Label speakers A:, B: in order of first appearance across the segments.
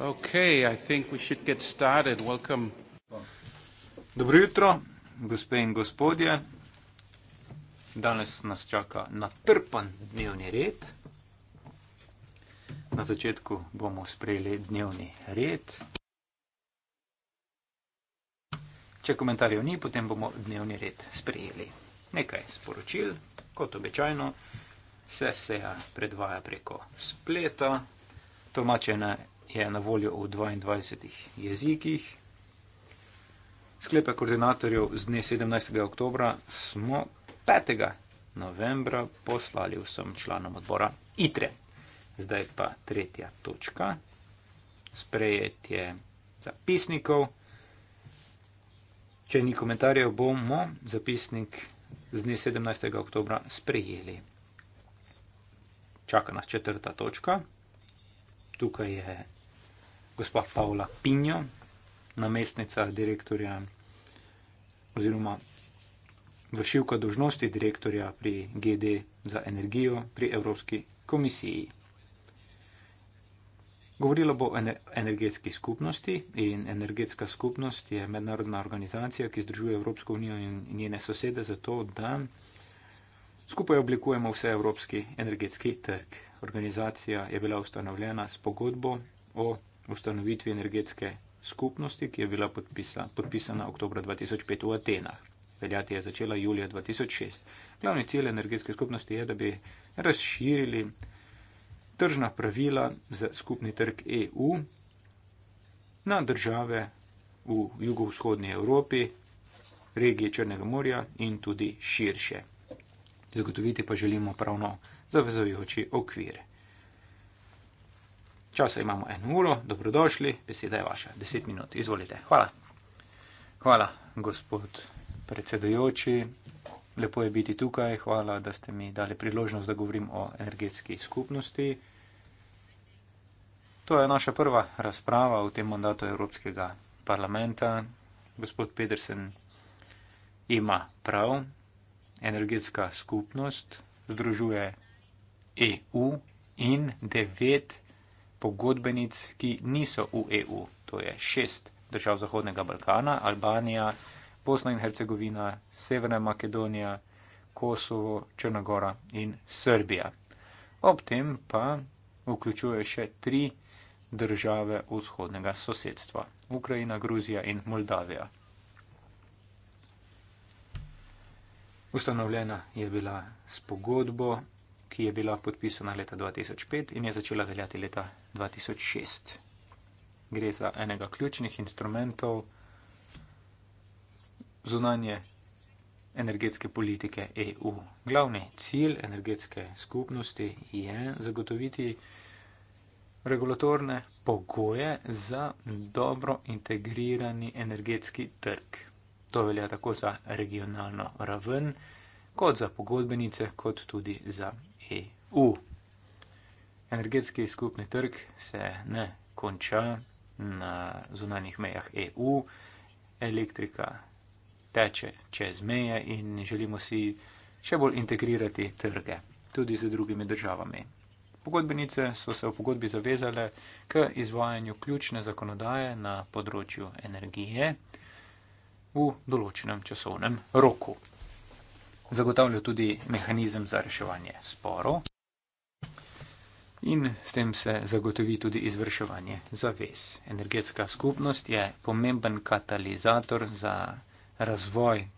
A: Okay, I think we should get started. Welcome.
B: Dobro jutro, gospe in gospodje. Danes nas čaka natrpan dnevni red. Na začetku bomo sprejeli dnevni red. Če komentarjev ni, potem bomo dnevni red sprejeli. Nekaj sporočil, kot običajno, se seja predvaja preko spleta, tolmačene je na voljo v 22 jezikih. Sklepe koordinatorjev z dne 17. oktobra smo 5. novembra poslali vsem članom odbora ITRE. Zdaj pa tretja točka. Sprejetje zapisnikov. Če ni komentarjev, bomo zapisnik z dne 17. oktobra sprejeli. Čaka nas četrta točka. Tukaj je gospa Paula Pinjo, namestnica direktorja oziroma vršilka dožnosti direktorja pri GD za energijo pri Evropski komisiji. Govorilo bo o energetski skupnosti in energetska skupnost je mednarodna organizacija, ki združuje Evropsko unijo in njene sosede za to, da skupaj oblikujemo vse evropski energetski trg. Organizacija je bila ustanovljena s pogodbo o ustanovitvi energetske skupnosti, ki je bila podpisa, podpisana oktober 2005 v Atenah. Veljati je začela julija 2006. Glavni cilj energetske skupnosti je, da bi razširili tržna pravila za skupni trg EU na države v jugovzhodni Evropi, regije Črnega morja in tudi širše. Zagotoviti pa želimo pravno zavezujoči okvire. Časa imamo eno uro, dobrodošli, beseda je vaša. Deset minut, izvolite. Hvala. Hvala, gospod predsedujoči. Lepo je biti tukaj. Hvala, da ste mi dali priložnost, da govorim o energetski skupnosti. To je naša prva razprava v tem mandatu Evropskega parlamenta. Gospod Pedersen ima prav. Energetska skupnost združuje EU in devet pogodbenic, ki niso v EU. To je šest držav Zahodnega Balkana, Albanija, Bosna in Hercegovina, Severna Makedonija, Kosovo, Črnagora in Srbija. Ob tem pa vključuje še tri države vzhodnega sosedstva - Ukrajina, Gruzija in Moldavija. Ustanovljena je bila s pogodbo, ki je bila podpisana leta 2005 in je začela veljati leta 2005. 2006. Gre za enega ključnih instrumentov zunanje energetske politike EU. Glavni cilj energetske skupnosti je zagotoviti regulatorne pogoje za dobro integrirani energetski trg. To velja tako za regionalno raven, kot za pogodbenice, kot tudi za EU. Energetski skupni trg se ne konča na zunanjih mejah EU, elektrika teče čez meje in želimo si še bolj integrirati trge, tudi z drugimi državami. Pogodbenice so se v pogodbi zavezale k izvajanju ključne zakonodaje na področju energije v določenem časovnem roku. Zagotavlja tudi mehanizem za reševanje sporov in s tem se zagotovi tudi izvrševanje zavez. Energetska skupnost je pomemben katalizator za razvoj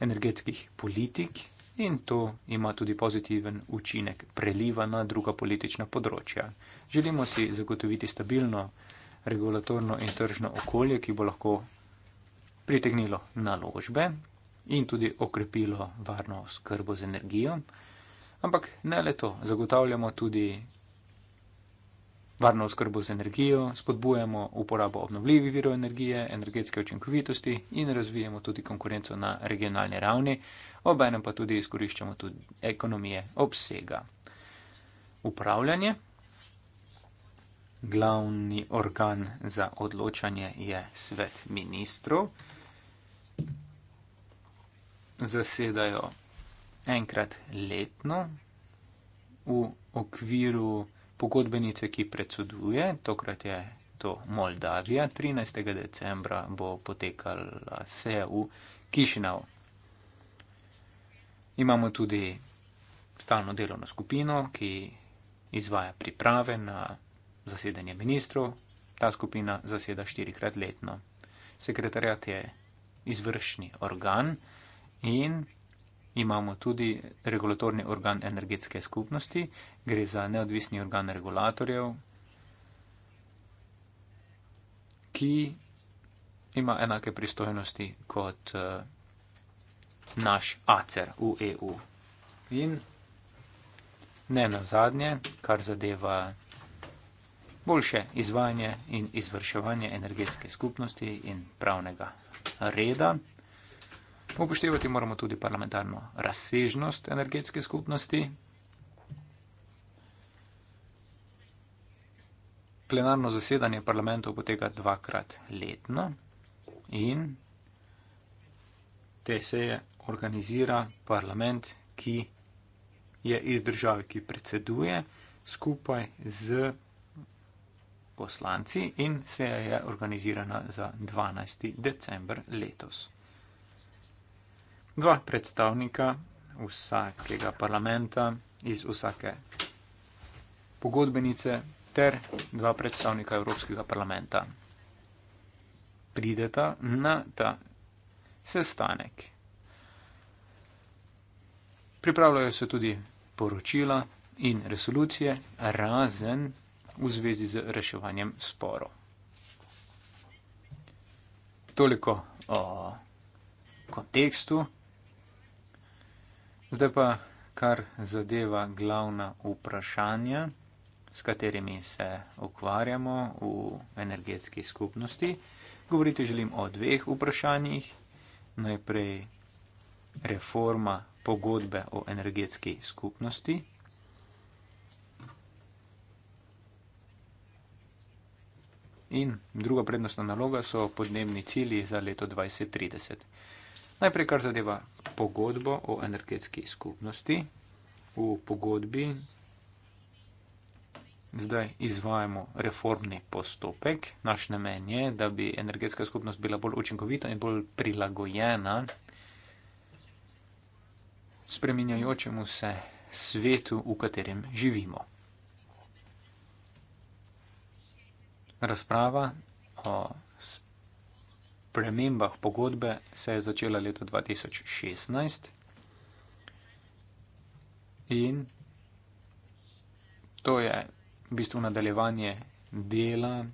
B: energetskih politik in to ima tudi pozitiven učinek preliva na druga politična področja. Želimo si zagotoviti stabilno regulatorno in tržno okolje, ki bo lahko pritegnilo naložbe in tudi okrepilo varno skrbo z energijo. Ampak ne le to, zagotavljamo tudi varno oskrbo z energijo, spodbujamo uporabo obnovljivih virov energije, energetske učinkovitosti in razvijamo tudi konkurenco na regionalni ravni, obenem pa tudi izkoriščamo tudi ekonomije obsega. Upravljanje. Glavni organ za odločanje je svet ministrov. Zasedajo enkrat letno v okviru pogodbenice, ki predsoduje, tokrat je to Moldavija, 13. decembra bo potekala seja v Kišinav. Imamo tudi stalno delovno skupino, ki izvaja priprave na zasedanje ministrov. Ta skupina zaseda štirikrat letno. Sekretarjat je izvršni organ in imamo tudi regulatorni organ energetske skupnosti, gre za neodvisni organ regulatorjev, ki ima enake pristojnosti kot uh, naš ACER v EU. In ne na zadnje, kar zadeva boljše izvajanje in izvrševanje energetske skupnosti in pravnega reda, Upoštevati moramo tudi parlamentarno razsežnost energetske skupnosti. Plenarno zasedanje parlamentov poteka dvakrat letno in te seje organizira parlament, ki je iz države, ki predseduje skupaj z poslanci in seja je organizirana za 12. december letos dva predstavnika vsakega parlamenta iz vsake pogodbenice ter dva predstavnika Evropskega parlamenta prideta na ta sestanek. Pripravljajo se tudi poročila in resolucije razen v zvezi z reševanjem sporov. Toliko o kontekstu. Zdaj pa, kar zadeva glavna vprašanja, s katerimi se ukvarjamo v energetski skupnosti. Govoriti želim o dveh vprašanjih. Najprej reforma pogodbe o energetski skupnosti. In druga prednostna naloga so podnebni cilji za leto 2030. Najprej, kar zadeva pogodbo o energetski skupnosti. V pogodbi zdaj izvajamo reformni postopek. Naš namen je, da bi energetska skupnost bila bolj učinkovita in bolj prilagojena spreminjajočemu se svetu, v katerem živimo. Razprava o spremembah pogodbe se je začela leta 2016 in to je v bistvu nadaljevanje dela,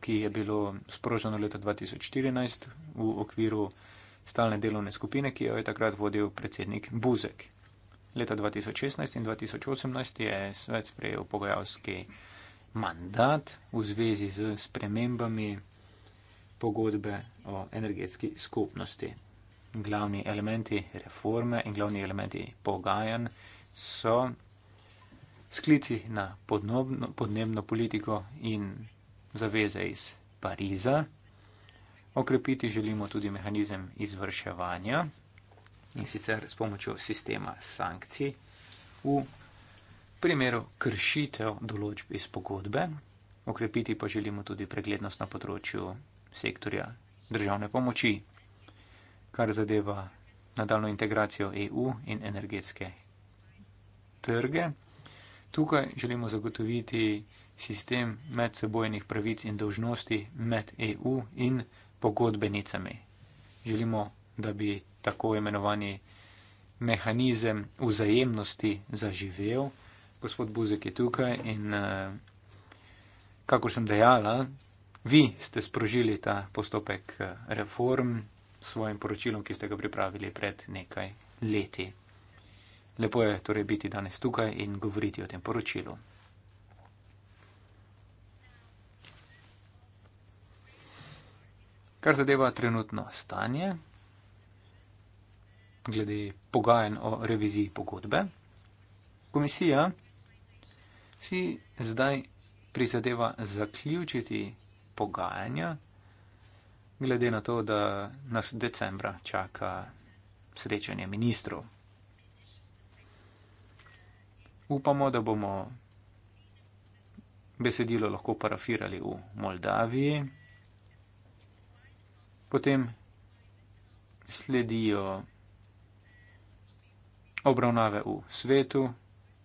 B: ki je bilo sproženo leta 2014 v okviru stalne delovne skupine, ki jo je takrat vodil predsednik Buzek. Leta 2016 in 2018 je svet sprejel pogajalski mandat v zvezi z spremembami pogodbe o energetski skupnosti. Glavni elementi reforme in glavni elementi pogajanj so sklici na podnobno, podnebno politiko in zaveze iz Pariza. Okrepiti želimo tudi mehanizem izvrševanja in sicer s pomočjo sistema sankcij v primeru kršitev določb iz pogodbe. Okrepiti pa želimo tudi preglednost na področju sektorja državne pomoči, kar zadeva nadaljno integracijo EU in energetske trge. Tukaj želimo zagotoviti sistem medsebojnih pravic in dožnosti med EU in pogodbenicami. Želimo, da bi tako imenovani mehanizem vzajemnosti zaživel. Gospod Buzek je tukaj in, eh, kakor sem dejala, vi ste sprožili ta postopek eh, reform s svojim poročilom, ki ste ga pripravili pred nekaj leti. Lepo je torej biti danes tukaj in govoriti o tem poročilu. Kar zadeva trenutno stanje, glede pogajanj o reviziji pogodbe, komisija si zdaj prizadeva zaključiti pogajanja, glede na to, da nas decembra čaka srečanje ministrov. Upamo, da bomo besedilo lahko parafirali v Moldaviji, potem sledijo obravnave v svetu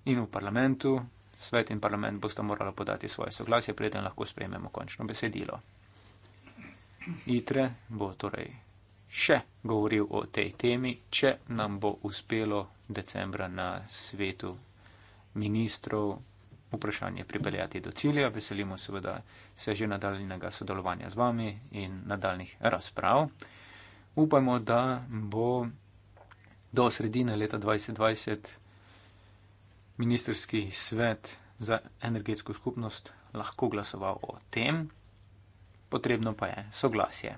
B: in v parlamentu svet in parlament boste morali podati svoje soglasje, preden lahko sprejmemo končno besedilo. ITRE bo torej še govoril o tej temi, če nam bo uspelo decembra na svetu ministrov vprašanje pripeljati do cilja. Veselimo seveda se že nadaljnega sodelovanja z vami in nadaljnih razprav. Upamo, da bo do sredine leta 2020 ministerski svet za energetsko skupnost lahko glasoval o tem, potrebno pa je soglasje.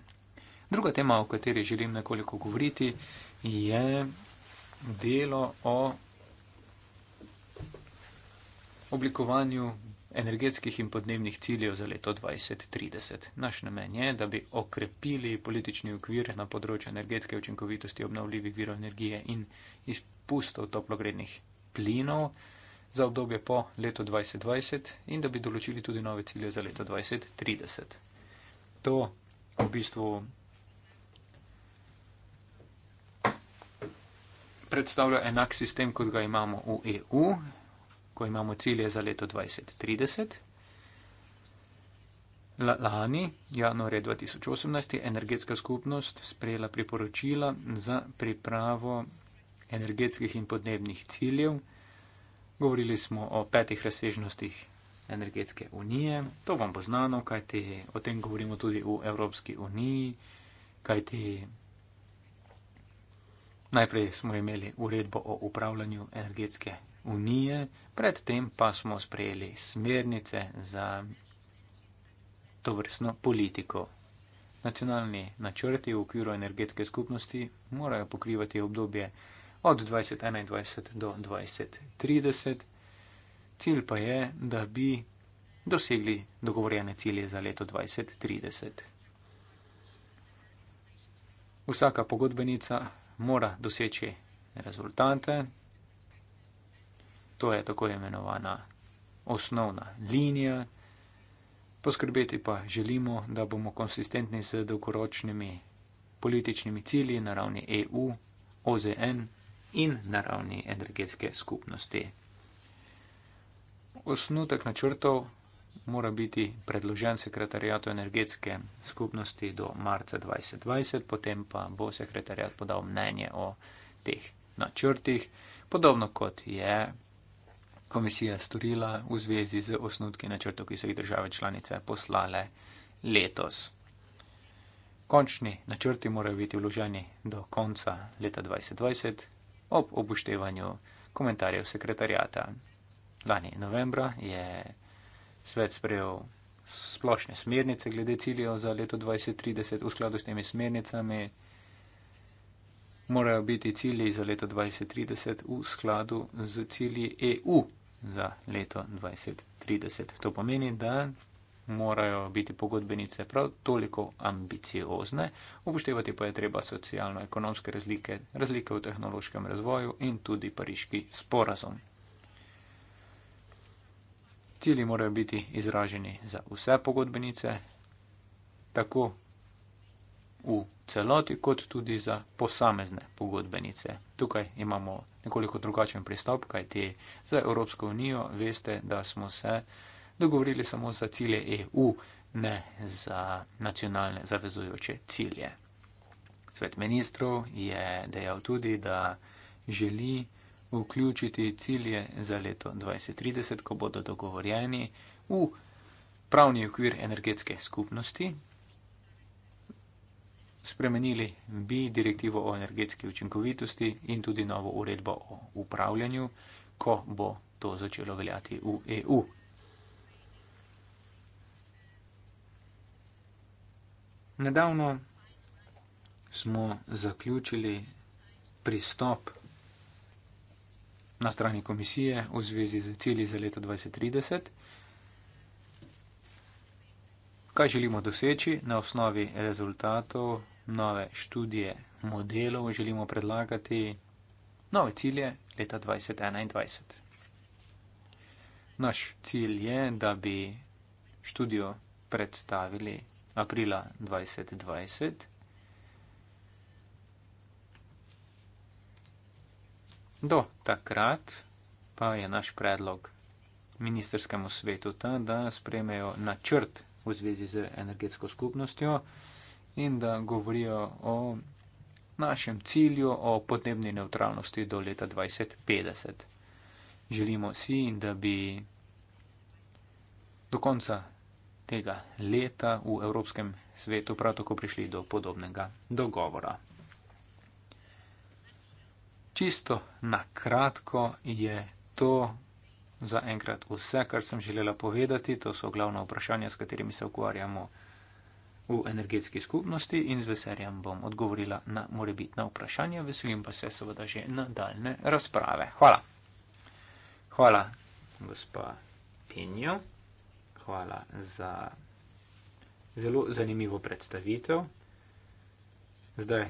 B: Druga tema, o kateri želim nekoliko govoriti, je delo o oblikovanju energetskih in podnebnih ciljev za leto 2030. Naš namen je, da bi okrepili politični okvir na področju energetske učinkovitosti obnovljivih virov energije in izpustov toplogrednih plinov za obdobje po letu 2020 in da bi določili tudi nove cilje za leto 2030. To v bistvu predstavlja enak sistem, kot ga imamo v EU, ko imamo cilje za leto 2030. Lani, januarja 2018, je energetska skupnost sprejela priporočila za pripravo energetskih in podnebnih ciljev. Govorili smo o petih razsežnostih energetske unije. To vam bo znano, kajti o tem govorimo tudi v Evropski uniji, kajti najprej smo imeli uredbo o upravljanju energetske unije, predtem pa smo sprejeli smernice za to vrstno politiko. Nacionalni načrti v okviru energetske skupnosti morajo pokrivati obdobje od 2021 do 2030. Cilj pa je, da bi dosegli dogovorjene cilje za leto 2030. Vsaka pogodbenica mora doseči rezultate, to je tako imenovana osnovna linija. Poskrbeti pa želimo, da bomo konsistentni z dolgoročnimi političnimi cilji na ravni EU, OZN in na ravni energetske skupnosti. Osnutek načrtov mora biti predložen sekretarijatu energetske skupnosti do marca 2020, potem pa bo sekretarijat podal mnenje o teh načrtih, podobno kot je komisija storila v zvezi z osnutki načrtov, ki so jih države članice poslale letos. Končni načrti morajo biti vloženi do konca leta 2020, ob upoštevanju komentarjev sekretarjata. Lani novembra je svet sprejel splošne smernice glede ciljev za leto 2030 v skladu s temi smernicami. Morajo biti cilji za leto 2030 v skladu z cilji EU za leto 2030. To pomeni, da morajo biti pogodbenice prav toliko ambiciozne, upoštevati pa je treba socialno-ekonomske razlike, razlike v tehnološkem razvoju in tudi pariški sporazum. Cili morajo biti izraženi za vse pogodbenice, tako v celoti, kot tudi za posamezne pogodbenice. Tukaj imamo nekoliko drugačen pristop, kajti za Evropsko unijo veste, da smo se dogovorili samo za cilje EU, ne za nacionalne zavezujoče cilje. Svet ministrov je dejal tudi, da želi vključiti cilje za leto 2030, ko bodo dogovorjeni v pravni okvir energetske skupnosti. Spremenili bi direktivo o energetski učinkovitosti in tudi novo uredbo o upravljanju, ko bo to začelo veljati v EU. Nedavno smo zaključili pristop na strani komisije v zvezi z cilji za leto 2030. Kaj želimo doseči na osnovi rezultatov nove študije modelov, želimo predlagati nove cilje leta 2021. Naš cilj je, da bi študijo predstavili aprila 2020. Do takrat pa je naš predlog ministerskemu svetu ta, da spremejo načrt v zvezi z energetsko skupnostjo in da govorijo o našem cilju, o podnebni neutralnosti do leta 2050. Želimo si, da bi do konca tega leta v Evropskem svetu prav tako prišli do podobnega dogovora. Čisto na kratko je to za enkrat vse, kar sem želela povedati. To so glavna vprašanja, s katerimi se ukvarjamo v energetski skupnosti in z veseljem bom odgovorila na morebitna vprašanja. Veselim pa se seveda že na daljne razprave. Hvala. Hvala, gospa Pinjo hvala za zelo zanimivo predstavitev. Zdaj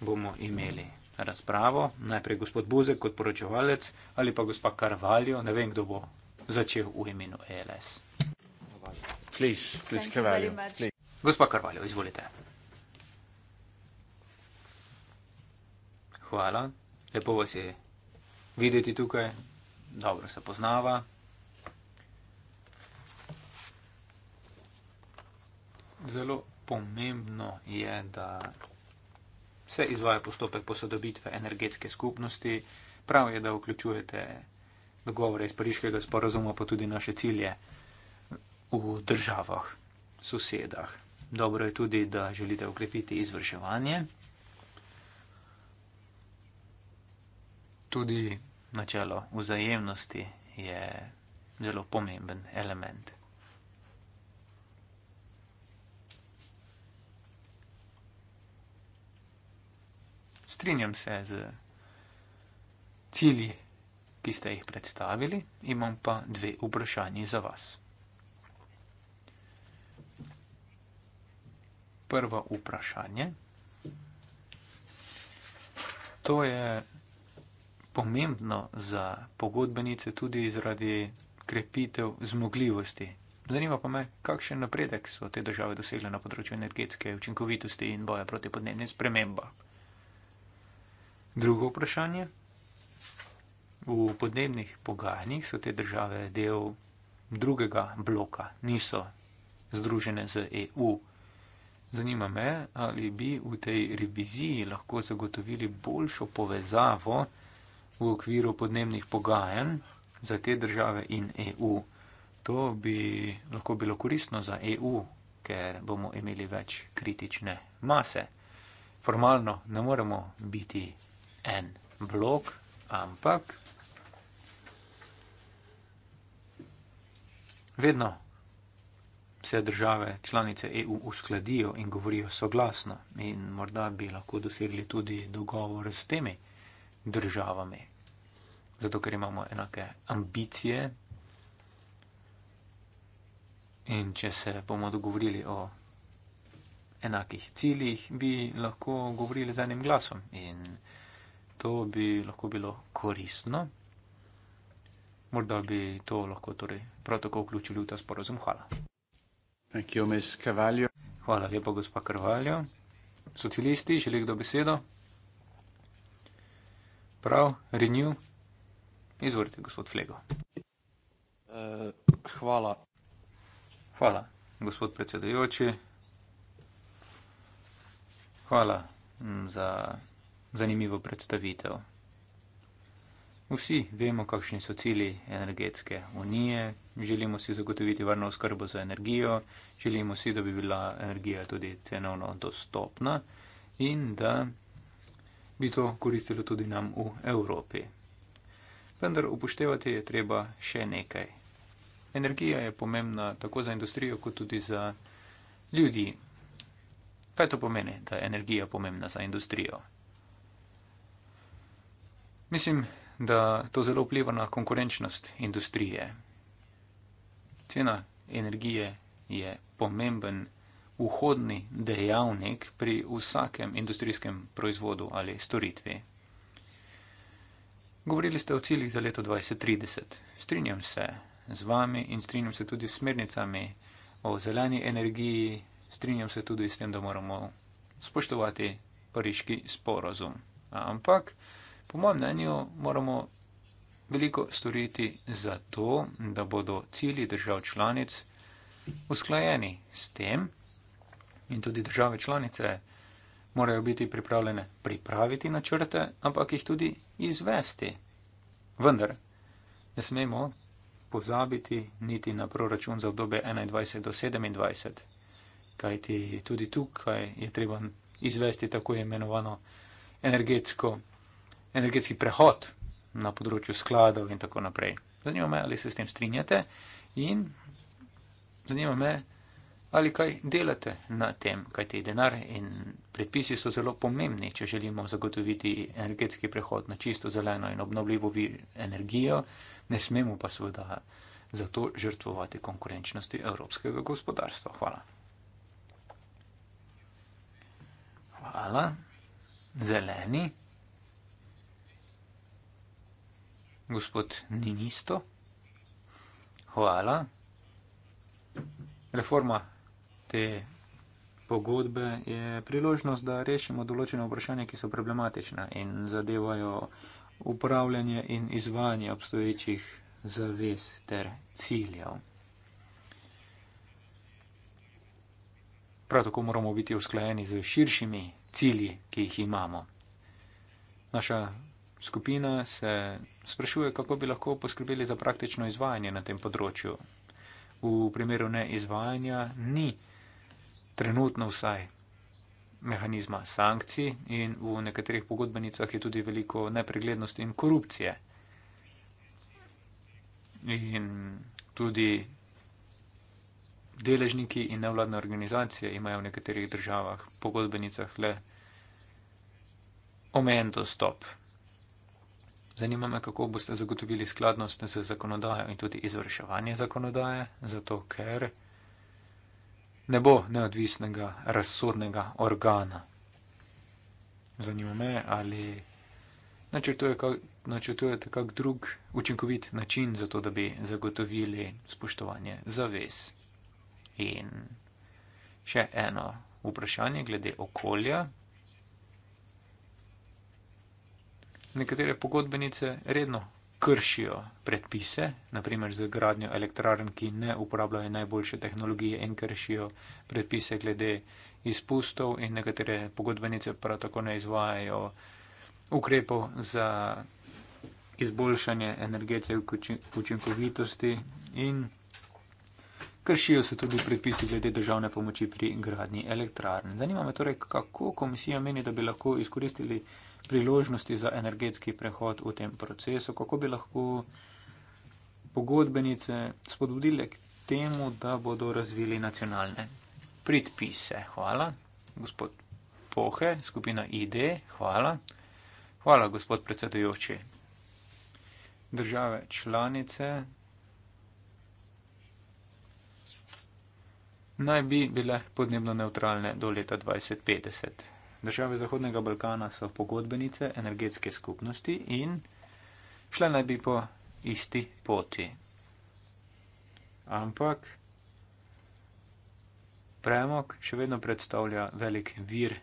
B: bomo imeli razpravo, najprej gospod Buzek kot poročevalec ali pa gospa Karvaljo, ne vem, kdo bo začel v imenu ELS. Gospa Karvaljo, izvolite. Hvala, lepo vas je videti tukaj, dobro se poznava. zelo pomembno je, da se izvaja postopek posodobitve energetske skupnosti. Prav je, da vključujete dogovore iz Pariškega sporozuma, pa tudi naše cilje v državah, sosedah. Dobro je tudi, da želite ukrepiti izvrševanje. Tudi načelo vzajemnosti je zelo pomemben element. strinjam se z cilji, ki ste jih predstavili, imam pa dve vprašanji za vas. Prvo vprašanje. To je pomembno za pogodbenice tudi zaradi krepitev zmogljivosti. Zanima pa me, kakšen napredek so te države dosegle na področju energetske učinkovitosti in boja proti podnebnim spremembam. Drugo vprašanje. V podnebnih pogajanjih so te države del drugega bloka, niso združene z EU. Zanima me, ali bi v tej reviziji lahko zagotovili boljšo povezavo v okviru podnebnih pogajanj za te države in EU. To bi lahko bilo koristno za EU, ker bomo imeli več kritične mase. Formalno ne moremo biti en blok, ampak vedno se države članice EU uskladijo in govorijo soglasno in morda bi lahko dosegli tudi dogovor s temi državami. Zato, ker imamo enake ambicije in če se bomo dogovorili o enakih ciljih, bi lahko govorili z enim glasom in to bi lahko bilo koristno. Morda bi to lahko torej prav tako vključili v ta sporozum. Hvala. Hvala lepa, gospa Krvaljo. Socialisti, želi kdo besedo? Prav, Renew. Izvolite, gospod Flego. Uh, hvala. Hvala, gospod predsedujoči. Hvala mm, za zanimivo predstavitev. Vsi vemo, kakšni so cilji energetske unije. Želimo si zagotoviti varno oskrbo za energijo, želimo si, da bi bila energija tudi cenovno dostopna in da bi to koristilo tudi nam v Evropi. Vendar upoštevati je treba še nekaj. Energija je pomembna tako za industrijo, kot tudi za ljudi. Kaj to pomeni, da je energija pomembna za industrijo? Mislim, da to zelo vpliva na konkurenčnost industrije. Cena energije je pomemben vhodni dejavnik pri vsakem industrijskem proizvodu ali storitvi. Govorili ste o ciljih za leto 2030. Strinjam se z vami in strinjam se tudi s smernicami o zeleni energiji. Strinjam se tudi s tem, da moramo spoštovati pariški sporozum. Ampak Po mojem mnenju moramo veliko storiti za to, da bodo cilji držav članic usklajeni s tem in tudi države članice morajo biti pripravljene pripraviti načrte, ampak jih tudi izvesti. Vendar ne smemo pozabiti niti na proračun za obdobje 21 do 27, kajti tudi tukaj je treba izvesti tako imenovano energetsko energetski prehod na področju skladov in tako naprej. Zanima me, ali se s tem strinjate in zanima me, ali kaj delate na tem, kaj te denar in predpisi so zelo pomembni, če želimo zagotoviti energetski prehod na čisto zeleno in obnovljivo energijo, ne smemo pa seveda zato žrtvovati konkurenčnosti evropskega gospodarstva. Hvala. Hvala. Zeleni. Gospod Ninisto, hvala. Reforma te pogodbe je priložnost, da rešimo določene vprašanja, ki so problematična in zadevajo upravljanje in izvajanje obstoječih zavez ter ciljev. Prav tako moramo biti usklajeni z širšimi cilji, ki jih imamo. Naša skupina se sprašuje, kako bi lahko poskrbeli za praktično izvajanje na tem področju. V primeru neizvajanja ni trenutno vsaj mehanizma sankcij in v nekaterih pogodbenicah je tudi veliko nepreglednosti in korupcije. In tudi deležniki in nevladne organizacije imajo v nekaterih državah pogodbenicah le omejen dostop Zanima me, kako boste zagotovili skladnost z zakonodajo in tudi izvrševanje zakonodaje, zato ker ne bo neodvisnega razsodnega organa. Zanima me, ali načrtujete kak drug učinkovit način za to, da bi zagotovili spoštovanje zavez. In še eno vprašanje glede okolja. nekatere pogodbenice redno kršijo predpise, naprimer za gradnjo elektrarn, ki ne uporabljajo najboljše tehnologije in kršijo predpise glede izpustov in nekatere pogodbenice prav tako ne izvajajo ukrepov za izboljšanje energetske učinkovitosti in kršijo se tudi predpisi glede državne pomoči pri gradnji elektrarn. Zanima me torej, kako komisija meni, da bi lahko izkoristili priložnosti za energetski prehod v tem procesu, kako bi lahko pogodbenice spodbudile k temu, da bodo razvili nacionalne predpise. Hvala, gospod Pohe, skupina ID, hvala. Hvala, gospod predsedujoči. Države članice naj bi bile podnebno neutralne do leta 2050 države Zahodnega Balkana so pogodbenice energetske skupnosti in šle naj bi po isti poti. Ampak premog še vedno predstavlja velik vir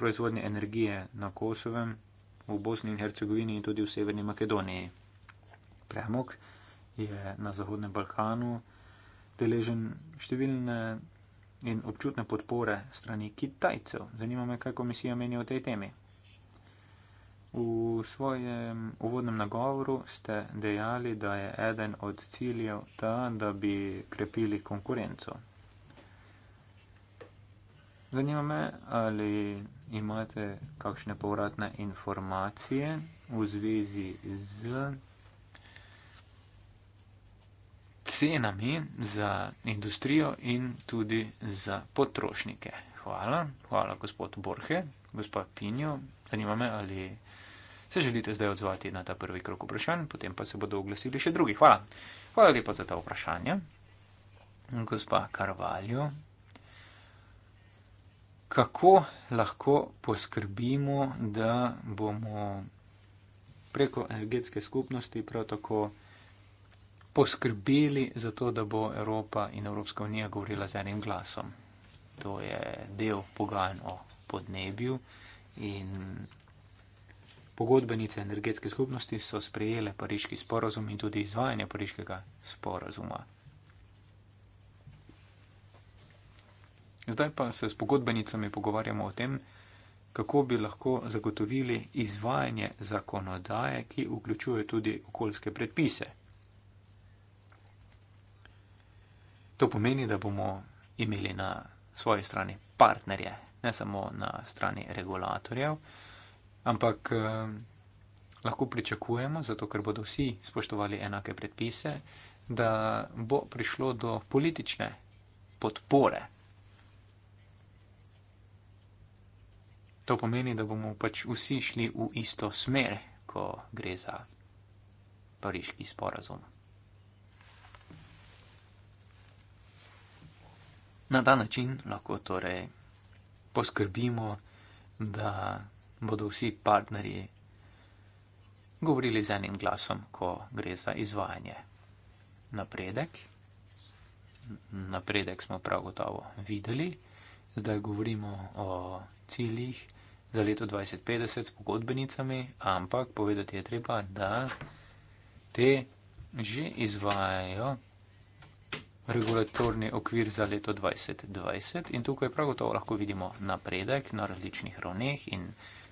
B: proizvodnje energije na Kosovem, v Bosni in Hercegovini in tudi v Severni Makedoniji. Premog je na Zahodnem Balkanu deležen številne in občutne podpore strani Kitajcev. Zanima me, kaj komisija meni o tej temi. V svojem uvodnem nagovoru ste dejali, da je eden od ciljev ta, da bi krepili konkurenco. Zanima me, ali imate kakšne povratne informacije v zvezi z cenami za industrijo in tudi za potrošnike. Hvala, hvala gospod Borhe, gospod Pinjo. Zanima me, ali se želite zdaj odzvati na ta prvi krok vprašanj, potem pa se bodo oglasili še drugi. Hvala. Hvala lepa za ta vprašanja. Gospa Karvaljo, kako lahko poskrbimo, da bomo preko energetske skupnosti prav tako poskrbeli za to, da bo Evropa in Evropska unija govorila z enim glasom. To je del pogajanj o podnebju in pogodbenice energetske skupnosti so sprejele pariški sporozum in tudi izvajanje pariškega sporozuma. Zdaj pa se s pogodbenicami pogovarjamo o tem, kako bi lahko zagotovili izvajanje zakonodaje, ki vključuje tudi okoljske predpise. To pomeni, da bomo imeli na svoji strani partnerje, ne samo na strani regulatorjev, ampak eh, lahko pričakujemo, zato ker bodo vsi spoštovali enake predpise, da bo prišlo do politične podpore. To pomeni, da bomo pač vsi šli v isto smer, ko gre za pariški sporazum. Na ta način lahko torej poskrbimo, da bodo vsi partnerji govorili z enim glasom, ko gre za izvajanje. Napredek. Napredek smo prav gotovo videli. Zdaj govorimo o ciljih za leto 2050 s pogodbenicami, ampak povedati je treba, da te že izvajajo regulatorni okvir za leto 2020 in tukaj prav gotovo lahko vidimo napredek na različnih ravneh in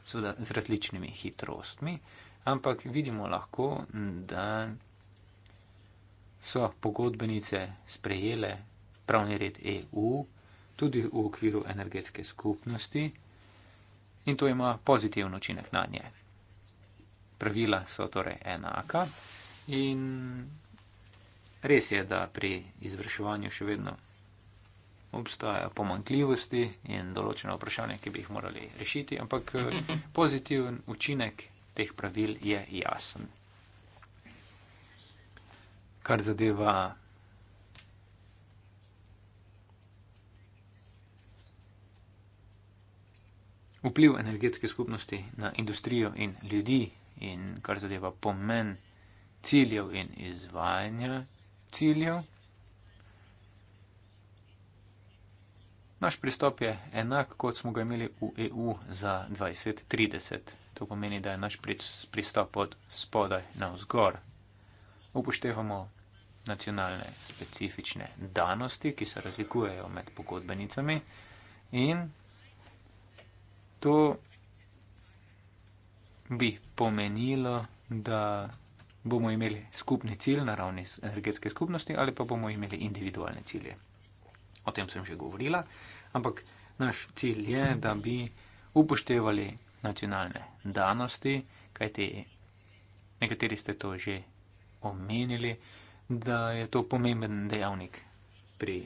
B: seveda z različnimi hitrostmi, ampak vidimo lahko, da so pogodbenice sprejele pravni red EU tudi v okviru energetske skupnosti in to ima pozitivno učinek na nje. Pravila so torej enaka in Res je, da pri izvrševanju še vedno obstajajo pomankljivosti in določene vprašanja, ki bi jih morali rešiti, ampak eh, pozitiven učinek teh pravil je jasen. Kar zadeva vpliv energetske skupnosti na industrijo in ljudi, in kar zadeva pomen ciljev in izvajanja ciljev. Naš pristop je enak, kot smo ga imeli v EU za 2030. To pomeni, da je naš pristop od spodaj na vzgor. Upoštevamo nacionalne specifične danosti, ki se razlikujejo med pogodbenicami in to bi pomenilo, da bomo imeli skupni cilj na ravni energetske skupnosti ali pa bomo imeli individualne cilje. O tem sem že govorila, ampak naš cilj je, da bi upoštevali nacionalne danosti, kajti nekateri ste to že omenili, da je to pomemben dejavnik pri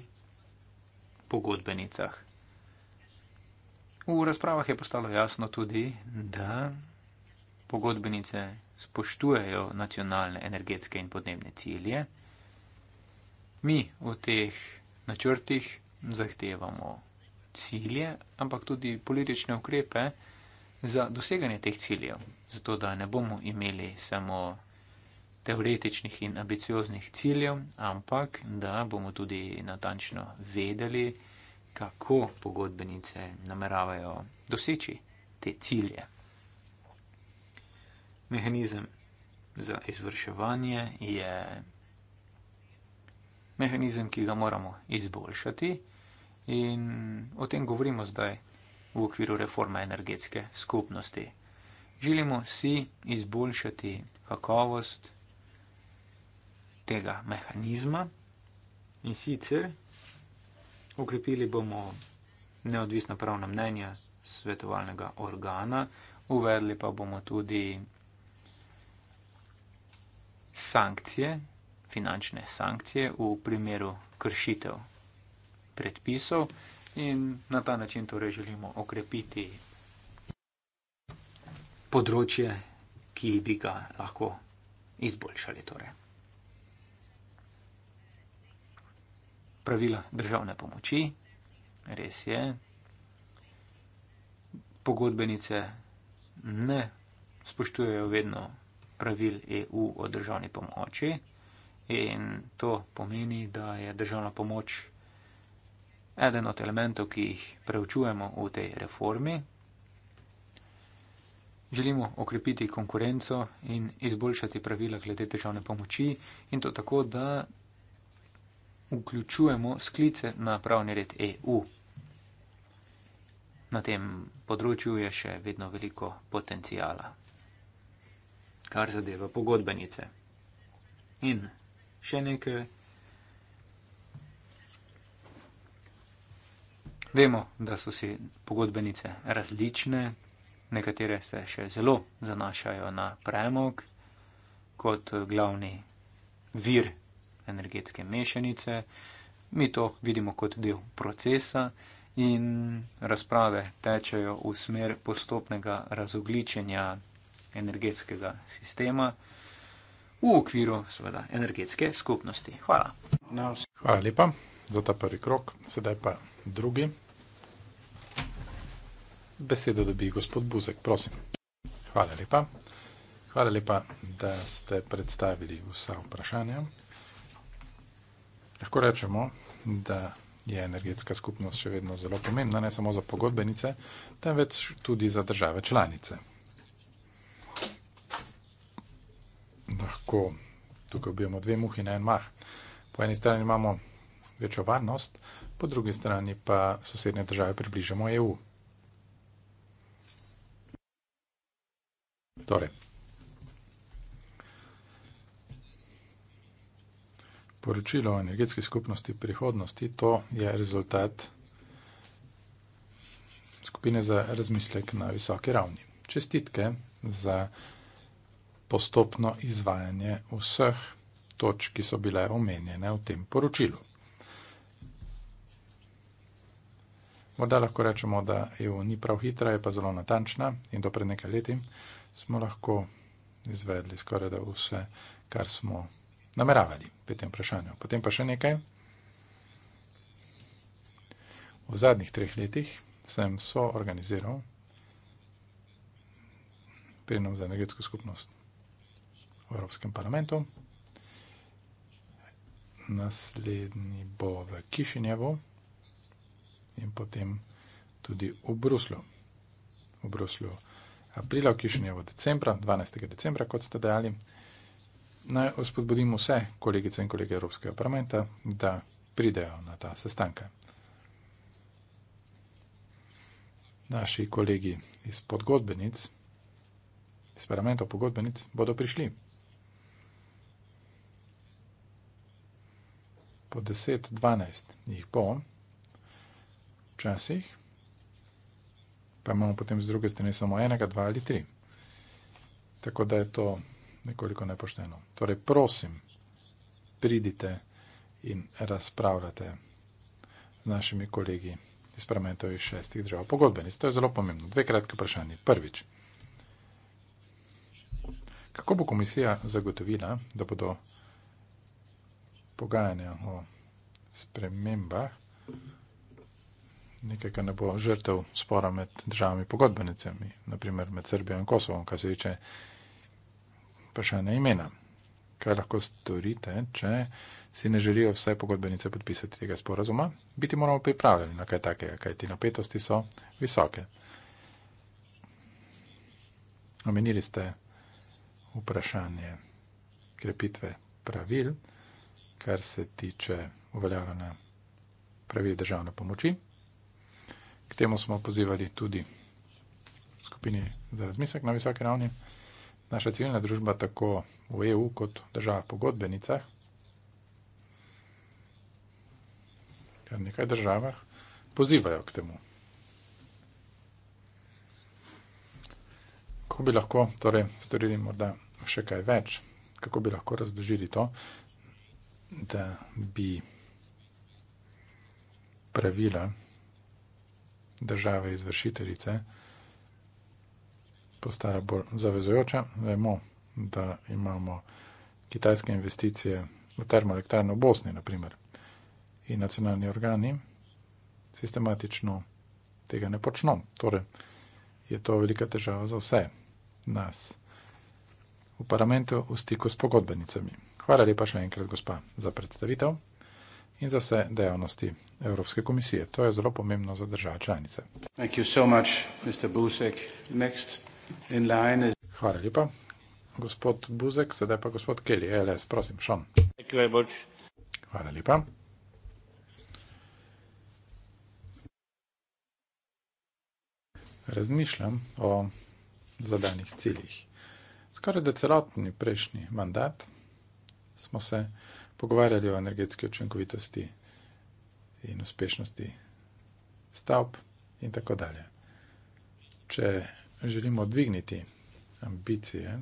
B: pogodbenicah. V razpravah je postalo jasno tudi, da pogodbenice spoštujejo nacionalne energetske in podnebne cilje. Mi v teh načrtih zahtevamo cilje, ampak tudi politične ukrepe za doseganje teh ciljev, zato da ne bomo imeli samo teoretičnih in ambicioznih ciljev, ampak da bomo tudi natančno vedeli, kako pogodbenice nameravajo doseči te cilje mehanizem za izvrševanje je mehanizem, ki ga moramo izboljšati in o tem govorimo zdaj v okviru reforme energetske skupnosti. Želimo si izboljšati kakovost tega mehanizma in sicer ukrepili bomo neodvisna pravna mnenja svetovalnega organa, uvedli pa bomo tudi sankcije, finančne sankcije v primeru kršitev predpisov in na ta način torej želimo okrepiti področje, ki bi ga lahko izboljšali torej. Pravila državne pomoči, res je, pogodbenice ne spoštujejo vedno vsega, pravil EU o državni pomoči. In to pomeni, da je državna pomoč eden od elementov, ki jih preučujemo v tej reformi. Želimo okrepiti konkurenco in izboljšati pravila glede državne pomoči in to tako, da vključujemo sklice na pravni red EU. Na tem področju je še vedno veliko potencijala kar zadeva pogodbenice. In še nekaj. Vemo, da so si pogodbenice različne, nekatere se še zelo zanašajo na premog kot glavni vir energetske mešanice. Mi to vidimo kot del procesa in razprave tečejo v smer postopnega razogličenja energetskega sistema v okviru, seveda, energetske skupnosti. Hvala.
A: Hvala lepa za ta prvi krok, sedaj pa drugi. Besedo dobi gospod Buzek, prosim. Hvala lepa. Hvala lepa, da ste predstavili vsa vprašanja. Lahko rečemo, da je energetska skupnost še vedno zelo pomembna, ne samo za pogodbenice, temveč tudi za države članice. lahko tukaj ubijemo dve muhi na en mah. Po eni strani imamo večjo varnost, po drugi strani pa sosednje države približamo EU. Torej, poročilo o energetski skupnosti prihodnosti, to je rezultat skupine za razmislek na visoki ravni. Čestitke za vsega postopno izvajanje vseh točk, ki so bile omenjene v tem poročilu. Morda lahko rečemo, da EU ni prav hitra, je pa zelo natančna in do pred nekaj leti smo lahko izvedli skoraj da vse, kar smo nameravali pri tem vprašanju. Potem pa še nekaj. V zadnjih treh letih sem so organiziral prenov za energetsko skupnost Evropskem parlamentu. Naslednji bo v Kišinjevu in potem tudi v Bruslju. V Bruslju aprila, v Kišinjevu decembra, 12. decembra, kot ste dejali. Naj ospodbudim vse kolegice in kolege Evropskega parlamenta, da pridejo na ta sestanka. Naši kolegi iz podgodbenic, iz parlamentov podgodbenic, bodo prišli. po 10, 12 jih bo, včasih, pa imamo potem z druge strani samo enega, dva ali tri. Tako da je to nekoliko nepošteno. Torej, prosim, pridite in razpravljate z našimi kolegi iz parlamentov iz šestih držav. Pogodbeni, to je zelo pomembno. Dve kratke vprašanje. Prvič, kako bo komisija zagotovila, da bodo pogajanja o spremembah, nekaj, kar ne bo žrtev spora med državami pogodbenicami, naprimer med Srbijo in Kosovom, kar se reče vprašanje imena. Kaj lahko storite, če si ne želijo vse pogodbenice podpisati tega sporazuma? Biti moramo pripravljeni na kaj takega, kaj ti napetosti so visoke. Omenili ste vprašanje krepitve pravil kar se tiče uveljavljanja pravil državne pomoči. K temu smo pozivali tudi skupini za razmislek na visoki ravni. Naša civilna družba tako v EU kot v državah pogodbenicah, kar nekaj državah, pozivajo k temu. Kako bi lahko torej, storili morda še kaj več, kako bi lahko razložili to, da bi pravila države izvršiteljice postala bolj zavezojoča. Vemo, da imamo kitajske investicije v termoelektrarno v Bosni, na primer, in nacionalni organi sistematično tega ne počno. Torej, je to velika težava za vse nas v parlamentu v stiku s pogodbenicami. Hvala lepa še enkrat, gospa, za predstavitev in za vse dejavnosti Evropske komisije. To je zelo pomembno za države članice. So much, is... Hvala lepa, gospod Buzek, sedaj pa gospod Kelly, LS, prosim, Sean. Hvala lepa. Razmišljam o zadanih ciljih. Skoraj da celotni prejšnji mandat smo se pogovarjali o energetski učinkovitosti in uspešnosti stavb in tako dalje. Če želimo dvigniti ambicije,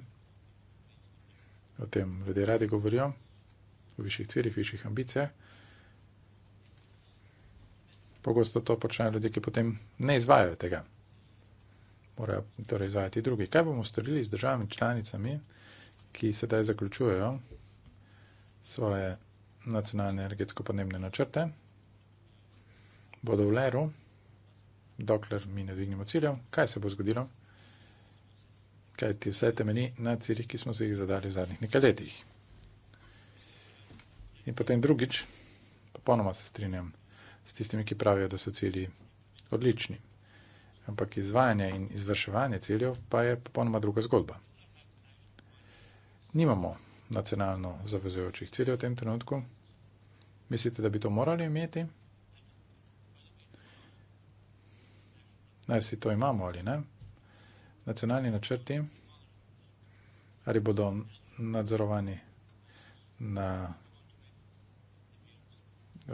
A: o tem ljudje radi govorijo, o višjih ciljih, višjih ambicijah, pogosto to počnejo ljudje, ki potem ne izvajajo tega. Morajo torej izvajati drugi. Kaj bomo storili z državami članicami, ki sedaj zaključujejo svoje nacionalne energetsko podnebne načrte, bodo v leru, dokler mi ne dvignemo ciljev, kaj se bo zgodilo, kaj ti vse temeni na ciljih, ki smo se jih zadali v zadnjih nekaj letih. In potem drugič, popolnoma se strinjam s tistimi, ki pravijo, da so cilji odlični, ampak izvajanje in izvrševanje ciljev pa je popolnoma druga zgodba. Nimamo nacionalno zavezujočih ciljev v tem trenutku? Mislite, da bi to morali imeti? Naj si to imamo ali ne? Nacionalni načrti, ali bodo nadzorovani na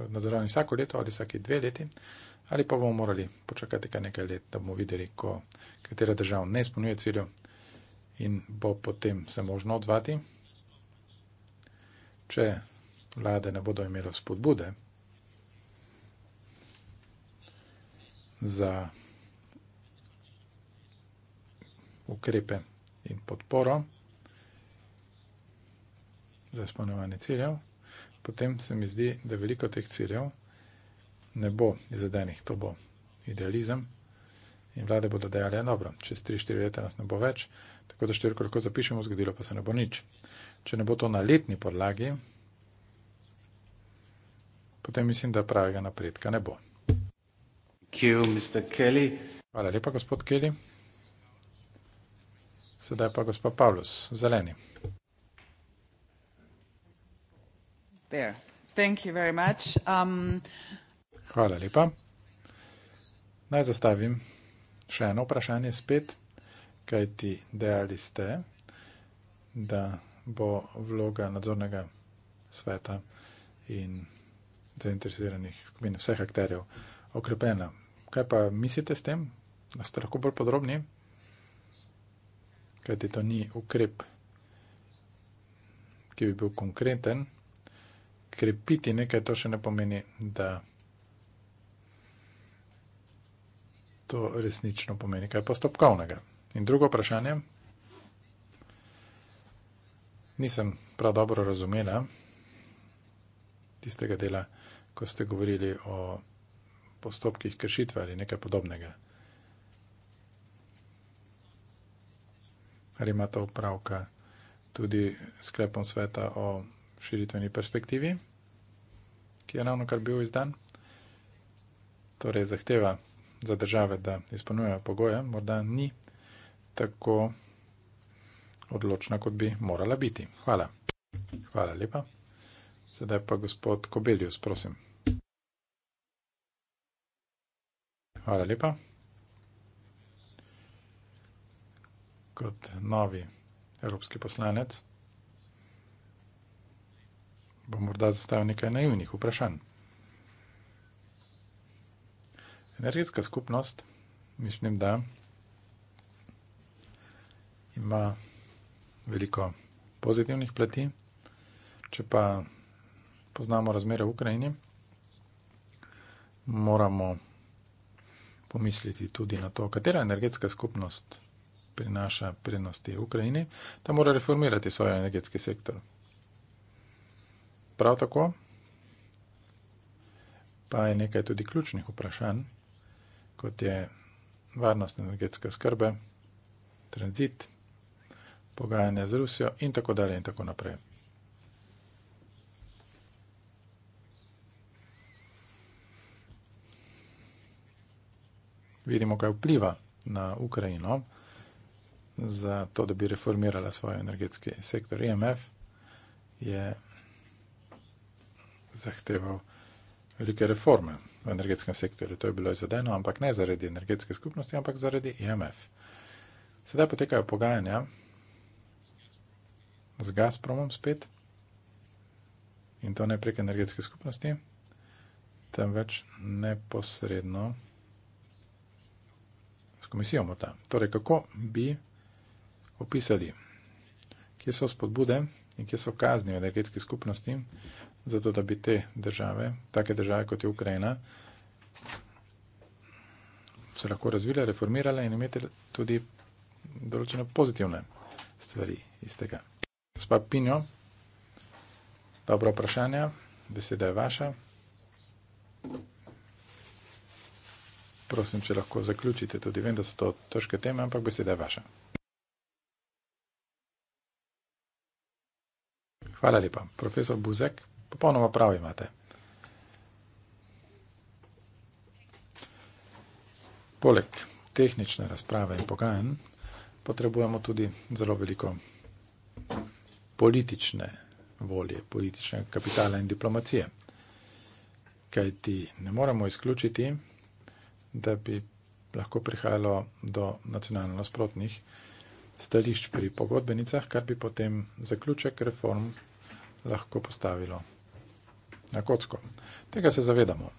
A: nadzorovanje vsako leto ali vsake dve leti, ali pa bomo morali počakati kar nekaj let, da bomo videli, ko, katera država ne izpolnjuje ciljev in bo potem se možno odvati če vlade ne bodo imele spodbude za ukrepe in podporo za izpolnjevanje ciljev, potem se mi zdi, da veliko teh ciljev ne bo izvedenih. To bo idealizem in vlade bodo dejale, ja, dobro, čez 3-4 leta nas ne bo več, tako da štiri lahko zapišemo, zgodilo pa se ne bo nič če ne bo to na letni podlagi, potem mislim, da pravega napredka ne bo. You, Hvala lepa, gospod Kelly. Sedaj pa gospod Pavlos, zeleni.
C: Um,
A: Hvala lepa. Naj zastavim še eno vprašanje spet, kaj ti dejali ste, da bo vloga nadzornega sveta in zainteresiranih skupin vseh akterjev okrepljena. Kaj pa mislite s tem? Ste lahko bolj podrobni? Kajti to ni ukrep, ki bi bil konkreten. Krepiti nekaj to še ne pomeni, da to resnično pomeni kaj postopkovnega. In drugo vprašanje nisem prav dobro razumela tistega dela, ko ste govorili o postopkih kršitve ali nekaj podobnega. Ali ima to upravka tudi sklepom sveta o širitveni perspektivi, ki je ravno kar bil izdan? Torej zahteva za države, da izpolnjujejo pogoje, morda ni tako odločna, kot bi morala biti. Hvala. Hvala lepa. Sedaj pa gospod Kobelius, prosim. Hvala lepa. Kot novi evropski poslanec bom morda zastavil nekaj naivnih vprašanj. Energetska skupnost, mislim, da ima veliko pozitivnih plati. Če pa poznamo razmere v Ukrajini, moramo pomisliti tudi na to, katera energetska skupnost prinaša prednosti Ukrajini, da mora reformirati svoj energetski sektor. Prav tako pa je nekaj tudi ključnih vprašanj, kot je varnost energetske skrbe, tranzit, pogajanja z Rusijo in tako dalje in tako naprej. Vidimo, kaj vpliva na Ukrajino za to, da bi reformirala svoj energetski sektor. IMF je zahteval velike reforme v energetskem sektorju. To je bilo izvedeno, ampak ne zaradi energetske skupnosti, ampak zaradi IMF. Sedaj potekajo pogajanja z Gazpromom spet in to ne prek energetske skupnosti, temveč neposredno s komisijo morda. Torej, kako bi opisali, kje so spodbude in kje so kazni v energetski skupnosti, zato da bi te države, take države kot je Ukrajina, se lahko razvile, reformirale in imeli tudi določene pozitivne stvari iz tega. Gospa Pinjo, dobro vprašanje, beseda je vaša. Prosim, če lahko zaključite, tudi vem, da so to težke teme, ampak beseda je vaša. Hvala lepa. Profesor Buzek, popolnoma prav imate. Poleg tehnične razprave in pogajanj potrebujemo tudi zelo veliko politične volje, politične kapitala in diplomacije. Kaj ti ne moremo izključiti, da bi lahko prihajalo do nacionalno nasprotnih stališč pri pogodbenicah, kar bi potem zaključek reform lahko postavilo na kocko. Tega se zavedamo.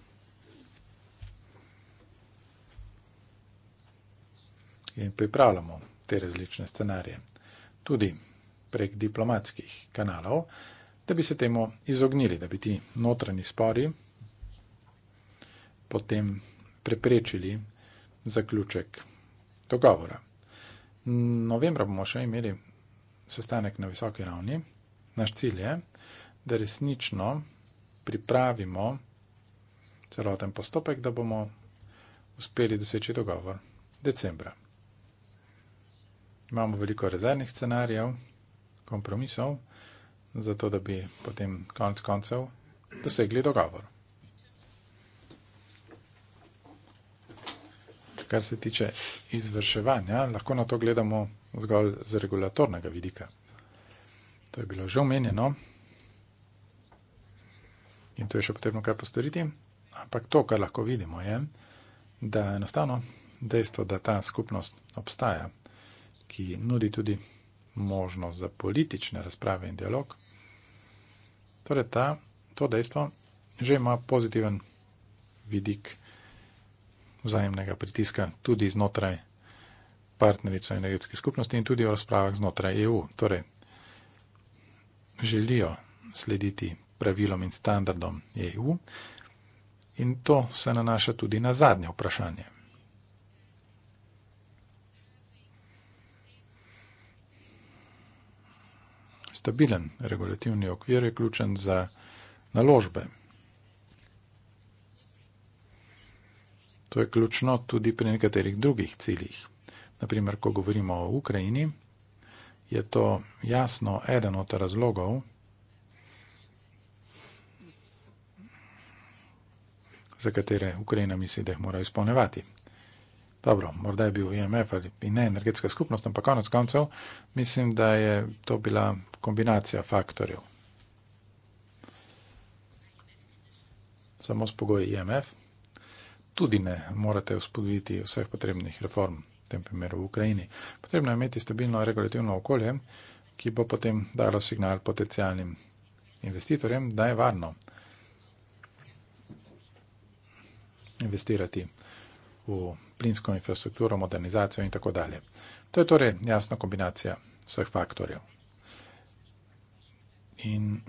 A: In pripravljamo te različne scenarije. Tudi prek diplomatskih kanalov, da bi se temu izognili, da bi ti notranji spori potem preprečili zaključek dogovora. Novembra bomo še imeli sestanek na visoki ravni. Naš cilj je, da resnično pripravimo celoten postopek, da bomo uspeli doseči dogovor decembra. Imamo veliko rezervnih scenarijev kompromisov, zato da bi potem konec koncev dosegli dogovor. Kar se tiče izvrševanja, lahko na to gledamo zgolj z regulatornega vidika. To je bilo že omenjeno in to je še potrebno kaj postoriti, ampak to, kar lahko vidimo, je, da enostavno dejstvo, da ta skupnost obstaja, ki nudi tudi možnost za politične razprave in dialog. Torej, ta, to dejstvo že ima pozitiven vidik vzajemnega pritiska tudi znotraj partnerice energetske skupnosti in tudi v razpravah znotraj EU. Torej, želijo slediti pravilom in standardom EU in to se nanaša tudi na zadnje vprašanje. stabilen. Regulativni okvir je ključen za naložbe. To je ključno tudi pri nekaterih drugih ciljih. Naprimer, ko govorimo o Ukrajini, je to jasno eden od razlogov, za katere Ukrajina misli, da jih mora izpolnevati. Dobro, morda je bil IMF e ali ne energetska skupnost, ampak konec koncev mislim, da je to bila kombinacija faktorjev. Samo s pogoji IMF. Tudi ne morate vzpodbuditi vseh potrebnih reform, v tem primeru v Ukrajini. Potrebno je imeti stabilno regulativno okolje, ki bo potem dalo signal potencijalnim investitorjem, da je varno investirati v plinsko infrastrukturo, modernizacijo in tako dalje. To je torej jasna kombinacija vseh faktorjev. In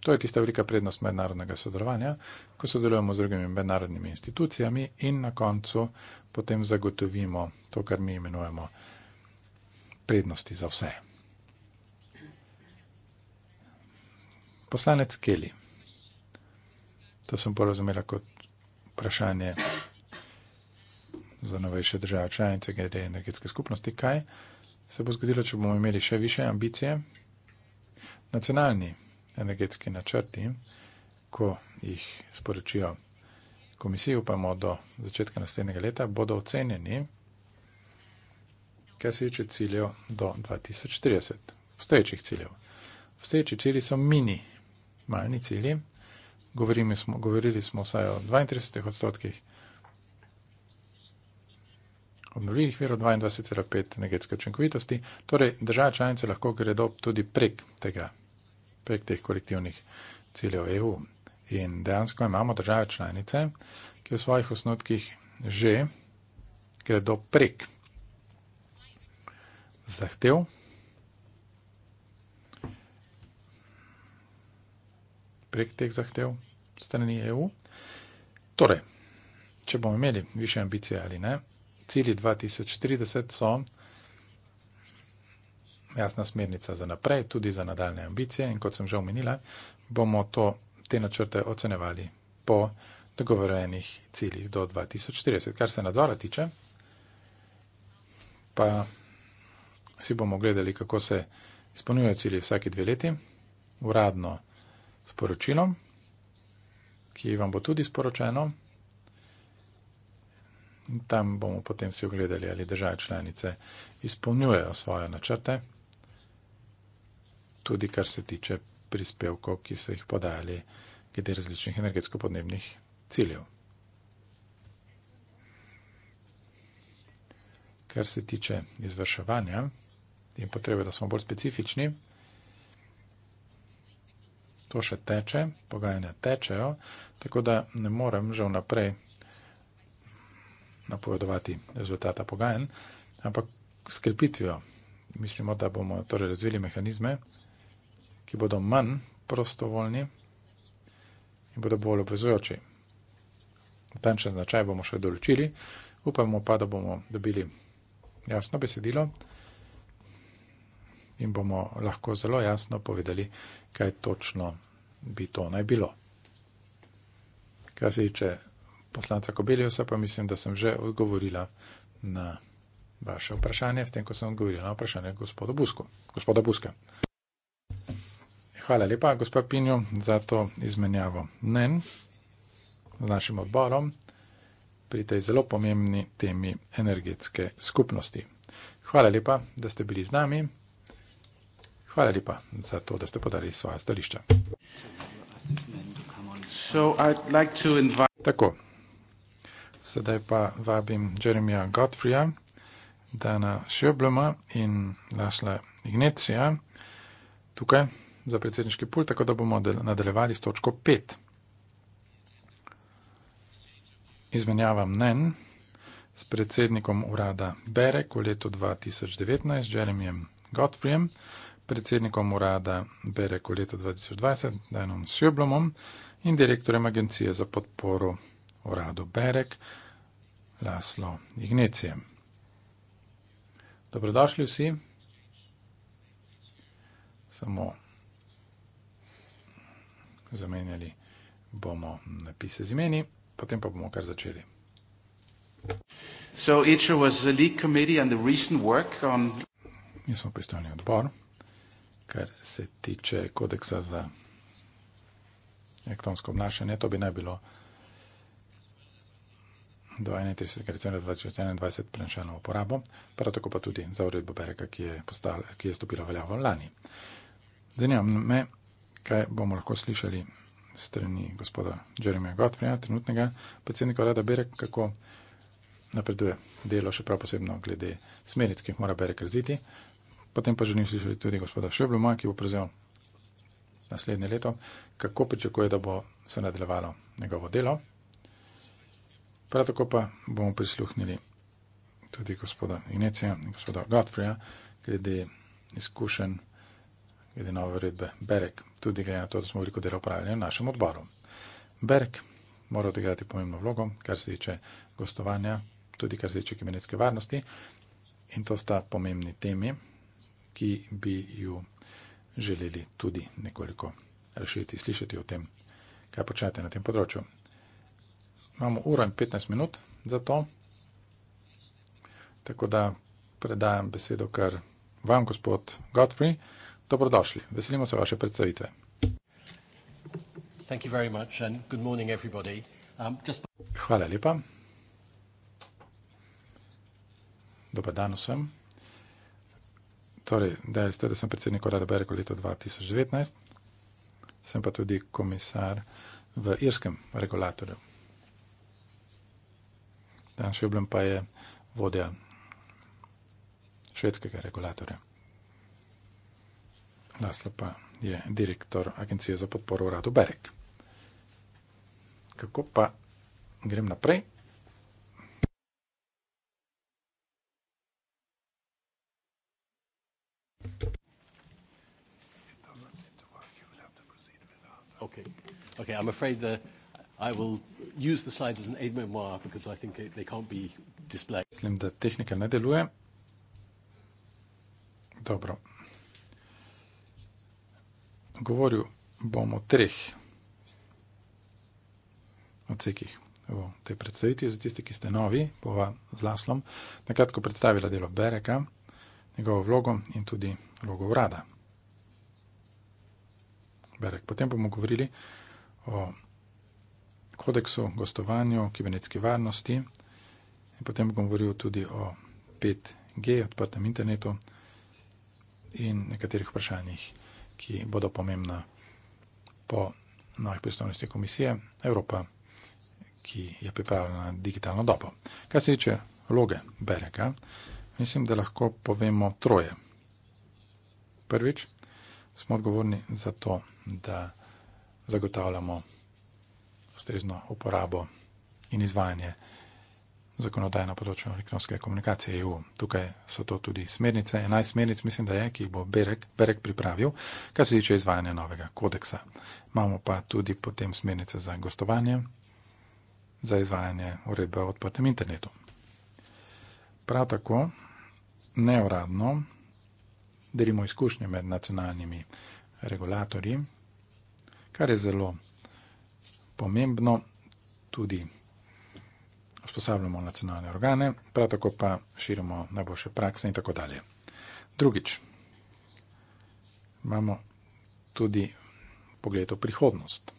A: to je tista velika prednost mednarodnega sodelovanja, ko sodelujemo z drugimi mednarodnimi institucijami in na koncu potem zagotovimo to, kar mi imenujemo prednosti za vse. Poslanec Keli. To sem porazumela kot vprašanje za novejše države članice glede energetske skupnosti. Kaj se bo zgodilo, če bomo imeli še više ambicije nacionalni energetski načrti, ko jih sporočijo komisijo, pa bomo do začetka naslednjega leta, bodo ocenjeni, kar se tiče ciljev do 2030, obstoječih ciljev. Obstoječi cilji so mini, malni cilji. Govorili smo, govorili smo vsaj o 32 odstotkih obnovljivih virov 22,5 energetske učinkovitosti. Torej, države članice lahko gredo tudi prek tega, prek teh kolektivnih ciljev EU. In dejansko imamo države članice, ki v svojih osnutkih že gredo prek zahtev. prek teh zahtev strani EU. Torej, če bomo imeli više ambicije ali ne, cilji 2030 so jasna smernica za naprej, tudi za nadaljne ambicije in kot sem že omenila, bomo to, te načrte ocenevali po dogovorenih ciljih do 2040. Kar se nadzora tiče, pa si bomo gledali, kako se izpolnjujejo cilji vsake dve leti, uradno sporočilom, ki vam bo tudi sporočeno. In tam bomo potem si ogledali, ali države članice izpolnjujejo svoje načrte, tudi kar se tiče prispevkov, ki so jih podali glede različnih energetsko-podnebnih ciljev. Kar se tiče izvrševanja in potrebe, da smo bolj specifični, to še teče, pogajanja tečejo, tako da ne morem že vnaprej napovedovati rezultata pogajanj, ampak s krepitvijo mislimo, da bomo torej razvili mehanizme, ki bodo manj prostovoljni in bodo bolj obvezujoči. Tančen značaj bomo še določili, upamo pa, da bomo dobili jasno besedilo in bomo lahko zelo jasno povedali, kaj točno bi to naj bilo. Kar se tiče poslanca Kobeljosa, pa mislim, da sem že odgovorila na vaše vprašanje, s tem, ko sem odgovorila na vprašanje Busko, gospoda Buska. Hvala lepa, gospod Pinjo, za to izmenjavo mnen z našim odborom pri tej zelo pomembni temi energetske skupnosti. Hvala lepa, da ste bili z nami. Hvala lepa za to, da ste podali svoje stališča. So, like invite... Tako, Sedaj pa vabim Jeremija Godfreya, Dana Šöbloma in Lašla Ignacija tukaj za predsedniški pult, tako da bomo nadaljevali s točko 5. Izmenjava mnen s predsednikom urada Berek v letu 2019, Jeremijem Godfreyem, predsednikom urada Berek v letu 2020, Danom Sjöblomom in direktorjem agencije za podporo Orado Berek, Laslo Ignecije. Dobrodošli vsi. Samo zamenjali bomo napise z imeni, potem pa bomo kar začeli. So ITRA was the lead committee and the recent work on... Mi smo pristojni odbor, kar se tiče kodeksa za elektronsko obnašanje. To bi naj bilo 2031, ker je 2021 prenešeno v uporabo, prav tako pa tudi za uredbo Bereka, ki je, postala, ki je stopila veljavo lani. Zanima me, kaj bomo lahko slišali strani gospoda Jeremija Godfreya, trenutnega predsednika vlada Berek, kako napreduje delo, še prav posebno glede smeric, ki jih mora Berek raziti. Potem pa želim slišati tudi gospoda Šebloma, ki bo prevzel naslednje leto, kako pričakuje, da bo se nadaljevalo njegovo delo. Prav tako pa bomo prisluhnili tudi gospoda Inecija in gospoda Godfreya, glede izkušenj, glede nove uredbe Berek, tudi glede na to, da smo veliko dela opravili na našem odboru. Berek mora odigrati pomembno vlogo, kar se tiče gostovanja, tudi kar se tiče kibernetske varnosti in to sta pomembni temi, ki bi ju želeli tudi nekoliko razširiti, slišati o tem, kaj počnete na tem področju imamo uro in 15 minut za to. Tako da predajam besedo kar vam, gospod Godfrey. Dobrodošli, veselimo se vaše predstavitve. Um, Hvala lepa. Dobar dan vsem. Torej, dejali ste, da sem predsednik Orada Bereko leto 2019, sem pa tudi komisar v irskem regulatorju. Dan Šeblen pa je vodja švedskega regulatorja. Laslo pa je direktor Agencije za podporo uradu Berek. Kako pa grem naprej? Okay. Okay, I'm afraid the I will use the slides as an aid memoir because I think it, they can't be displayed. Mislim, da tehnika ne deluje. Dobro. Govoril bom o treh odsekih v tej predstavitvi. Za tiste, ki ste novi, bova z Laslom nakratko predstavila delo Bereka, njegovo vlogo in tudi vlogo urada. Berek. Potem bomo govorili o kodeksu, gostovanju, kibernetski varnosti. In potem bom govoril tudi o 5G, odprtem internetu in nekaterih vprašanjih, ki bodo pomembna po novih pristojnosti komisije Evropa, ki je pripravljena na digitalno dobo. Kaj se tiče vloge Bereka, mislim, da lahko povemo troje. Prvič, smo odgovorni za to, da zagotavljamo ustrezno uporabo in izvajanje zakonodaje na področju elektronske komunikacije EU. Tukaj so to tudi smernice, enaj smernic mislim, da je, ki jih bo Berek, Berek pripravil, kar se tiče izvajanja novega kodeksa. Imamo pa tudi potem smernice za gostovanje, za izvajanje uredbe o odprtem internetu. Prav tako neuradno delimo izkušnje med nacionalnimi regulatorji, kar je zelo pomembno, tudi usposabljamo nacionalne organe, prav tako pa širimo najboljše prakse in tako dalje. Drugič, imamo tudi pogled v prihodnost.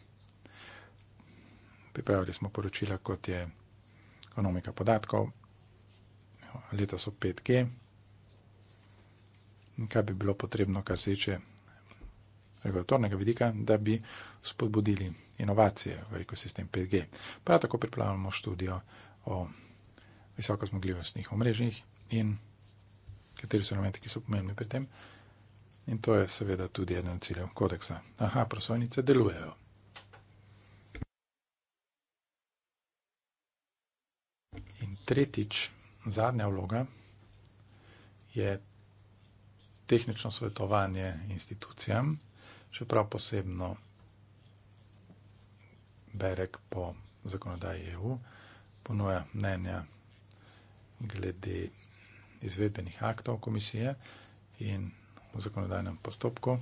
A: Pripravili smo poročila, kot je ekonomika podatkov, letos so 5G, in kaj bi bilo potrebno, kar se tiče regulatornega vidika, da bi spodbudili inovacije v ekosistem 5G. Prav tako pripravljamo študijo o visokozmogljivostnih omrežjih in kateri so elementi, ki so pomembni pri tem. In to je seveda tudi eden od ciljev kodeksa. Aha, prosojnice delujejo. In tretjič, zadnja vloga je tehnično svetovanje institucijam čeprav posebno Berek po zakonodaji EU ponuja mnenja glede izvedbenih aktov komisije in v zakonodajnem postopku.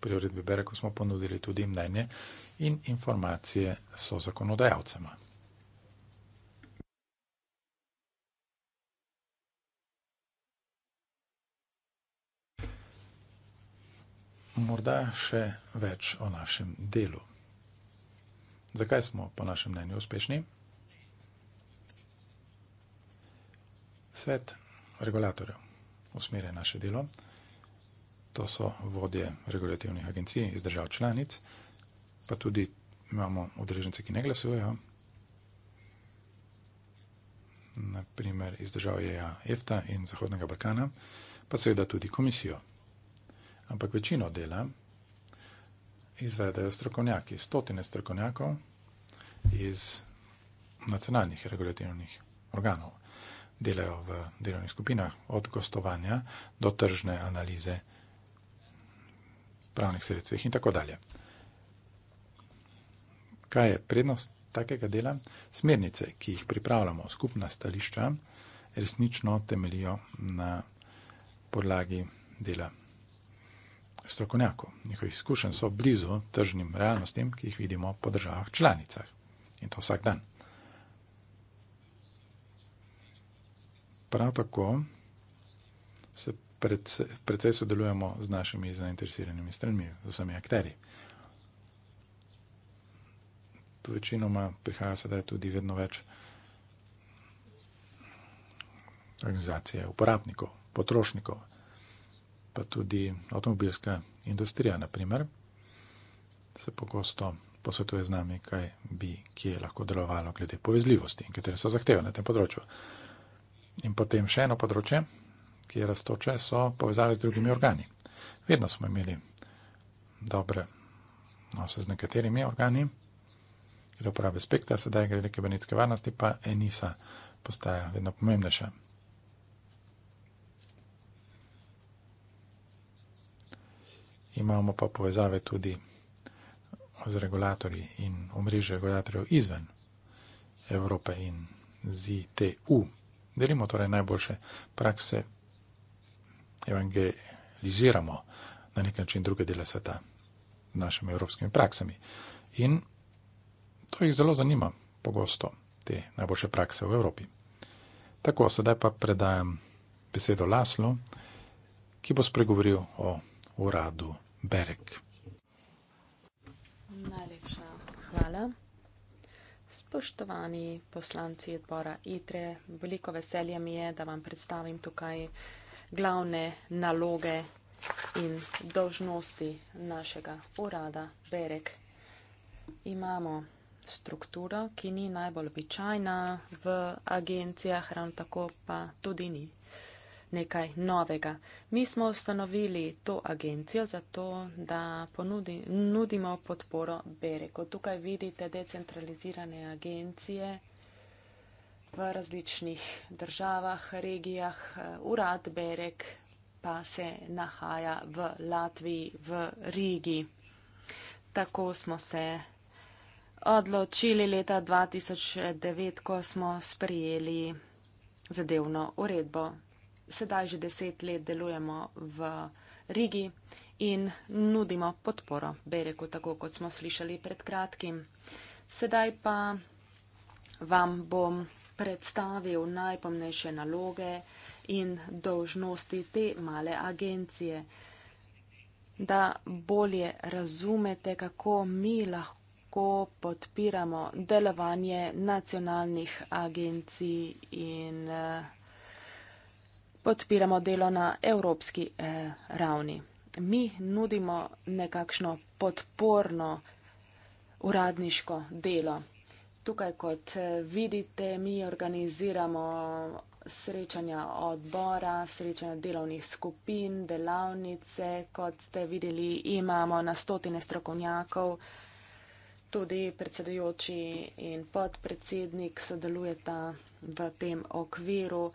A: Pri uredbi Bereku smo ponudili tudi mnenje in informacije so zakonodajalcema. morda še več o našem delu. Zakaj smo po našem mnenju uspešni? Svet regulatorjev usmerja naše delo. To so vodje regulativnih agencij iz držav članic, pa tudi imamo udeležence, ki ne glasujejo, naprimer iz držav EFTA e in Zahodnega Balkana, pa seveda tudi komisijo ampak večino dela izvedejo strokovnjaki, stotine strokovnjakov iz nacionalnih regulativnih organov. Delajo v delovnih skupinah od gostovanja do tržne analize pravnih sredstev in tako dalje. Kaj je prednost takega dela? Smernice, ki jih pripravljamo, skupna stališča, resnično temelijo na podlagi dela strokovnjakov. Njihovih izkušenj so blizu tržnim realnostim, ki jih vidimo po državah članicah. In to vsak dan. Prav tako se predvsej, predvsej sodelujemo z našimi zainteresiranimi stranmi, z vsemi akteri. Tu večinoma prihaja sedaj tudi vedno več organizacije uporabnikov, potrošnikov pa tudi avtomobilska industrija, naprimer, se pogosto posvetuje z nami, kaj bi kje lahko delovalo glede povezljivosti in katere so zahteve na tem področju. In potem še eno področje, ki je raztoče, so povezave z drugimi organi. Vedno smo imeli dobre nose z nekaterimi organi, ki do uporabe spektra, sedaj glede kibernetske varnosti, pa enisa postaja vedno pomembnejša. imamo pa povezave tudi z regulatorji in omrežje regulatorjev izven Evrope in ZTU. Delimo torej najboljše prakse, evangeliziramo na nek način druge dele sveta z našimi evropskimi praksami. In to jih zelo zanima, pogosto te najboljše prakse v Evropi. Tako, sedaj pa predajam besedo Laslu, ki bo spregovoril o uradu. Berek.
C: Najlepša hvala. Spoštovani poslanci odbora ITRE, veliko veselje mi je, da vam predstavim tukaj glavne naloge in dožnosti našega urada Berek. Imamo strukturo, ki ni najbolj običajna v agencijah, ravno tako pa tudi ni nekaj novega. Mi smo ustanovili to agencijo zato, da ponudi, nudimo podporo Bereku. Tukaj vidite decentralizirane agencije v različnih državah, regijah. Urad Berek pa se nahaja v Latviji, v Rigi. Tako smo se odločili leta 2009, ko smo sprijeli zadevno uredbo sedaj že deset let delujemo v Rigi in nudimo podporo Bereku, tako kot smo slišali pred kratkim. Sedaj pa vam bom predstavil najpomnejše naloge in dožnosti te male agencije, da bolje razumete, kako mi lahko podpiramo delovanje nacionalnih agencij in uh, podpiramo delo na evropski eh, ravni. Mi nudimo nekakšno podporno uradniško delo. Tukaj, kot eh, vidite, mi organiziramo srečanja odbora, srečanja delovnih skupin, delavnice. Kot ste videli, imamo na stotine strokovnjakov, tudi predsedujoči in podpredsednik sodelujeta v tem okviru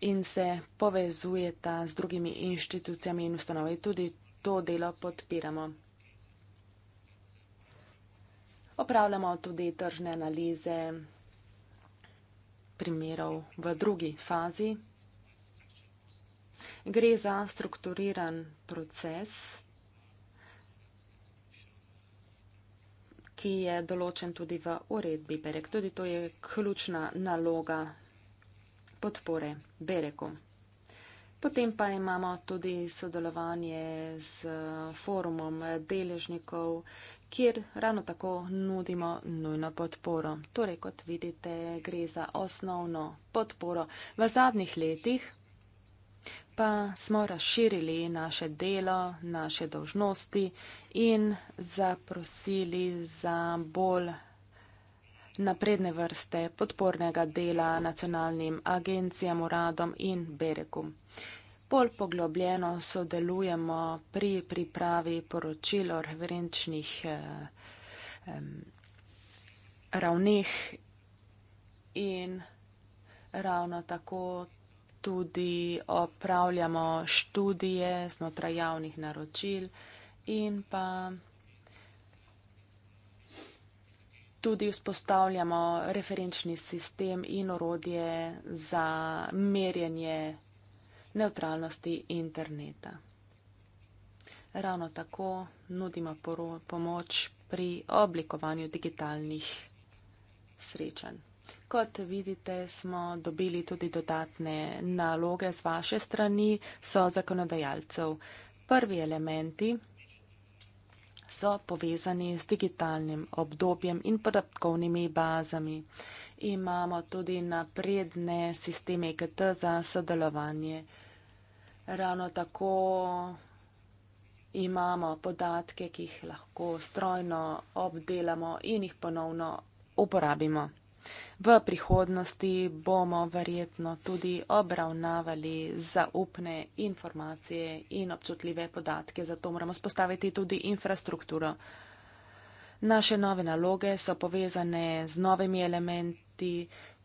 C: in se povezujeta z drugimi inštitucijami in ustanovami. Tudi to delo podpiramo. Opravljamo tudi tržne analize primerov v drugi fazi. Gre za strukturiran proces, ki je določen tudi v uredbi BEREK. Tudi to je ključna naloga podpore Bereku. Potem pa imamo tudi sodelovanje z forumom deležnikov, kjer ravno tako nudimo nujno podporo. Torej, kot vidite, gre za osnovno podporo. V zadnjih letih pa smo razširili naše delo, naše dožnosti in zaprosili za bolj napredne vrste podpornega dela nacionalnim agencijam, uradom in bereku. Pol poglobljeno sodelujemo pri pripravi poročil o referenčnih eh, ravneh in ravno tako tudi opravljamo študije znotraj javnih naročil in pa tudi vzpostavljamo referenčni sistem in orodje za merjenje neutralnosti interneta. Ravno tako nudimo pomoč pri oblikovanju digitalnih srečanj. Kot vidite, smo dobili tudi dodatne naloge z vaše strani, so zakonodajalcev prvi elementi so povezani z digitalnim obdobjem in podatkovnimi bazami. Imamo tudi napredne sisteme IKT e za sodelovanje. Ravno tako imamo podatke, ki jih lahko strojno obdelamo in jih ponovno uporabimo. V prihodnosti bomo verjetno tudi obravnavali zaupne informacije in občutljive podatke, zato moramo spostaviti tudi infrastrukturo. Naše nove naloge so povezane z novimi elementi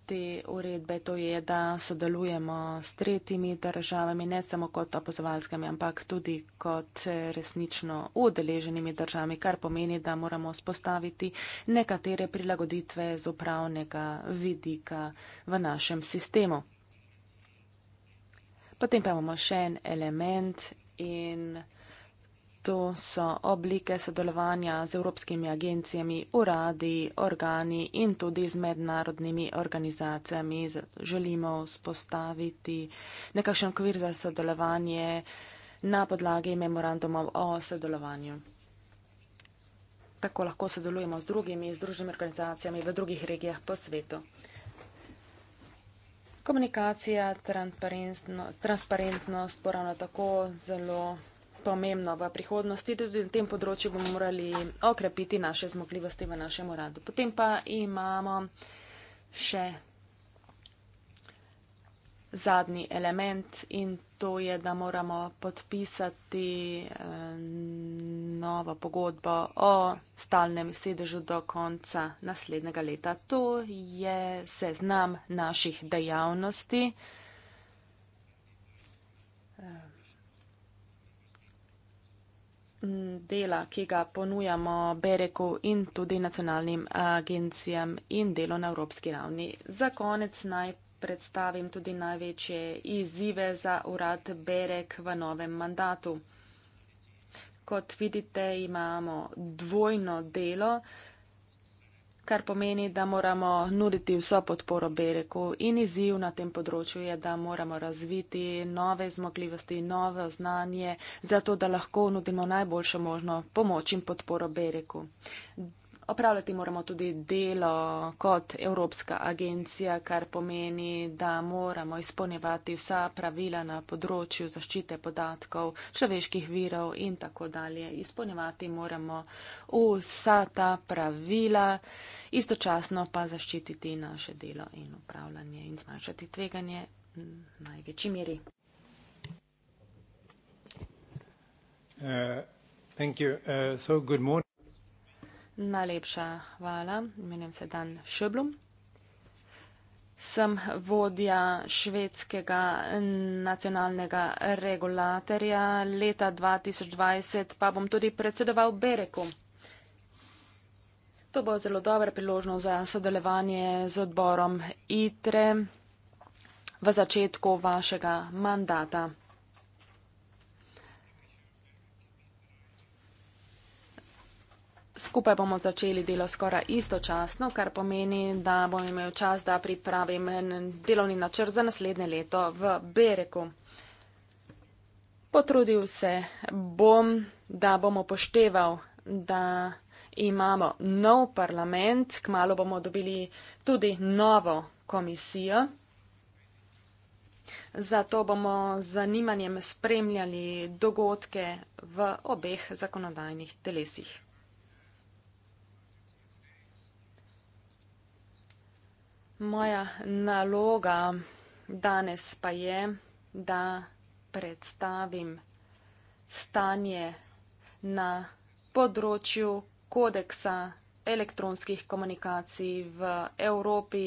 C: te uredbe, to je, da sodelujemo s tretjimi državami, ne samo kot opozovalskami, ampak tudi kot resnično udeleženimi državami, kar pomeni, da moramo spostaviti nekatere prilagoditve z upravnega vidika v našem sistemu. Potem pa imamo še en element in To so oblike sodelovanja z evropskimi agencijami, uradi, organi in tudi z mednarodnimi organizacijami. Želimo spostaviti nekakšen okvir za sodelovanje na podlagi memorandumov o sodelovanju. Tako lahko sodelujemo z drugimi združnimi organizacijami v drugih regijah po svetu. Komunikacija, transparentnost, poravno tako zelo pomembno. V prihodnosti tudi na tem področju bomo morali okrepiti naše zmogljivosti v našem uradu. Potem pa imamo še zadnji element in to je, da moramo podpisati eh, novo pogodbo o stalnem sedežu do konca naslednjega leta. To je seznam naših dejavnosti. dela, ki ga ponujamo Bereku in tudi nacionalnim agencijam in delo na evropski ravni. Za konec naj predstavim tudi največje izzive za urad Berek v novem mandatu. Kot vidite, imamo dvojno delo kar pomeni, da moramo nuditi vso podporo Bereku in izziv na tem področju je, da moramo razviti nove zmogljivosti, novo znanje, zato da lahko nudimo najboljšo možno pomoč in podporo Bereku opravljati moramo tudi delo kot Evropska agencija, kar pomeni, da moramo izpolnjevati vsa pravila na področju zaščite podatkov, človeških virov in tako dalje. Izpolnjevati moramo vsa ta pravila, istočasno pa zaščititi naše delo in upravljanje in zmanjšati tveganje v največji meri.
A: Uh, thank you. Uh, so good morning.
C: Najlepša hvala. Imenujem se Dan Šeblum. Sem vodja švedskega nacionalnega regulatorja. Leta 2020 pa bom tudi predsedoval Bereku. To bo zelo dobra priložnost za sodelovanje z odborom ITRE v začetku vašega mandata. Skupaj bomo začeli delo skoraj istočasno, kar pomeni, da bom imel čas, da pripravim en delovni načrt za naslednje leto v Bereku. Potrudil se bom, da bom upošteval, da imamo nov parlament, kmalo bomo dobili tudi novo komisijo. Zato bomo z zanimanjem spremljali dogodke v obeh zakonodajnih telesih. Moja naloga danes pa je, da predstavim stanje na področju kodeksa elektronskih komunikacij v Evropi.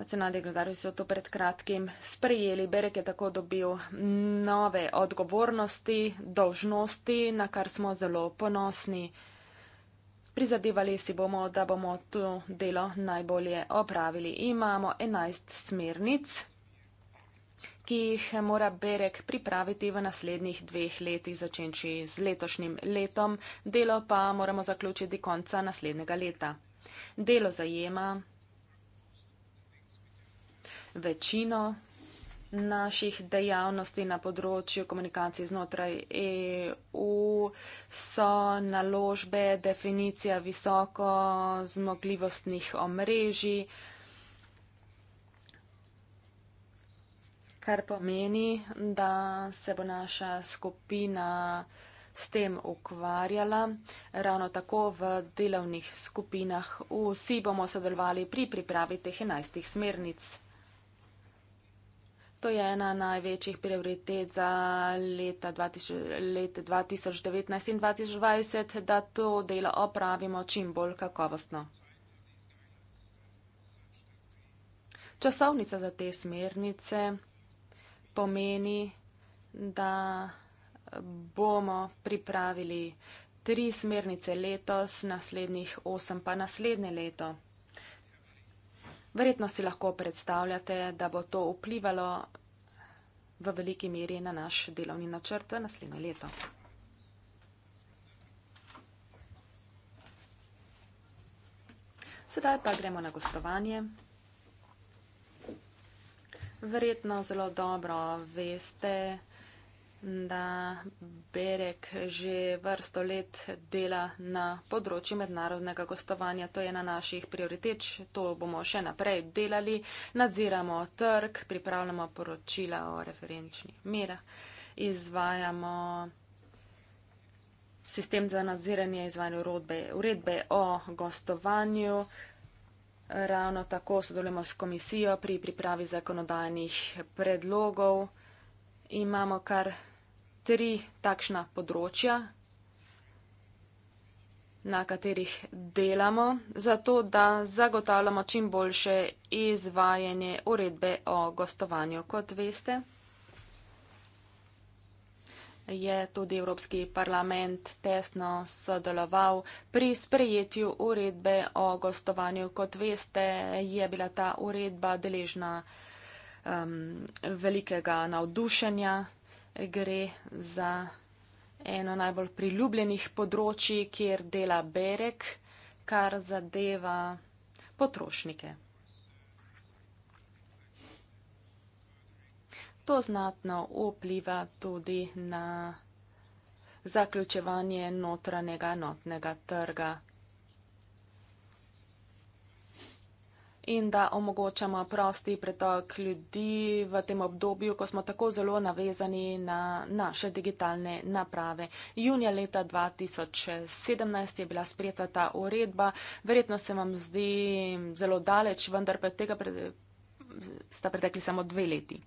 C: Nacionalni gledalci so to pred kratkim sprejeli. Berek je tako dobil nove odgovornosti, dožnosti, na kar smo zelo ponosni. Prizadevali si bomo, da bomo to delo najbolje opravili. Imamo 11 smernic, ki jih mora Berek pripraviti v naslednjih dveh letih, začenči z letošnjim letom, delo pa moramo zaključiti konca naslednjega leta. Delo zajema večino naših dejavnosti na področju komunikacije znotraj EU so naložbe, definicija visoko zmogljivostnih omrežij, kar pomeni, da se bo naša skupina s tem ukvarjala. Ravno tako v delovnih skupinah vsi bomo sodelovali pri pripravi teh enajstih smernic. To je ena največjih prioritet za leta 2000, let 2019 in 2020, da to delo opravimo čim bolj kakovostno. Časovnica za te smernice pomeni, da bomo pripravili tri smernice letos, naslednjih osem pa naslednje leto. Verjetno si lahko predstavljate, da bo to vplivalo v veliki meri na naš delovni načrt za naslednje leto. Sedaj pa gremo na gostovanje. Verjetno zelo dobro veste, da Berek že vrsto let dela na področju mednarodnega gostovanja. To je na naših prioritet, to bomo še naprej delali. Nadziramo trg, pripravljamo poročila o referenčnih merah, izvajamo sistem za nadziranje izvajanja uredbe, uredbe o gostovanju. Ravno tako sodelujemo s komisijo pri pripravi zakonodajnih predlogov. Imamo kar tri takšna področja, na katerih delamo, zato da zagotavljamo čim boljše izvajanje uredbe o gostovanju. Kot veste, je tudi Evropski parlament tesno sodeloval pri sprejetju uredbe o gostovanju. Kot veste, je bila ta uredba deležna um, velikega navdušenja gre za eno najbolj priljubljenih področji, kjer dela Berek, kar zadeva potrošnike. To znatno vpliva tudi na zaključevanje notranjega enotnega trga, in da omogočamo prosti pretok ljudi v tem obdobju, ko smo tako zelo navezani na naše digitalne naprave. Junija leta 2017 je bila sprejeta ta uredba. Verjetno se vam zdi zelo daleč, vendar pa tega pre, sta pretekli samo dve leti.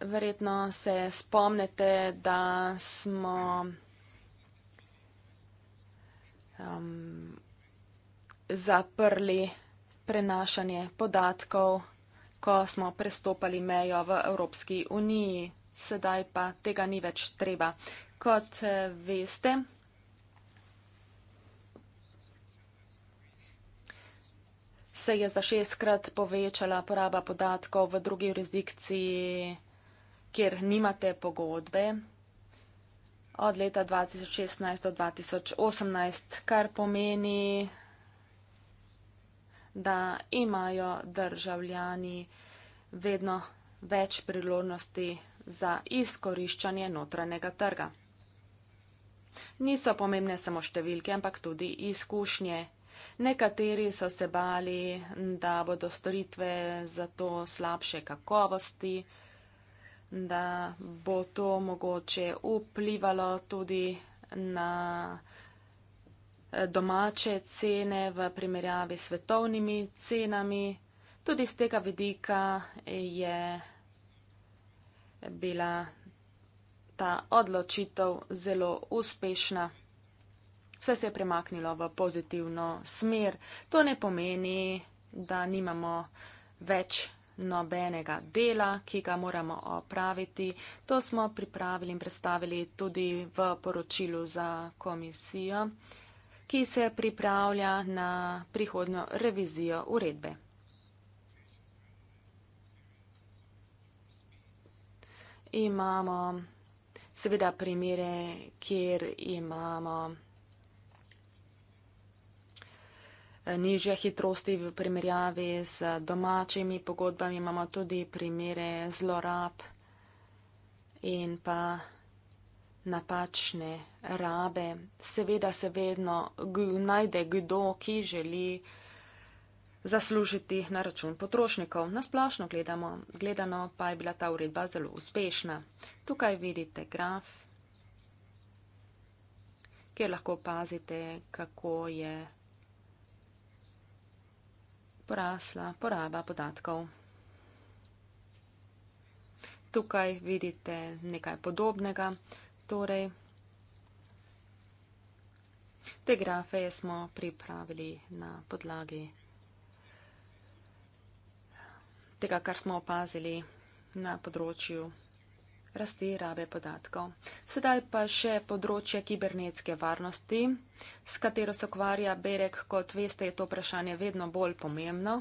C: Verjetno se spomnite, da smo um, zaprli prenašanje podatkov, ko smo prestopali mejo v Evropski uniji. Sedaj pa tega ni več treba. Kot eh, veste, se je za šestkrat povečala poraba podatkov v drugi jurisdikciji, kjer nimate pogodbe od leta 2016 do 2018, kar pomeni, da imajo državljani vedno več priložnosti za izkoriščanje notranjega trga. Niso pomembne samo številke, ampak tudi izkušnje. Nekateri so se bali, da bodo storitve zato slabše kakovosti, da bo to mogoče vplivalo tudi na eh, domače cene v primerjavi s svetovnimi cenami. Tudi z tega vidika je bila ta odločitev zelo uspešna. Vse se je premaknilo v pozitivno smer. To ne pomeni, da nimamo več nobenega dela, ki ga moramo opraviti. To smo pripravili in predstavili tudi v poročilu za komisijo, ki se pripravlja na prihodno revizijo uredbe. Imamo seveda primere, kjer imamo nižje hitrosti v primerjavi z domačimi pogodbami, imamo tudi primere zlorab in pa napačne rabe. Seveda se vedno najde kdo, ki želi zaslužiti na račun potrošnikov. Nasplošno gledamo, gledano pa je bila ta uredba zelo uspešna. Tukaj vidite graf, kjer lahko opazite, kako je porasla poraba podatkov. Tukaj vidite nekaj podobnega. Torej, te grafe smo pripravili na podlagi tega, kar smo opazili na področju rasti rabe podatkov. Sedaj pa še področje kibernetske varnosti, s katero se ukvarja Berek, kot veste, je to vprašanje vedno bolj pomembno.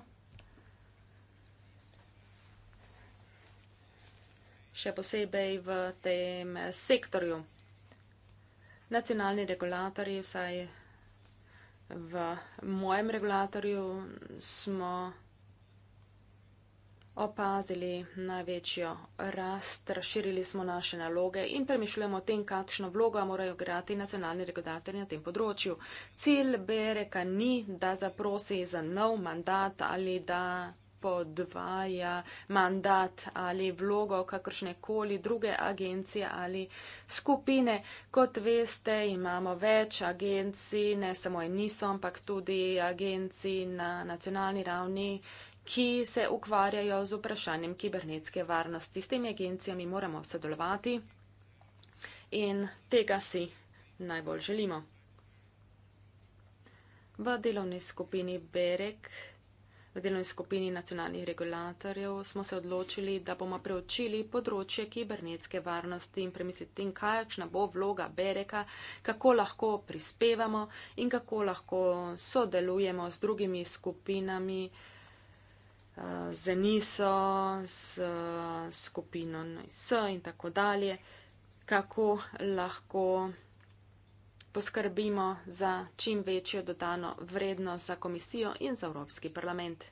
C: Še posebej v tem sektorju. Nacionalni regulatorji, vsaj v mojem regulatorju, smo opazili največjo rast, razširili smo naše naloge in premišljamo o tem, kakšno vlogo morajo igrati nacionalni regulatorji na tem področju. Cilj BRK ni, da zaprosi za nov mandat ali da podvaja mandat ali vlogo kakršne koli druge agencije ali skupine. Kot veste, imamo več agencij, ne samo eniso, ampak tudi agencij na nacionalni ravni ki se ukvarjajo z vprašanjem kibernetske varnosti. S temi agencijami moramo sodelovati in tega si najbolj želimo. V delovni skupini BEREK, v delovni skupini nacionalnih regulatorjev, smo se odločili, da bomo preučili področje kibernetske varnosti in premisliti, kakšna bo vloga BEREKA, kako lahko prispevamo in kako lahko sodelujemo z drugimi skupinami, uh, Eh, z Niso, s eh, skupino NS in tako dalje, kako lahko poskrbimo za čim večjo dodano vrednost za komisijo in za Evropski parlament.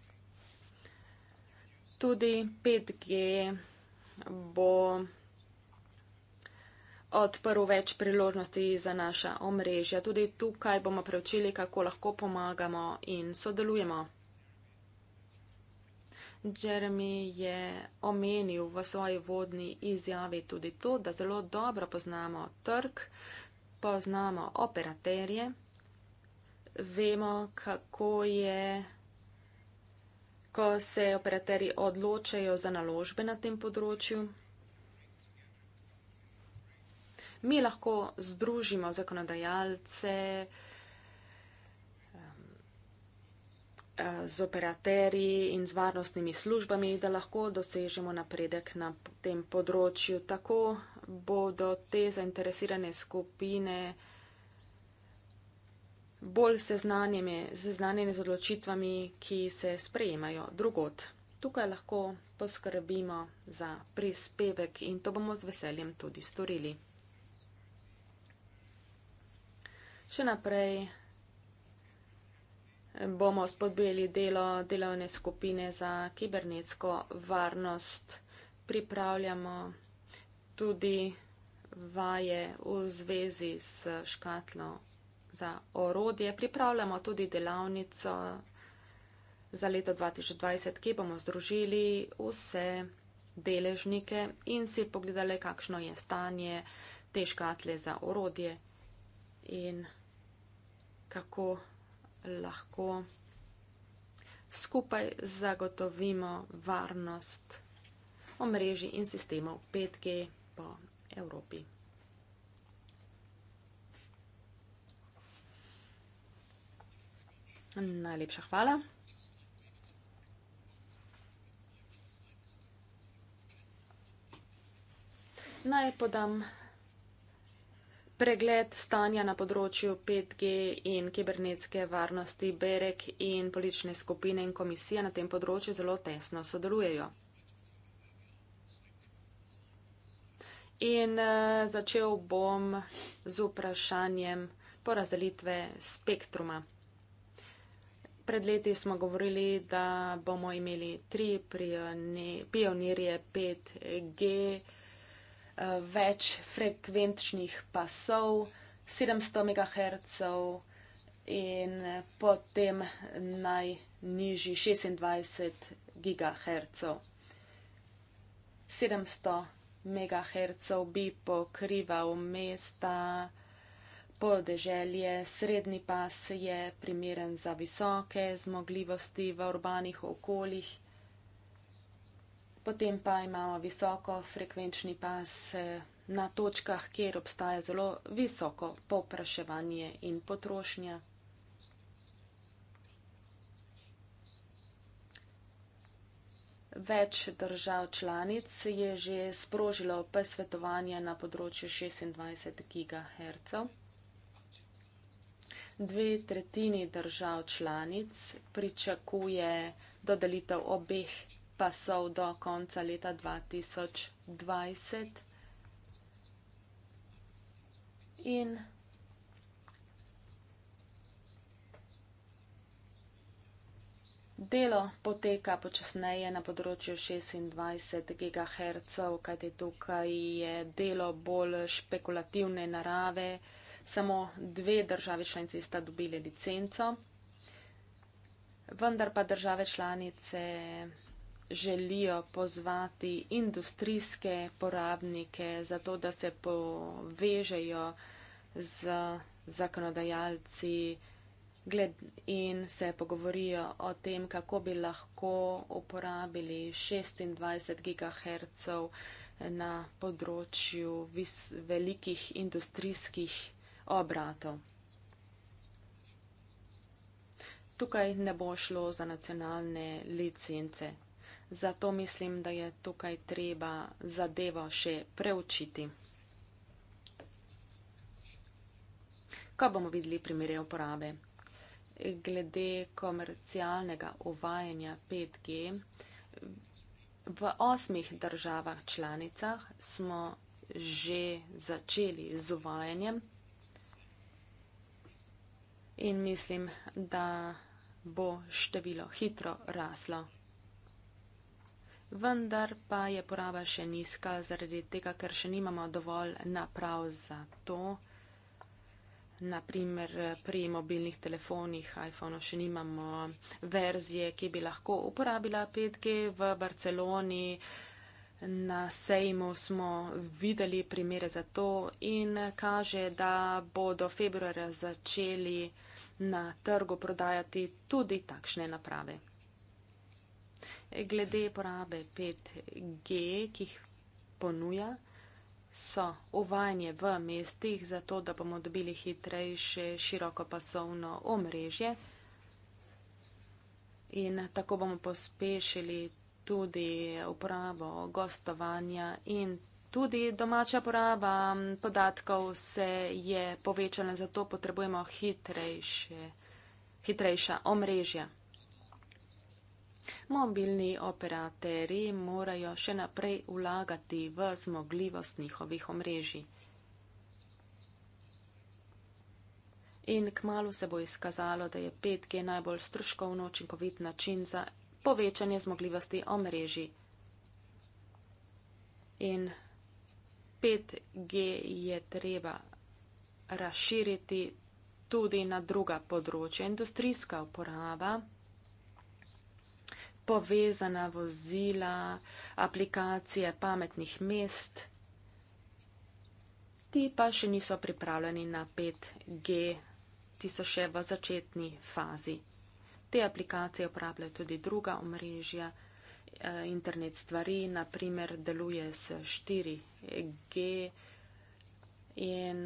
C: Tudi 5G bo odprl več priložnosti za naša omrežja. Tudi tukaj bomo preučili, kako lahko pomagamo in sodelujemo. Jeremy je omenil v svoji vodni izjavi tudi to, da zelo dobro poznamo trg, poznamo operaterje, vemo, kako je, ko se operaterji odločajo za naložbe na tem področju. Mi lahko združimo zakonodajalce, Eh, z operaterji in z varnostnimi službami, da lahko dosežemo napredek na tem področju. Tako bodo te zainteresirane skupine bolj seznanjene, seznanjene z odločitvami, ki se sprejemajo drugot. Tukaj lahko poskrbimo za prispevek in to bomo z veseljem tudi storili. Še naprej bomo spodbujali delo delovne skupine za kibernetsko varnost. Pripravljamo tudi vaje v zvezi s škatlo za orodje. Pripravljamo tudi delavnico za leto 2020, ki bomo združili vse deležnike in si pogledali, kakšno je stanje te škatle za orodje in kako lahko skupaj zagotovimo varnost omrežij in sistemov 5G po Evropi. Najlepša hvala. Naj podam pregled stanja na področju 5G in kibernetske varnosti, BEREK in politične skupine in komisije na tem področju zelo tesno sodelujejo. In eh, začel bom z vprašanjem porazdelitve spektruma. Pred leti smo govorili, da bomo imeli tri pionirje 5G, 5G, več frekvenčnih pasov, 700 MHz in potem najnižji 26 GHz. 700 MHz bi pokrival mesta, podeželje, srednji pas je primeren za visoke zmogljivosti v urbanih okoljih potem pa imamo visoko frekvenčni pas eh, na točkah, kjer obstaja zelo visoko popraševanje in potrošnja. Več držav članic je že sprožilo posvetovanje na področju 26 GHz. Dve tretjini držav članic pričakuje dodelitev obeh pasov do konca leta 2020. In delo poteka počasneje na področju 26 GHz, kajte tukaj je delo bolj špekulativne narave. Samo dve države članice sta dobili licenco, vendar pa države članice želijo pozvati industrijske porabnike, zato da se povežejo z zakonodajalci in se pogovorijo o tem, kako bi lahko uporabili 26 GHz na področju vis, velikih industrijskih obratov. Tukaj ne bo šlo za nacionalne licence. Zato mislim, da je tukaj treba zadevo še preučiti. Ko bomo videli primere uporabe, glede komercialnega uvajanja 5G, v osmih državah članicah smo že začeli z uvajanjem in mislim, da bo število hitro raslo vendar pa je poraba še nizka, zaradi tega, ker še nimamo dovolj naprav za to. Naprimer, pri mobilnih telefonih, iPhone-u še nimamo verzije, ki bi lahko uporabila 5G v Barceloni. Na sejmu smo videli primere za to in kaže, da bodo februarja začeli na trgu prodajati tudi takšne naprave. Glede porabe 5G, ki jih ponuja, so uvajanje v mestih zato, da bomo dobili hitrejše širokopasovno omrežje in tako bomo pospešili tudi upravo gostovanja in tudi domača poraba podatkov se je povečala, zato potrebujemo hitrejše, hitrejša omrežja. Mobilni operaterji morajo še naprej vlagati v zmogljivost njihovih omrežij. In kmalo se bo izkazalo, da je 5G najbolj stroškovno učinkovit način za povečanje zmogljivosti omrežij. In 5G je treba razširiti tudi na druga področja. Industrijska uporaba povezana vozila, aplikacije pametnih mest. Ti pa še niso pripravljeni na 5G, ti so še v začetni fazi. Te aplikacije uporabljajo tudi druga omrežja, eh, internet stvari, naprimer deluje s 4G in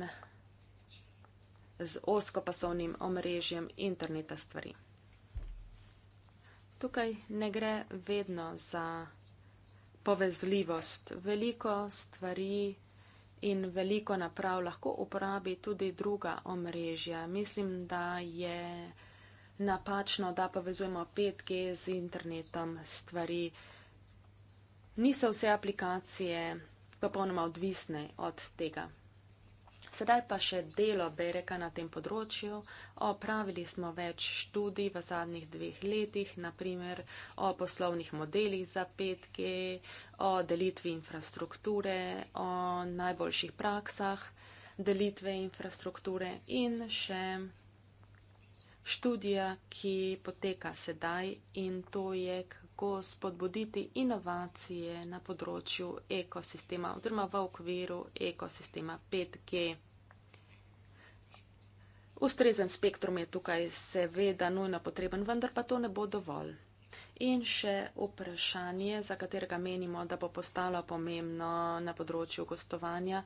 C: z oskopasovnim omrežjem interneta stvari. Tukaj ne gre vedno za povezljivost. Veliko stvari in veliko naprav lahko uporabi tudi druga omrežja. Mislim, da je napačno, da povezujemo 5G z internetom stvari. Niso vse aplikacije popolnoma odvisne od tega. Sedaj pa še delo Bereka na tem področju. Opravili smo več študij v zadnjih dveh letih, naprimer o poslovnih modelih za 5G, o delitvi infrastrukture, o najboljših praksah delitve infrastrukture in še študija, ki poteka sedaj in to je, lahko spodbuditi inovacije na področju ekosistema oziroma v okviru ekosistema 5G. Ustrezen spektrum je tukaj seveda nujno potreben, vendar pa to ne bo dovolj. In še vprašanje, za katerega menimo, da bo postalo pomembno na področju gostovanja.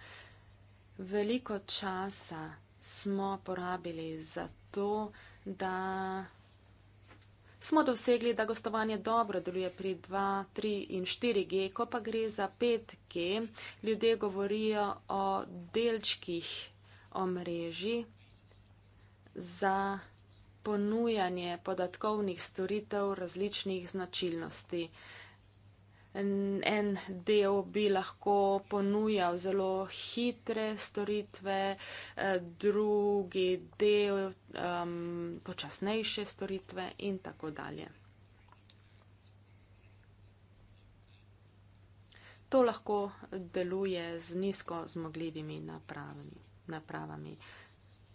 C: Veliko časa smo porabili za to, da smo dosegli, da gostovanje dobro deluje pri 2, 3 in 4G, ko pa gre za 5G, ljudje govorijo o delčkih omrežji za ponujanje podatkovnih storitev različnih značilnosti en del bi lahko ponujal zelo hitre storitve, eh, drugi del um, počasnejše storitve in tako dalje. To lahko deluje z nizko zmogljivimi napravami. napravami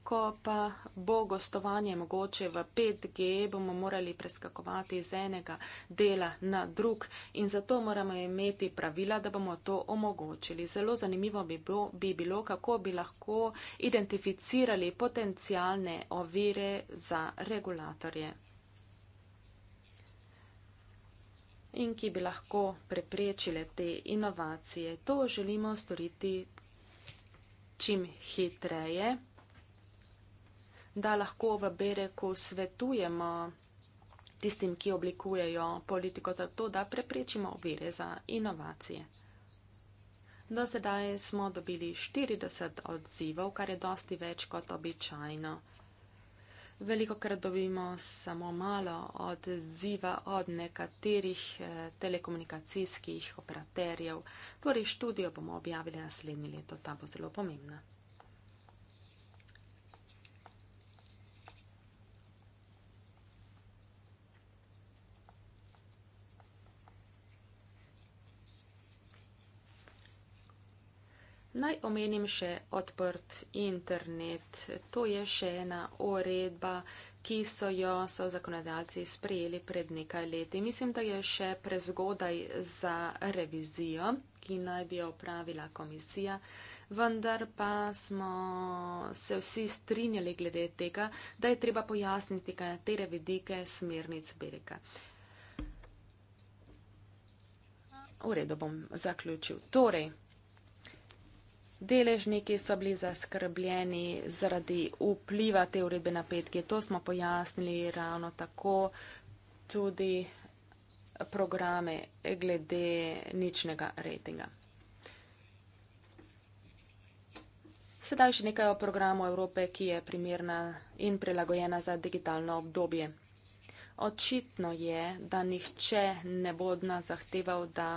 C: ko pa bo gostovanje mogoče v 5G, bomo morali preskakovati iz enega dela na drug in zato moramo imeti pravila, da bomo to omogočili. Zelo zanimivo bi bilo, bi bilo kako bi lahko identificirali potencijalne ovire za regulatorje. in ki bi lahko preprečile te inovacije. To želimo storiti čim hitreje da lahko v Bereku svetujemo tistim, ki oblikujejo politiko za to, da preprečimo vire za inovacije. Do sedaj smo dobili 40 odzivov, kar je dosti več kot običajno. Veliko krat dobimo samo malo odziva od nekaterih eh, telekomunikacijskih operaterjev, torej študijo bomo objavili naslednje leto, ta bo zelo pomembna. Naj omenim še odprt internet. To je še ena uredba, ki so jo so zakonodajalci sprejeli pred nekaj leti. Mislim, da je še prezgodaj za revizijo, ki naj bi jo opravila komisija, vendar pa smo se vsi strinjali glede tega, da je treba pojasniti, kaj te revidike smernic Birika. Uredo bom zaključil. Torej, deležniki so bili zaskrbljeni zaradi vpliva te uredbe na 5G. To smo pojasnili ravno tako tudi programe glede ničnega rejtinga. Sedaj še nekaj o programu Evrope, ki je primerna in prilagojena za digitalno obdobje. Očitno je, da nihče ne bo od nas zahteval, da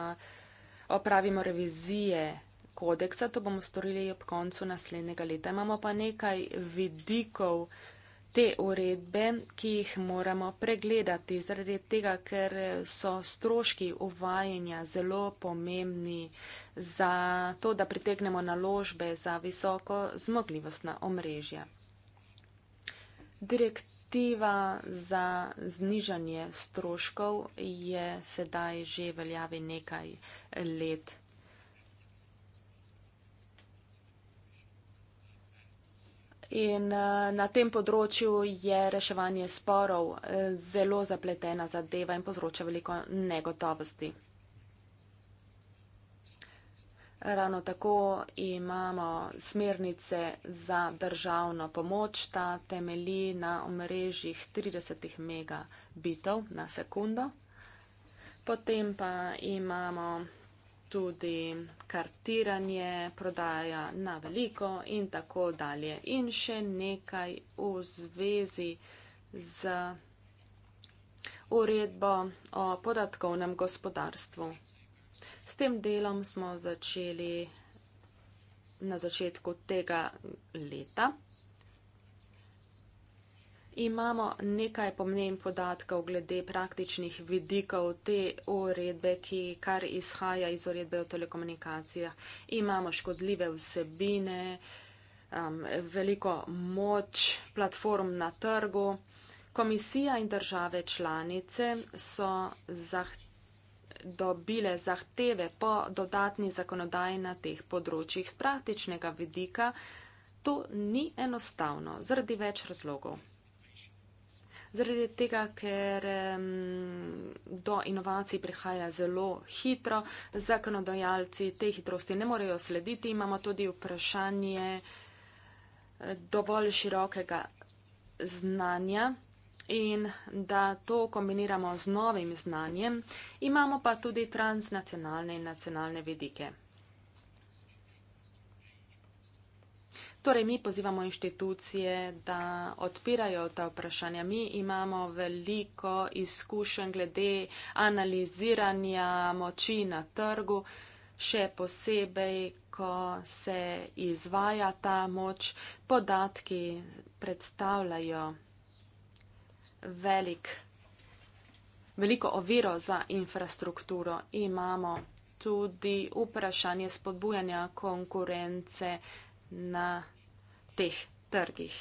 C: opravimo revizije kodeksa, to bomo storili ob koncu naslednjega leta. Imamo pa nekaj vidikov te uredbe, ki jih moramo pregledati, zaradi tega, ker so stroški uvajanja zelo pomembni za to, da pritegnemo naložbe za visoko zmogljivostna omrežja. Direktiva za znižanje stroškov je sedaj že veljavi nekaj let. in eh, na tem področju je reševanje sporov eh, zelo zapletena zadeva in povzroča veliko negotovosti. Ravno tako imamo smernice za državno pomoč, ta temelji na omrežjih 30 megabitov na sekundo. Potem pa imamo tudi kartiranje, prodaja na veliko in tako dalje. In še nekaj v zvezi z uredbo o podatkovnem gospodarstvu. S tem delom smo začeli na začetku tega leta. Imamo nekaj pomnen podatkov glede praktičnih vidikov te uredbe, ki kar izhaja iz uredbe o telekomunikacijah. Imamo škodljive vsebine, um, veliko moč platform na trgu. Komisija in države članice so dobile zahteve po dodatni zakonodaji na teh področjih. Z praktičnega vidika to ni enostavno, zaradi več razlogov zaradi tega, ker um, do inovacij prihaja zelo hitro, zakonodajalci te hitrosti ne morejo slediti, imamo tudi vprašanje eh, dovolj širokega znanja in da to kombiniramo z novim znanjem, imamo pa tudi transnacionalne in nacionalne vidike. Torej, mi pozivamo inštitucije, da odpirajo ta vprašanja. Mi imamo veliko izkušenj glede analiziranja moči na trgu, še posebej, ko se izvaja ta moč, podatki predstavljajo velik, veliko oviro za infrastrukturo. Imamo tudi vprašanje spodbujanja konkurence na teh trgih.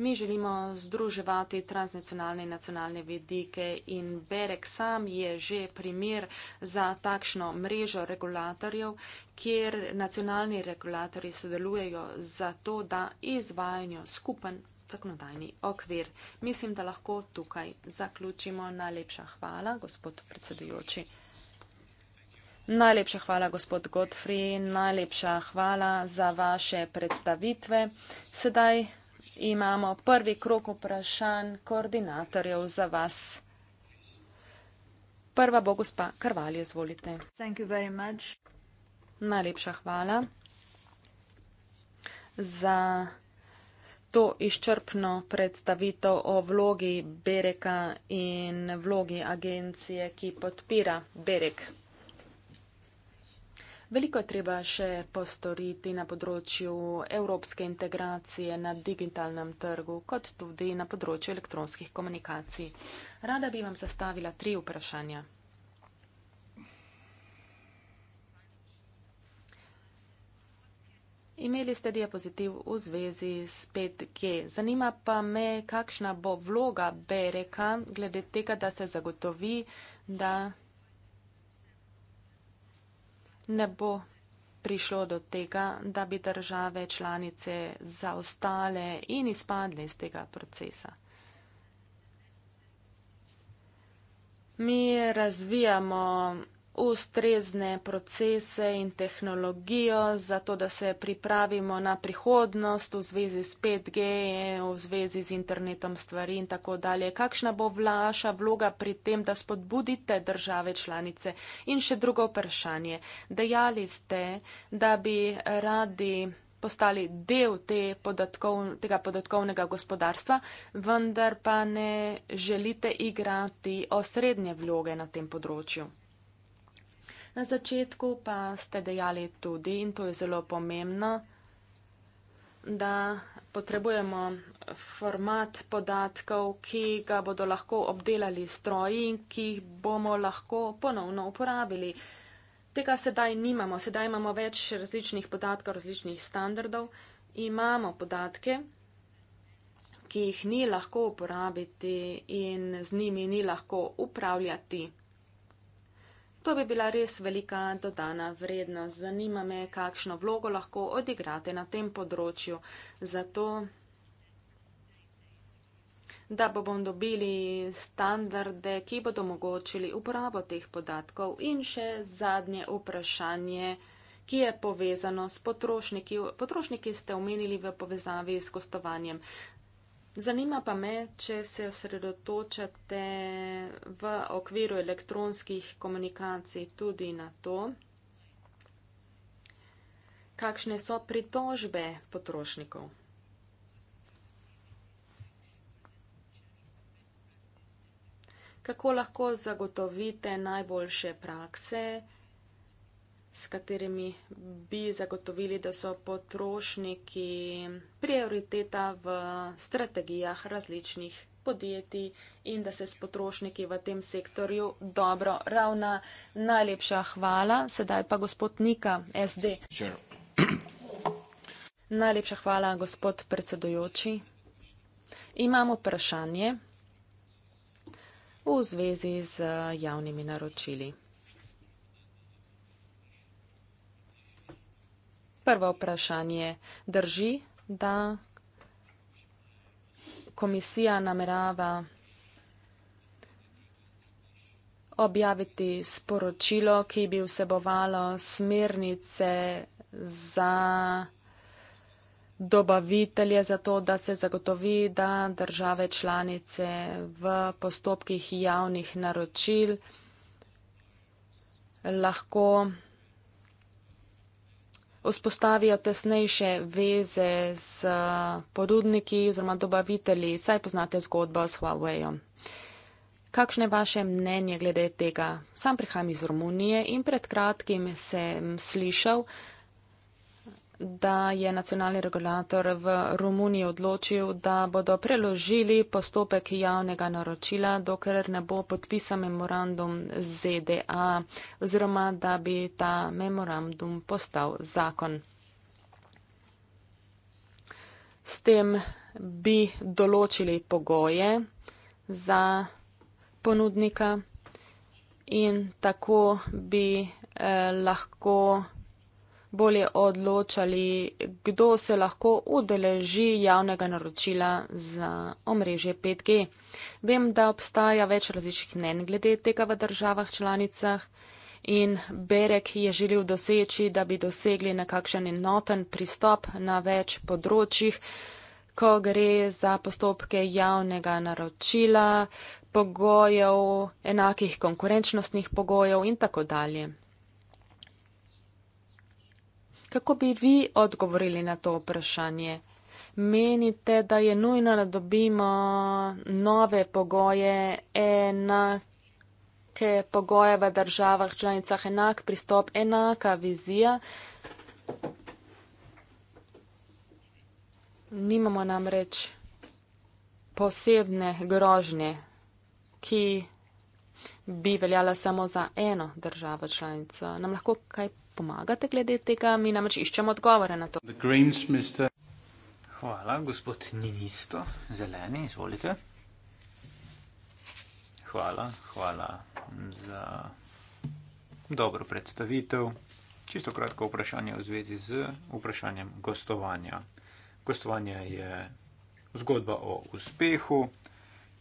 C: Mi želimo združevati transnacionalne in nacionalne vedike in Berek sam je že primer za takšno mrežo regulatorjev, kjer nacionalni regulatorji sodelujejo za to, da izvajanjo skupen zakonodajni okvir. Mislim, da lahko tukaj zaključimo. Najlepša hvala, gospod predsedujoči. Najlepša hvala, gospod Godfrey, najlepša hvala za vaše predstavitve. Sedaj imamo prvi krok vprašanj koordinatorjev za vas. Prva bo gospa Karvaljo, izvolite. Najlepša hvala za to izčrpno predstavitev o vlogi Bereka in vlogi agencije, ki podpira Berek. Veliko je treba še postoriti na področju evropske integracije na digitalnem trgu, kot tudi na področju elektronskih komunikacij. Rada bi vam zastavila tri vprašanja. Imeli ste diapozitiv v zvezi s 5G. Zanima pa me, kakšna bo vloga BRK glede tega, da se zagotovi, da ne bo prišlo do tega, da bi države članice zaostale in izpadle iz tega procesa. Mi razvijamo ustrezne procese in tehnologijo, zato da se pripravimo na prihodnost v zvezi s 5G, v zvezi z internetom stvari in tako dalje. Kakšna bo vaša vloga pri tem, da spodbudite države članice? In še drugo vprašanje. Dejali ste, da bi radi postali del te podatkov, tega podatkovnega gospodarstva, vendar pa ne želite igrati osrednje vloge na tem področju na začetku pa ste dejali tudi, in to je zelo pomembno, da potrebujemo format podatkov, ki ga bodo lahko obdelali stroji in ki jih bomo lahko ponovno uporabili. Tega sedaj nimamo, sedaj imamo več različnih podatkov, različnih standardov, imamo podatke, ki jih ni lahko uporabiti in z njimi ni lahko upravljati. To bi bila res velika dodana vrednost. Zanima me, kakšno vlogo lahko odigrate na tem področju, zato da bomo dobili standarde, ki bodo omogočili uporabo teh podatkov. In še zadnje vprašanje ki je povezano s potrošniki. Potrošniki ste omenili v povezavi s gostovanjem. Zanima pa me, če se osredotočate v okviru elektronskih komunikacij tudi na to, kakšne so pritožbe potrošnikov. Kako lahko zagotovite najboljše prakse? s katerimi bi zagotovili, da so potrošniki prioriteta v strategijah različnih podjetij in da se s potrošniki v tem sektorju dobro ravna. Najlepša hvala. Sedaj pa gospod Nika, SD. Najlepša hvala, gospod predsedujoči. Imamo vprašanje v zvezi z javnimi naročili. prvo vprašanje. Drži, da komisija namerava objaviti sporočilo, ki bi vsebovalo smernice za dobavitelje za to, da se zagotovi, da države članice v postopkih javnih naročil lahko vzpostavijo tesnejše veze z eh, porudniki oziroma dobavitelji, saj poznate zgodbo s Huawei-om. Kakšno je vaše mnenje glede tega? Sam prihajam iz Romunije in pred kratkim sem slišal, da je nacionalni regulator v Romuniji odločil, da bodo preložili postopek javnega naročila, dokler ne bo podpisan memorandum ZDA oziroma da bi ta memorandum postal zakon. S tem bi določili pogoje za ponudnika in tako bi eh, lahko bolje odločali, kdo se lahko udeleži javnega naročila za omrežje 5G. Vem, da obstaja več različnih mnenj glede tega v državah članicah in Berek je želel doseči, da bi dosegli nekakšen enoten pristop na več področjih, ko gre za postopke javnega naročila, pogojev, enakih konkurenčnostnih pogojev in tako dalje. Kako bi vi odgovorili na to vprašanje? Menite, da je nujno, da dobimo nove pogoje, enake pogoje v državah članicah, enak pristop, enaka vizija? Nimamo namreč posebne grožnje, ki bi veljala samo za eno državo članico. Nam lahko kaj pomagate glede tega, mi namreč iščemo odgovore na to.
A: Greens,
B: Hvala, gospod Ninisto, zeleni, izvolite. Hvala, hvala za dobro predstavitev. Čisto kratko vprašanje v zvezi z vprašanjem gostovanja. Gostovanje je zgodba o uspehu.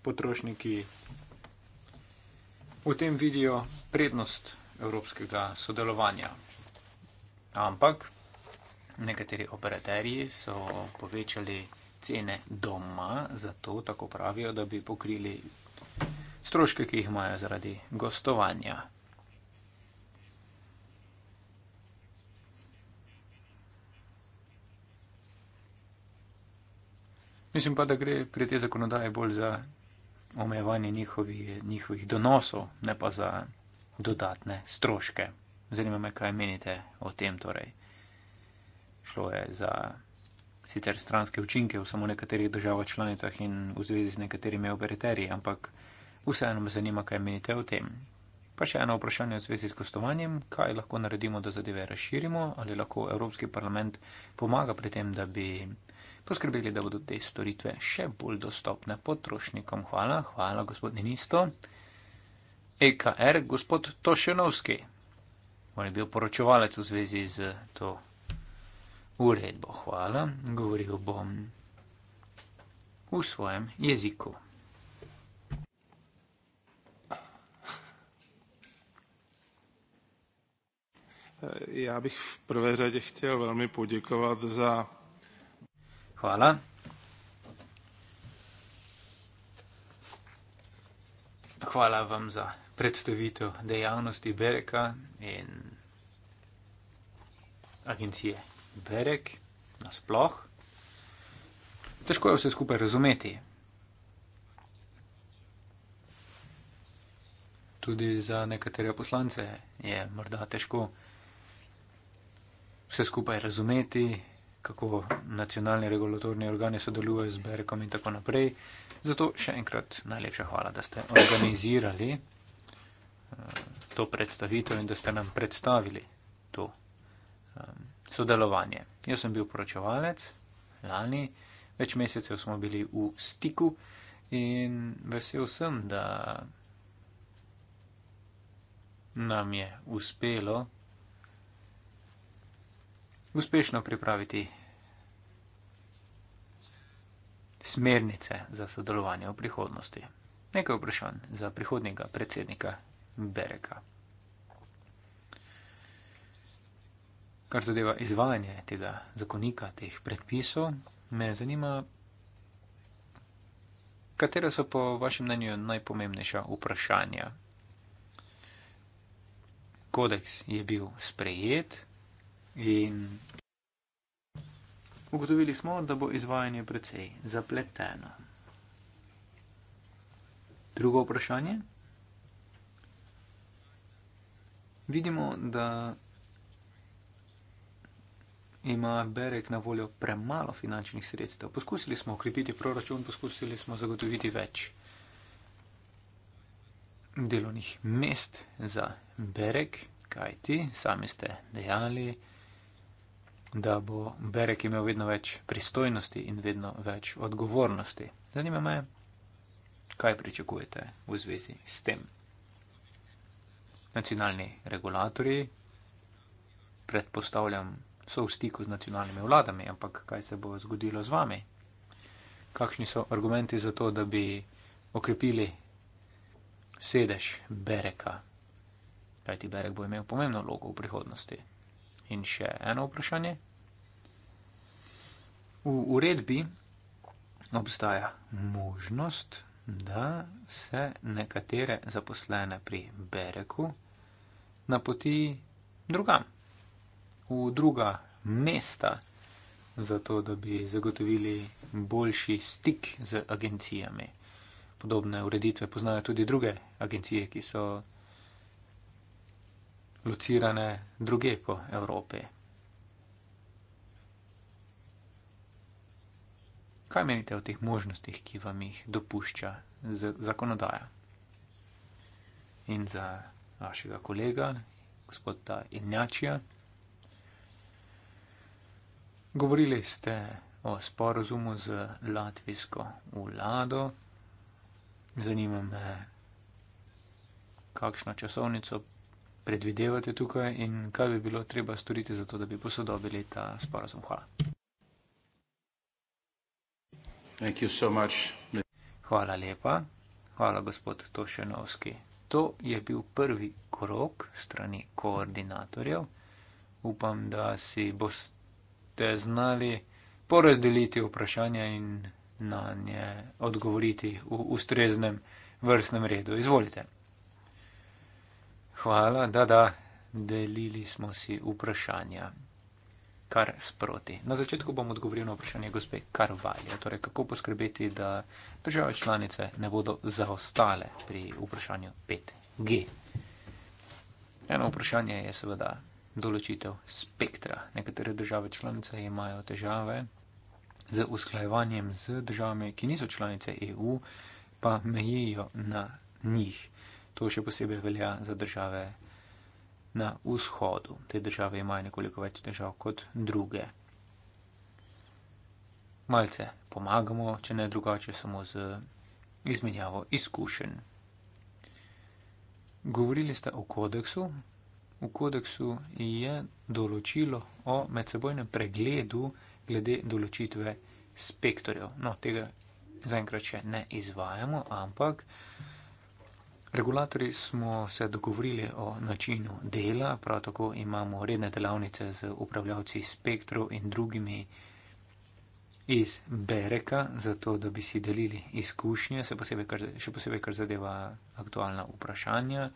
B: Potrošniki v tem vidijo prednost evropskega sodelovanja. Ampak nekateri operaterji so povečali cene doma, zato tako pravijo, da bi pokrili stroške, ki jih imajo zaradi gostovanja. Mislim pa, da gre pri tej zakonodaji bolj za omejevanje njihovih donosov, ne pa za dodatne stroške. Zanima me, kaj menite o tem. Torej. Šlo je za sicer stranske učinke v samo nekaterih državah članicah in v zvezi z nekaterimi operaterji, ampak vseeno me zanima, kaj menite o tem. Pa še eno vprašanje v zvezi z gostovanjem, kaj lahko naredimo, da zadeve razširimo, ali lahko Evropski parlament pomaga pri tem, da bi poskrbeli, da bodo te storitve še bolj dostopne potrošnikom. Hvala, hvala gospod Ninisto. EKR, gospod Tošenovski. On je bil poročevalec v zvezi z to uredbo. Hvala, govoril bom v svojem jeziku.
A: Já ja bych v prvé řadě chtěl velmi poděkovat za... Chvála.
B: Chvála vám za představitou dejavnosti Bereka in agencije. Berek, nasploh, težko je vse skupaj razumeti. Tudi za nekatere poslance je morda težko vse skupaj razumeti, kako nacionalni regulatorni organi sodelujejo z Berekom in tako naprej. Zato še enkrat najlepša hvala, da ste organizirali. Eh, to predstavitev in da ste nam predstavili to um, sodelovanje. Jaz sem bil poročevalec lani, več mesecev smo bili v stiku in vesel sem, da nam je uspelo uspešno pripraviti smernice za sodelovanje v prihodnosti. Nekaj vprašanj za prihodnjega predsednika berega. Kar zadeva izvajanje tega zakonika, teh predpisov, me zanima, katera so po vašem mnenju najpomembnejša vprašanja. Kodeks je bil sprejet in ugotovili smo, da bo izvajanje precej zapleteno. Drugo vprašanje. vidimo, da ima Berek na voljo premalo finančnih sredstev. Poskusili smo okrepiti proračun, poskusili smo zagotoviti več delovnih mest za Berek, kajti sami ste dejali, da bo Berek imel vedno več pristojnosti in vedno več odgovornosti. Zanima me, kaj pričakujete v zvezi s tem nacionalni regulatori, predpostavljam, so v stiku z nacionalnimi vladami, ampak kaj se bo zgodilo z vami? Kakšni so argumenti za to, da bi okrepili sedež Bereka? Kaj ti Berek bo imel pomembno vlogo v prihodnosti? In še eno vprašanje. V uredbi obstaja možnost, da se nekatere zaposlene pri Bereku napoti drugam, v druga mesta, zato da bi zagotovili boljši stik z agencijami. Podobne ureditve poznajo tudi druge agencije, ki so locirane druge po Evropi. Kaj menite o teh možnostih, ki vam jih dopušča zakonodaja? In za vašega kolega, gospoda Ignačija. Govorili ste o sporozumu z latvijsko vlado. Zanima me, kakšno časovnico predvidevate tukaj in kaj bi bilo treba storiti, zato da bi posodobili ta sporozum. Hvala. Hvala lepa. Hvala, gospod Tošenovski. To je bil prvi krok strani koordinatorjev. Upam, da si boste znali porazdeliti vprašanja in na nje odgovoriti v ustreznem vrstnem redu. Izvolite. Hvala, da, da, delili smo si vprašanja kar sproti. Na začetku bom odgovoril na vprašanje gospe Karvalja, torej kako poskrbeti, da države članice ne bodo zaostale pri vprašanju 5G. Eno vprašanje je seveda določitev spektra. Nekatere države članice imajo težave z usklajevanjem z državami, ki niso članice EU, pa mejijo na njih. To še posebej velja za države na vzhodu. Te države imajo nekoliko več težav kot druge. Malce pomagamo, če ne drugače, samo z izmenjavo izkušenj. Govorili ste o kodeksu. V kodeksu je določilo o medsebojnem pregledu glede določitve spektorjev. No, tega zaenkrat še ne izvajamo, ampak. Mhm. Regulatori smo se dogovorili o načinu dela, prav tako imamo redne delavnice z upravljavci spektrov in drugimi iz Bereka, zato da bi si delili izkušnje, posebej kar, še posebej kar zadeva aktualna vprašanja.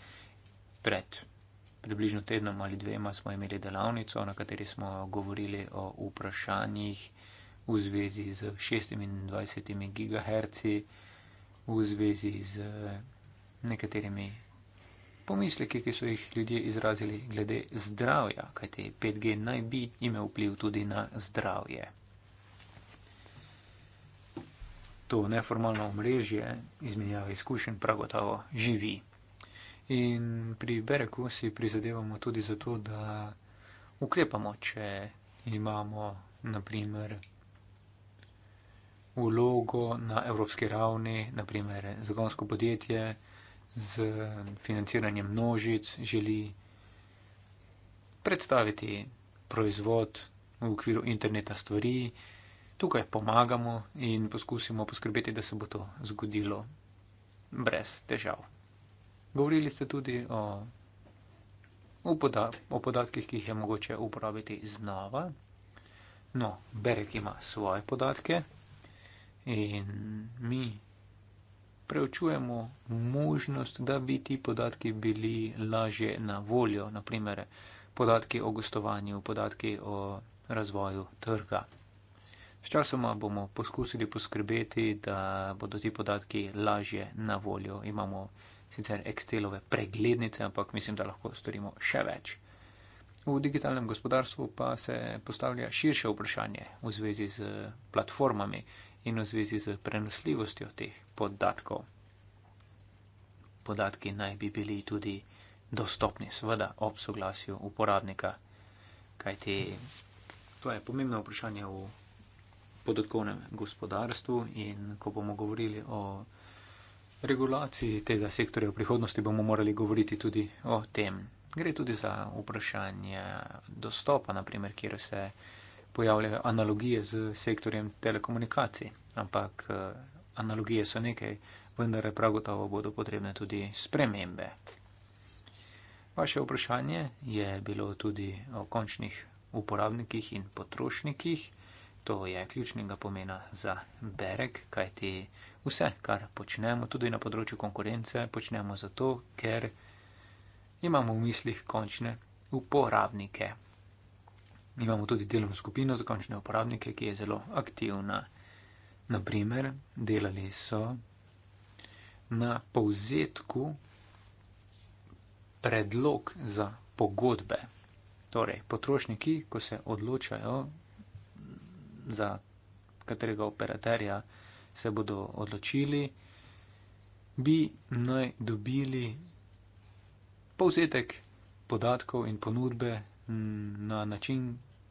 B: Pred približno tednom ali dvema smo imeli delavnico, na kateri smo govorili o vprašanjih v zvezi z 26 GHz, v zvezi z nekaterimi pomisleki, ki so jih ljudje izrazili glede zdravja, kajte 5G naj bi imel vpliv tudi na zdravje. To neformalno omrežje izmenjava izkušenj pragotovo živi. In pri Bereku si prizadevamo tudi zato, da ukrepamo, če imamo naprimer vlogo na evropski ravni, naprimer zagonsko podjetje, z financiranjem množic želi predstaviti proizvod v okviru interneta stvari. Tukaj pomagamo in poskusimo poskrbeti, da se bo to zgodilo brez težav. Govorili ste tudi o, o, poda, o podatkih, ki jih je mogoče uporabiti znova. No, Berek ima svoje podatke in mi preučujemo možnost, da bi ti podatki bili lažje na voljo, naprimer podatki o gostovanju, podatki o razvoju trga. Sčasoma bomo poskusili poskrbeti, da bodo ti podatki lažje na voljo. Imamo sicer Excelove preglednice, ampak mislim, da lahko storimo še več. V digitalnem gospodarstvu pa se postavlja širše vprašanje v zvezi z platformami in v zvezi z prenosljivostjo teh podatkov. Podatki naj bi bili tudi dostopni, seveda, ob soglasju uporabnika, kajti to je pomembno vprašanje v podatkovnem gospodarstvu in ko bomo govorili o regulaciji tega sektorja v prihodnosti, bomo morali govoriti tudi o tem. Gre tudi za vprašanje dostopa, naprimer, kjer se pojavljajo analogije z sektorjem telekomunikacij, ampak eh, analogije so nekaj, vendar prav gotovo bodo potrebne tudi spremembe. Vaše vprašanje je bilo tudi o končnih uporabnikih in potrošnikih. To je ključnega pomena za Berek, kajti vse, kar počnemo tudi na področju konkurence, počnemo zato, ker imamo v mislih končne uporabnike. Imamo tudi delovno skupino za končne uporabnike, ki je zelo aktivna. Naprimer, delali so na povzetku predlog za pogodbe. Torej, potrošniki, ko se odločajo za katerega operaterja se bodo odločili, bi naj dobili povzetek podatkov in ponudbe Mm, na način,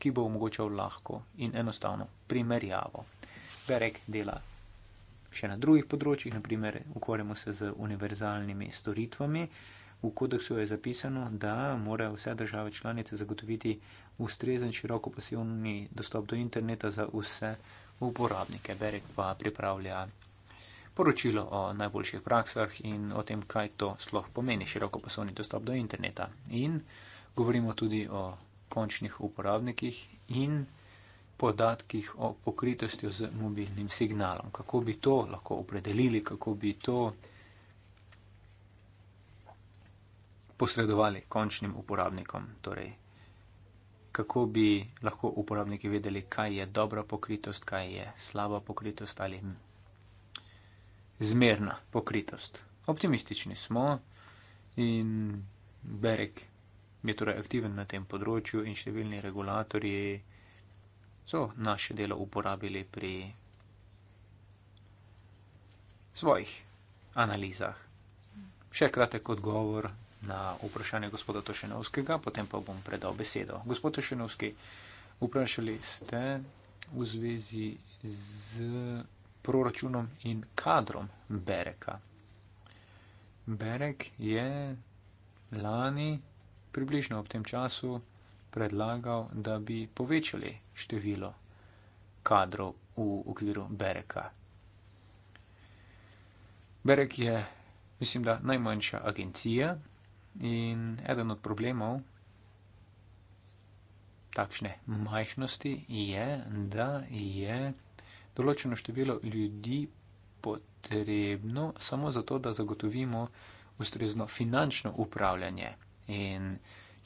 B: ki bo omogočal lahko in enostavno primerjavo. Berek dela še na drugih področjih, naprimer ukvarjamo se z univerzalnimi storitvami. V kodeksu je zapisano, da morajo vse države članice zagotoviti ustrezen široko pasivni dostop do interneta za vse uporabnike. Berek pa pripravlja poročilo o najboljših praksah in o tem, kaj to sploh pomeni široko pasivni dostop do interneta. In govorimo tudi o končnih uporabnikih in podatkih o pokritosti z mobilnim signalom. Kako bi to lahko opredelili, kako bi to posredovali končnim uporabnikom. Torej, kako bi lahko uporabniki vedeli, kaj je dobra pokritost, kaj je slaba pokritost ali zmerna pokritost. Optimistični smo in Berek je torej aktiven na tem področju in številni regulatorji so naše delo uporabili pri svojih analizah. Še kratek odgovor na vprašanje gospoda Tošenovskega, potem pa bom predal besedo. Gospod Tošenovski, vprašali ste v zvezi z proračunom in kadrom Bereka. Berek je lani približno ob tem času predlagal, da bi povečali število kadrov v okviru Bereka. Berek je, mislim, da najmanjša agencija in eden od problemov takšne majhnosti je, da je določeno število ljudi potrebno samo zato, da zagotovimo ustrezno finančno upravljanje. In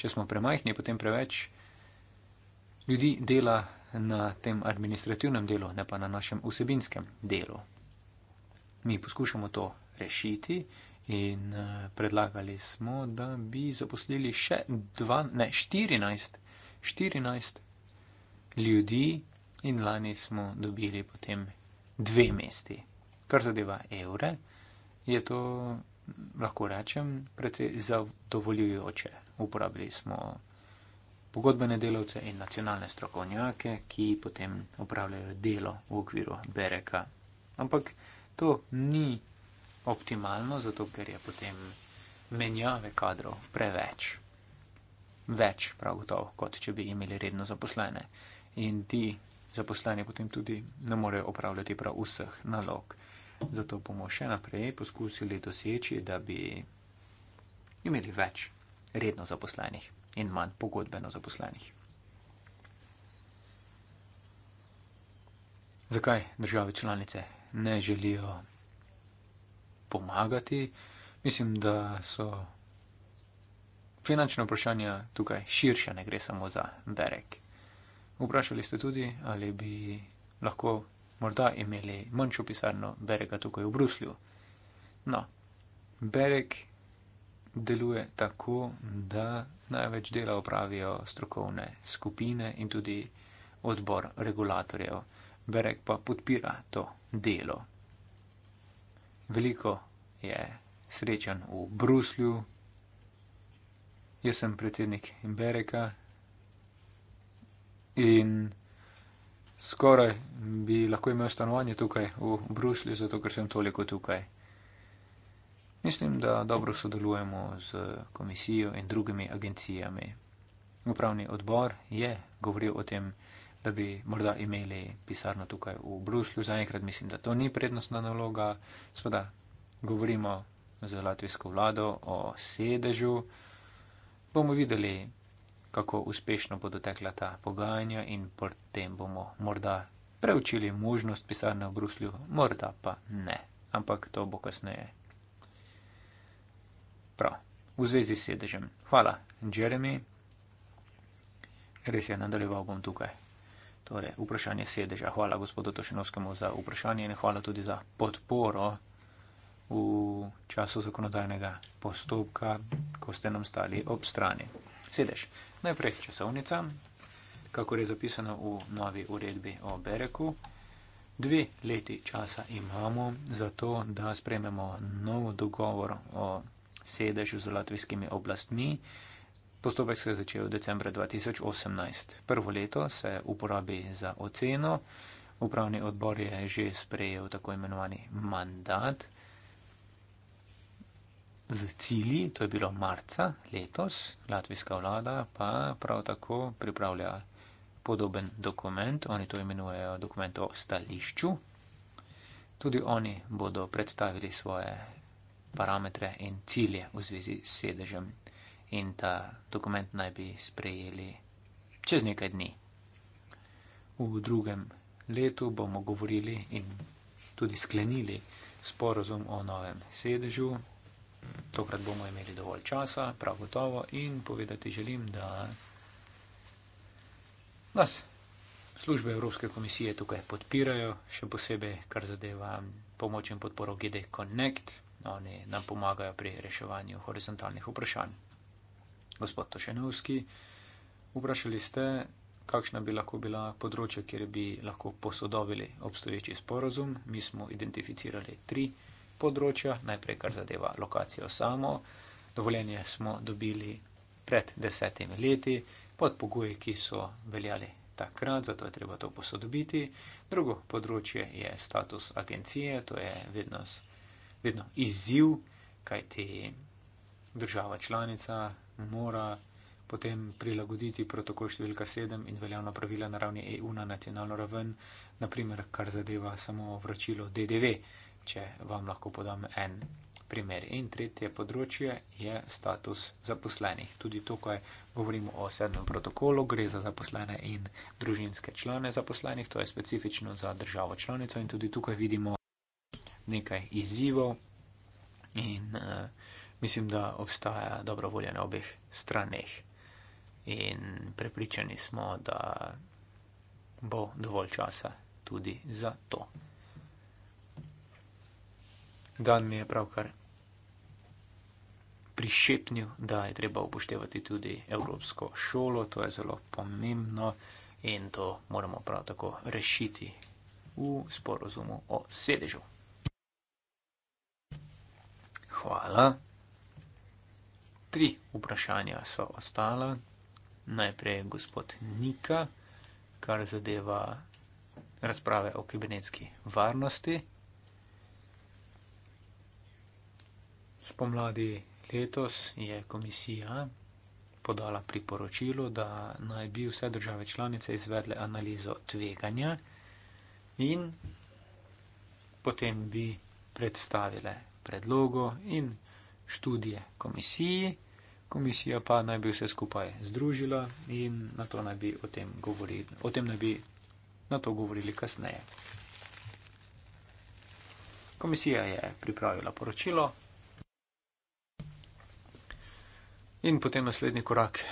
B: če smo premajhni, potem preveč ljudi dela na tem administrativnem delu, ne pa na našem vsebinskem delu. Mi poskušamo to rešiti in eh, predlagali smo, da bi zaposlili še dva, ne, 14, 14 ljudi in lani smo dobili potem dve mesti. Kar zadeva evre, je to lahko rečem, precej zadovoljujoče. Uporabili smo pogodbene delavce in nacionalne strokovnjake, ki potem upravljajo delo v okviru BRK. Ampak to ni optimalno, zato ker je potem menjave kadrov preveč. Več, prav gotovo, kot če bi imeli redno zaposlene. In ti zaposleni potem tudi ne morejo upravljati prav vseh nalog. Zato bomo še naprej poskusili doseči, da bi imeli več redno zaposlenih in manj pogodbeno zaposlenih. Zakaj države članice ne želijo pomagati? Mislim, da so finančne vprašanja tukaj širše, ne gre samo za derek. Vprašali ste tudi, ali bi lahko morda imeli manjšo pisarno Berega tukaj v Bruslju. No, Bereg deluje tako, da največ dela opravijo strokovne skupine in tudi odbor regulatorjev. Bereg pa podpira to delo. Veliko je srečen v Bruslju. Jaz sem predsednik Bereka in skoraj bi lahko imel stanovanje tukaj v Bruslju, zato ker sem toliko tukaj. Mislim, da dobro sodelujemo z komisijo in drugimi agencijami. Upravni odbor je govoril o tem, da bi morda imeli pisarno tukaj v Bruslju. Zaenkrat mislim, da to ni prednostna naloga. Sveda govorimo z latvijsko vlado o sedežu. Bomo videli, kako uspešno bodo tekla ta pogajanja in potem bomo morda preučili možnost pisarne v Bruslju, morda pa ne, ampak to bo kasneje. Prav, v zvezi s sedežem. Hvala, Jeremy. Res je, nadaljeval bom tukaj. Torej, vprašanje sedeža. Hvala gospodu Tošinovskemu za vprašanje in hvala tudi za podporo v času zakonodajnega postopka, ko ste nam stali ob strani sedež. Najprej časovnica, kako je zapisano v novi uredbi o Bereku. Dve leti časa imamo za to, da sprememo nov dogovor o sedežu z latvijskimi oblastmi. Postopek se je začel decembra 2018. Prvo leto se uporabi za oceno. Upravni odbor je že sprejel tako imenovani mandat z cilji, to je bilo marca letos, latvijska vlada pa prav tako pripravlja podoben dokument, oni to imenujejo dokument o stališču. Tudi oni bodo predstavili svoje parametre in cilje v zvezi s sedežem in ta dokument naj bi sprejeli čez nekaj dni. V drugem letu bomo govorili in tudi sklenili sporozum o novem sedežu, tokrat bomo imeli dovolj časa, prav gotovo, in povedati želim, da nas službe Evropske komisije tukaj podpirajo, še posebej, kar zadeva pomoč in podporo GD Connect. Oni nam pomagajo pri reševanju horizontalnih vprašanj. Gospod Tošenovski, vprašali ste, kakšna bi lahko bila področja, kjer bi lahko posodobili obstoječi sporozum. Mi smo identificirali tri področja področja, najprej kar zadeva lokacijo samo. Dovoljenje smo dobili pred desetimi leti, pod pogoji, ki so veljali takrat, zato je treba to posodobiti. Drugo področje je status agencije, to je vedno, vedno izziv, kajti država članica mora potem prilagoditi protokol številka 7 in veljavna pravila na ravni EU na nacionalno raven, naprimer kar zadeva samo vračilo DDV če vam lahko podam en primer. In tretje področje je status zaposlenih. Tudi tukaj govorimo o sedmem protokolu, gre za zaposlene in družinske člane zaposlenih, to je specifično za državo članico in tudi tukaj vidimo nekaj izzivov in uh, mislim, da obstaja dobro volja na obeh straneh. In prepričani smo, da bo dovolj časa tudi za to dan mi je pravkar prišepnil, da je treba upoštevati tudi Evropsko šolo, to je zelo pomembno in to moramo prav tako rešiti v sporozumu o sedežu. Hvala. Tri vprašanja so ostala. Najprej gospod Nika, kar zadeva razprave o kibernetski varnosti. Spomladi letos je komisija podala priporočilo, da naj bi vse države članice izvedle analizo tveganja in potem bi predstavile predlogo in študije komisiji. Komisija pa naj bi vse skupaj združila in na to naj bi o tem govorili, o tem naj bi na to govorili kasneje. Komisija je pripravila poročilo. In potem naslednji korak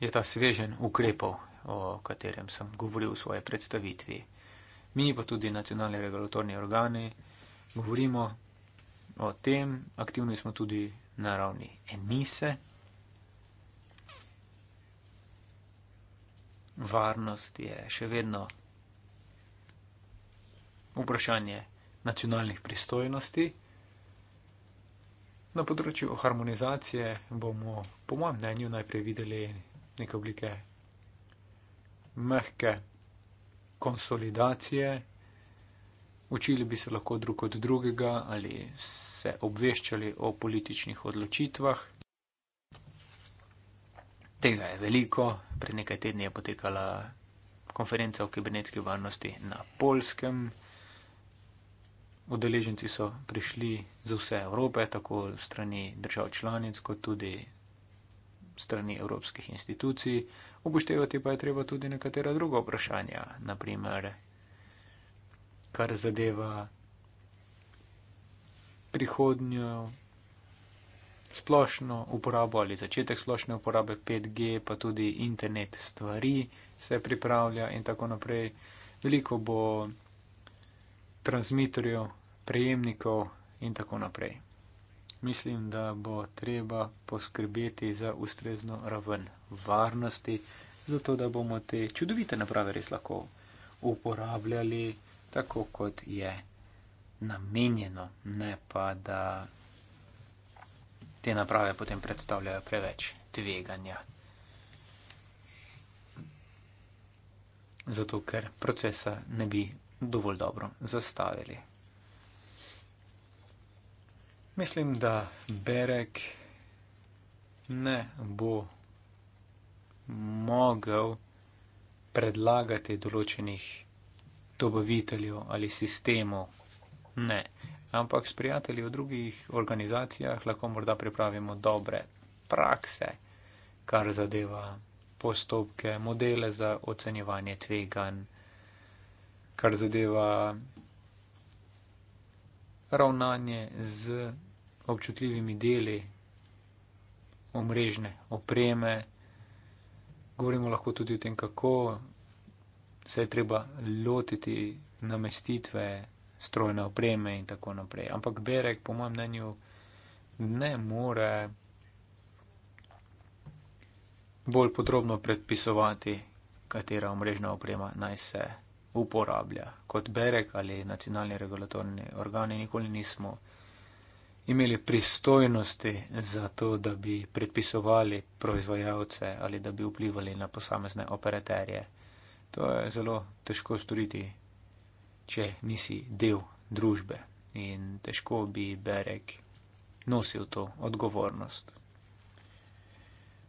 B: je ta svežen ukrepov, o katerem sem govoril v svoji predstavitvi. Mi pa tudi nacionalni regulatorni organi govorimo o tem, aktivni smo tudi na ravni emise, varnost je še vedno vprašanje nacionalnih pristojnosti. Na področju harmonizacije bomo, po mojem mnenju, najprej videli neke oblike mehke konsolidacije, učili bi se lahko drug od drugega ali se obveščali o političnih odločitvah. Tega je veliko, pred nekaj tedni je potekala konferenca o kibernetski varnosti na Polskem. Odeleženci so prišli z vse Evrope, tako strani držav članic, kot tudi strani evropskih institucij. Upoštevati pa je treba tudi nekatera druga vprašanja, naprimer, kar zadeva prihodnjo splošno uporabo ali začetek splošne uporabe 5G, pa tudi internet stvari se pripravlja in tako naprej. Veliko bo transmitorjev, prejemnikov in tako naprej. Mislim, da bo treba poskrbeti za ustrezno raven varnosti, zato da bomo te čudovite naprave res lahko uporabljali tako, kot je namenjeno, ne pa da te naprave potem predstavljajo preveč tveganja. Zato, ker procesa ne bi dovolj dobro zastavili. Mislim, da Berek ne bo mogel predlagati določenih dobaviteljev ali sistemov. Ne. Ampak s prijatelji v drugih organizacijah lahko morda pripravimo dobre prakse, kar zadeva postopke, modele za ocenjevanje tveganj kar zadeva ravnanje z občutljivimi deli omrežne opreme. Govorimo lahko tudi o tem, kako se je treba lotiti namestitve strojne opreme in tako naprej. Ampak Berek, po mojem mnenju, ne more bolj podrobno predpisovati, katera omrežna oprema naj se uporablja. Kot Berek ali nacionalni regulatorni organi nikoli nismo imeli pristojnosti za to, da bi predpisovali proizvajalce ali da bi vplivali na posamezne operaterje. To je zelo težko storiti, če nisi del družbe in težko bi Berek nosil to odgovornost.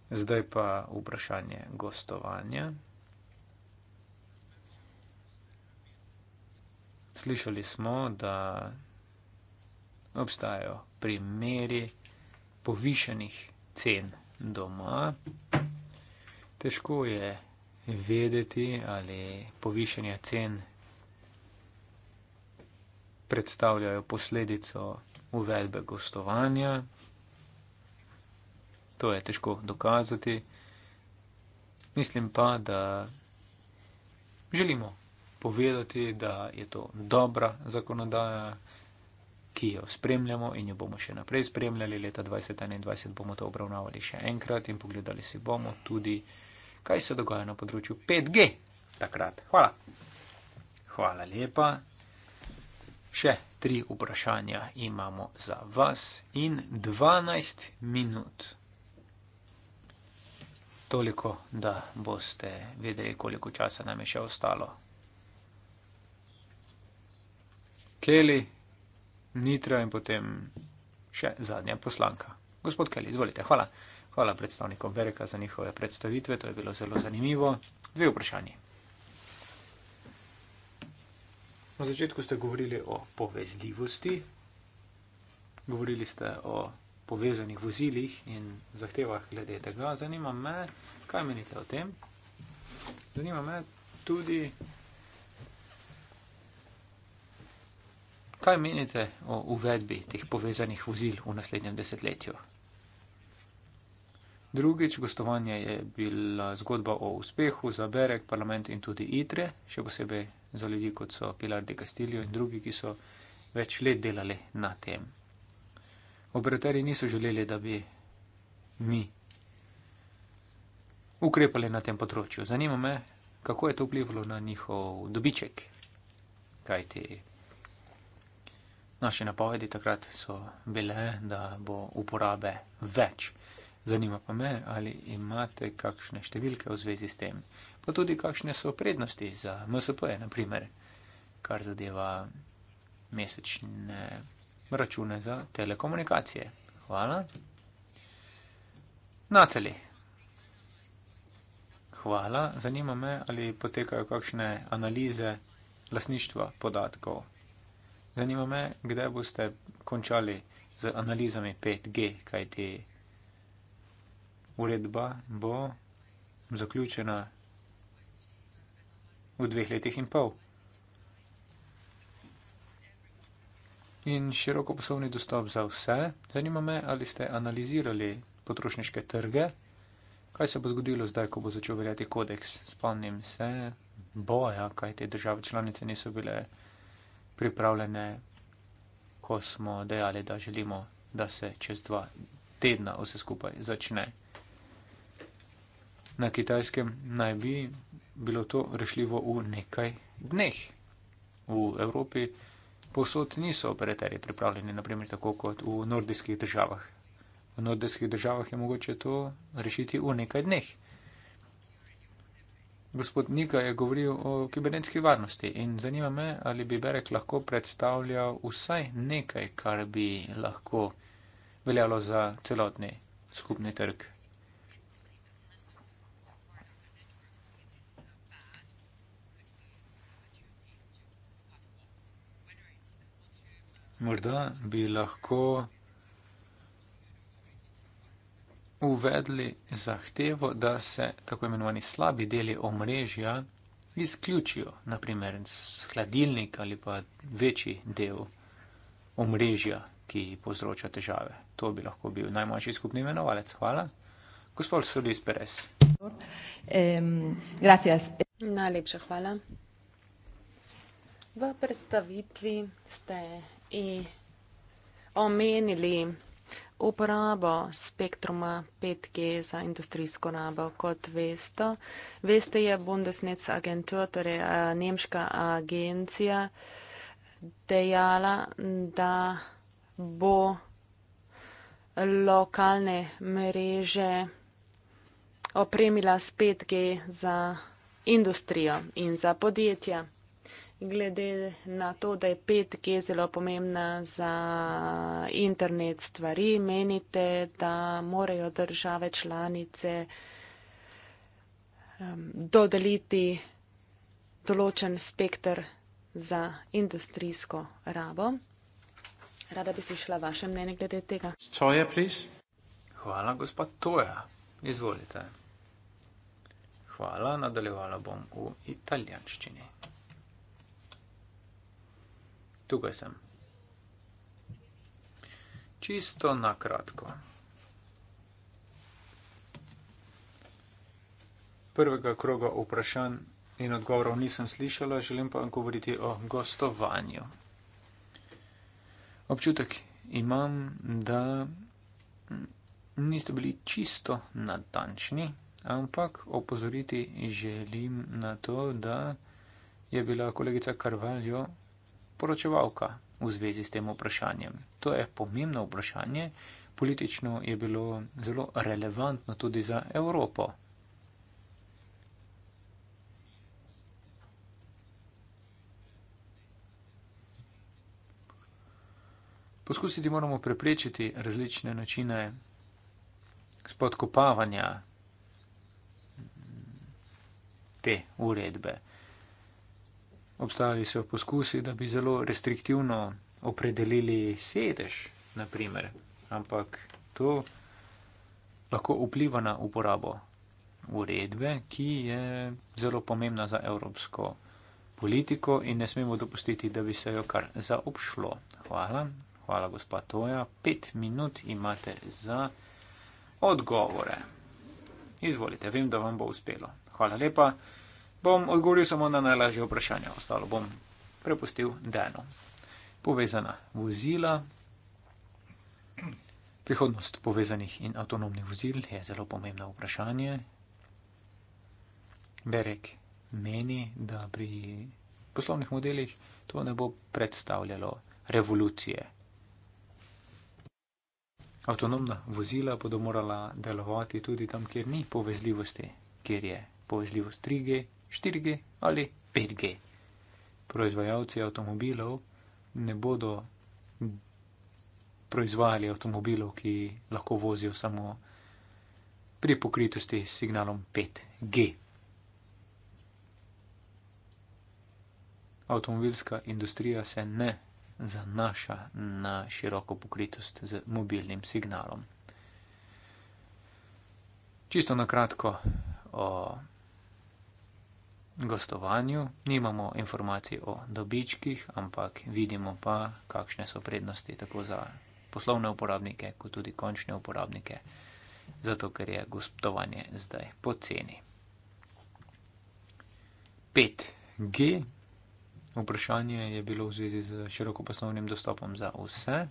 B: Zdaj pa vprašanje gostovanja. slišali smo, da obstajajo primeri povišenih cen doma. Težko je vedeti, ali povišanje cen predstavljajo posledico uvedbe gostovanja. To je težko dokazati. Mislim pa, da želimo povedati, da je to dobra zakonodaja, ki jo spremljamo in jo bomo še naprej spremljali. Leta 2021 bomo to obravnavali še enkrat in pogledali si bomo tudi, kaj se dogaja na področju 5G takrat. Hvala. Hvala lepa. Še tri vprašanja imamo za vas in 12 minut. Toliko, da boste vedeli, koliko časa nam je še ostalo Keli, Nitra in potem še zadnja poslanka. Gospod Keli, izvolite. Hvala. Hvala predstavnikom Bereka za njihove predstavitve, to je bilo zelo zanimivo. Dve vprašanje. Na začetku ste govorili o povezljivosti, govorili ste o povezanih vozilih in zahtevah glede tega. Zanima me, kaj menite o tem? Zanima me tudi. Kaj menite o uvedbi teh povezanih vozil v naslednjem desetletju? Drugič, gostovanje je bila zgodba o uspehu za Berek, parlament in tudi ITRE, še posebej za ljudi, kot so Pilar de Castillo in drugi, ki so več let delali na tem. Operaterji niso želeli, da bi mi ukrepali na tem področju. Zanima me, kako je to vplivalo na njihov dobiček, kajti Naše napovedi takrat so bile, da bo uporabe več. Zanima pa me, ali imate kakšne številke v zvezi s tem, pa tudi kakšne so prednosti za MSP, naprimer, kar zadeva mesečne račune za telekomunikacije. Hvala. Naceli. Hvala. Zanima me, ali potekajo kakšne analize lasništva podatkov. Zanima me, kdaj boste končali z analizami 5G, kaj ti uredba bo zaključena v dveh letih in pol. In široko poslovni dostop za vse. Zanima me, ali ste analizirali potrošniške trge, kaj se bo zgodilo zdaj, ko bo začel veljati kodeks. Spomnim se boja, kaj te države članice niso bile pripravljene, ko smo dejali, da želimo, da se čez dva tedna vse skupaj začne. Na kitajskem naj bi bilo to rešljivo v nekaj dneh. V Evropi posod niso operaterji pripravljeni, naprimer tako kot v nordijskih državah. V nordijskih državah je mogoče to rešiti v nekaj dneh. Gospod Nika je govoril o kibernetski varnosti in zanima me, ali bi Berek lahko predstavljal vsaj nekaj, kar bi lahko veljalo za celotni skupni trg. Morda bi lahko uvedli zahtevo, da se tako imenovani slabi deli omrežja izključijo, naprimer z hladilnika ali pa večji del omrežja, ki povzroča težave. To bi lahko bil najmanjši skupni imenovalec. Hvala. Gospod Solis Perez.
C: Najlepša hvala. V predstavitvi ste omenili uporabo spektruma 5G za industrijsko rabo. Kot veste, veste je Bundesnetz agentur, torej a, nemška agencija, dejala, da bo lokalne mreže opremila s 5G za industrijo in za podjetja glede na to, da je 5G zelo pomembna za internet stvari, menite, da morajo države članice dodeliti določen spektr za industrijsko rabo. Rada bi slišala vaše mnenje glede tega.
A: Čoje,
B: Hvala, gospod Toja. Izvolite. Hvala, nadaljevala bom v italijanščini. Tukaj sem. Čisto na kratko. Prvega kroga vprašanj in odgovorov nisem slišala, želim pa govoriti o gostovanju. Občutek imam, da niste bili čisto natančni, ampak opozoriti želim na to, da je bila kolegica Karvaljo poročevalka v zvezi s tem vprašanjem. To je pomembno vprašanje, politično je bilo zelo relevantno tudi za Evropo. Poskusiti moramo preprečiti različne načine spodkopavanja te uredbe obstajali so poskusi, da bi zelo restriktivno opredelili sedež, naprimer. ampak to lahko vpliva na uporabo uredbe, ki je zelo pomembna za evropsko politiko in ne smemo dopustiti, da bi se jo kar zaobšlo. Hvala, hvala gospa Toja. Pet minut imate za odgovore. Izvolite, vem, da vam bo uspelo. Hvala lepa bom odgovoril samo na najlažje vprašanje, ostalo bom prepustil Denu. Povezana vozila, prihodnost povezanih in avtonomnih vozil je zelo pomembno vprašanje. Berek meni, da pri poslovnih modelih to ne bo predstavljalo revolucije. Avtonomna vozila bodo morala delovati tudi tam, kjer ni povezljivosti, kjer je povezljivost 3G, 4G ali 5G. Proizvajalci avtomobilov ne bodo proizvajali avtomobilov, ki lahko vozijo samo pri pokritosti s signalom 5G. Avtomobilska industrija se ne zanaša na široko pokritost z mobilnim signalom. Čisto na kratko o gostovanju, nimamo informacij o dobičkih, ampak vidimo pa, kakšne so prednosti tako za poslovne uporabnike, kot tudi končne uporabnike, zato ker je gostovanje zdaj poceni. 5G. Vprašanje je bilo v zvezi z širokopasovnim dostopom za vse.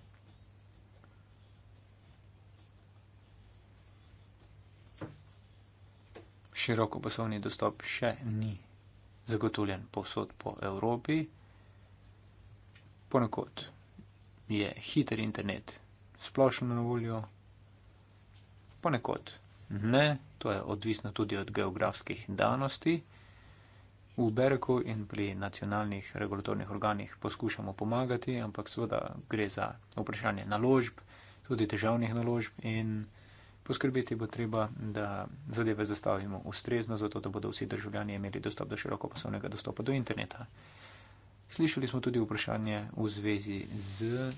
B: Širokopasovni dostop še ni zagotovljen povsod po Evropi. Ponekod je hiter internet splošno na voljo, ponekod ne, to je odvisno tudi od geografskih danosti. V Bereku in pri nacionalnih regulatornih organih poskušamo pomagati, ampak seveda gre za vprašanje naložb, tudi državnih naložb in naložb. Poskrbeti bo treba, da zadeve zastavimo ustrezno, zato da bodo vsi državljani imeli dostop do široko poslovnega dostopa do interneta. Slišali smo tudi vprašanje v zvezi z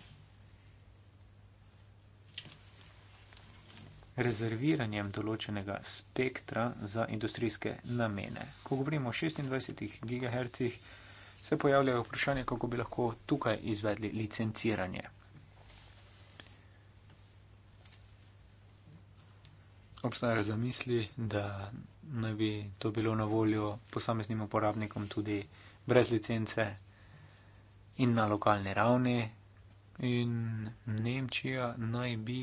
B: rezerviranjem določenega spektra za industrijske namene. Ko govorimo o 26 GHz, se pojavljajo vprašanje, kako bi lahko tukaj izvedli licenciranje. obstajajo zamisli, da naj bi to bilo na voljo posameznim uporabnikom tudi brez licence in na lokalni ravni. In Nemčija naj bi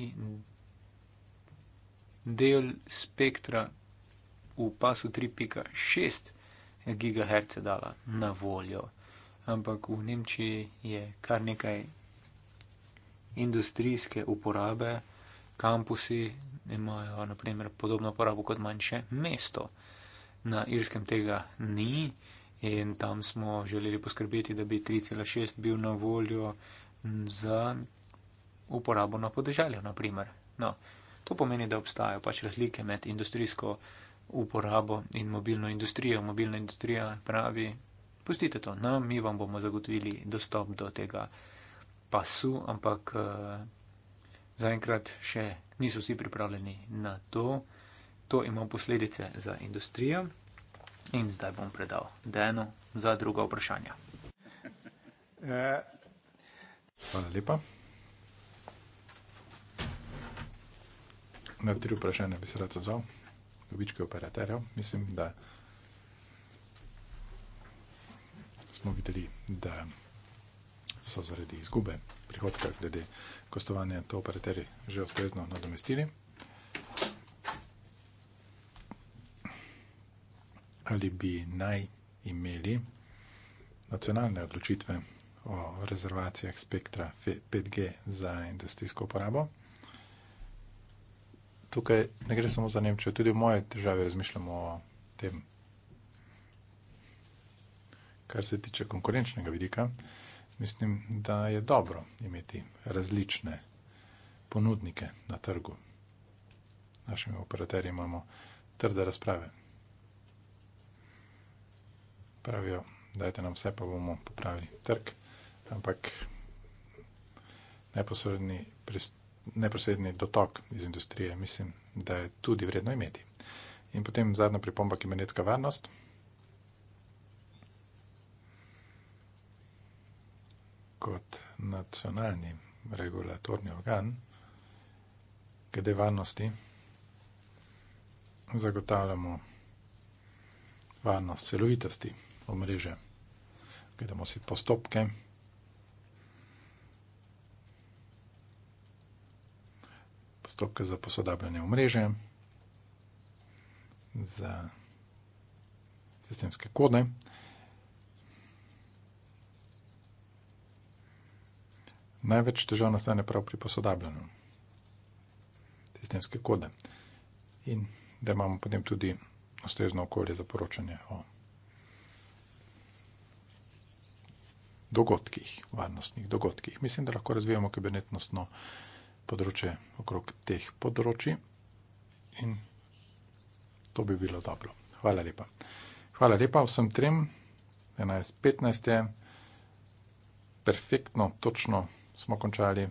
B: del spektra v pasu 3.6 GHz dala na voljo. Ampak v Nemčiji je kar nekaj industrijske uporabe, kampusi, imajo naprimer podobno porabo kot manjše mesto. Na Irskem tega ni in tam smo želeli poskrbeti, da bi 3,6 bil na voljo za uporabo na podeželju, naprimer. No, to pomeni, da obstajajo pač razlike med industrijsko uporabo in mobilno industrijo. Mobilna industrija pravi, pustite to, no, mi vam bomo zagotovili dostop do tega pasu, ampak eh, zaenkrat še niso vsi pripravljeni na to. To ima posledice za industrijo in zdaj bom predal Deno za druga vprašanja.
A: Eh. Hvala lepa. Na tri vprašanja bi se rad odzval. Dobičke operaterjev, mislim, da smo videli, da so zaradi izgube prihodka glede kostovanje to operaterji že ustrezno nadomestili. Ali bi naj imeli nacionalne odločitve o rezervacijah spektra 5G za industrijsko uporabo? Tukaj ne gre samo za Nemčijo, tudi v moje države razmišljamo o tem, kar se tiče konkurenčnega vidika. Uh, mislim, da je dobro imeti različne ponudnike na trgu. Našim operaterjem imamo trde razprave. Pravijo, dajte nam vse, pa bomo popravili trg, ampak neposredni, neposredni dotok iz industrije mislim, da je tudi vredno imeti. In potem zadnja pripomba, kibernetska varnost. kot nacionalni regulatorni organ glede varnosti zagotavljamo varnost celovitosti omrežja. Gledamo si postopke, postopke za posodabljanje omrežja, za sistemske kode. Največ težav nastane prav pri posodabljanju sistemske kode in da imamo potem tudi ustrezno okolje za poročanje o dogodkih, varnostnih dogodkih. Mislim, da lahko razvijamo kibernetnostno področje okrog teh področji in to bi bilo dobro. Hvala lepa. Hvala lepa vsem trem. 11.15 je perfektno, točno vsega smo končali.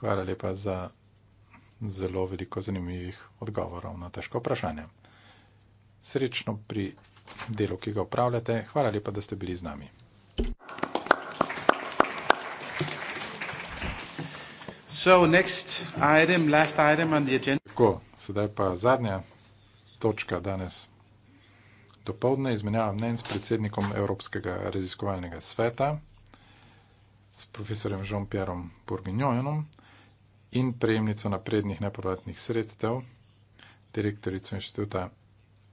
A: Hvala lepa za zelo veliko zanimivih odgovorov na težko vprašanje. Srečno pri delu, ki ga upravljate. Hvala lepa, da ste bili z nami. Item, item Tako, sedaj pa zadnja točka danes. Dopoldne izmenjava mnen s predsednikom Evropskega raziskovalnega sveta s profesorjem Jean-Pierrem Bourguignonom in prejemnico naprednih nepovratnih sredstev, direktorico inštituta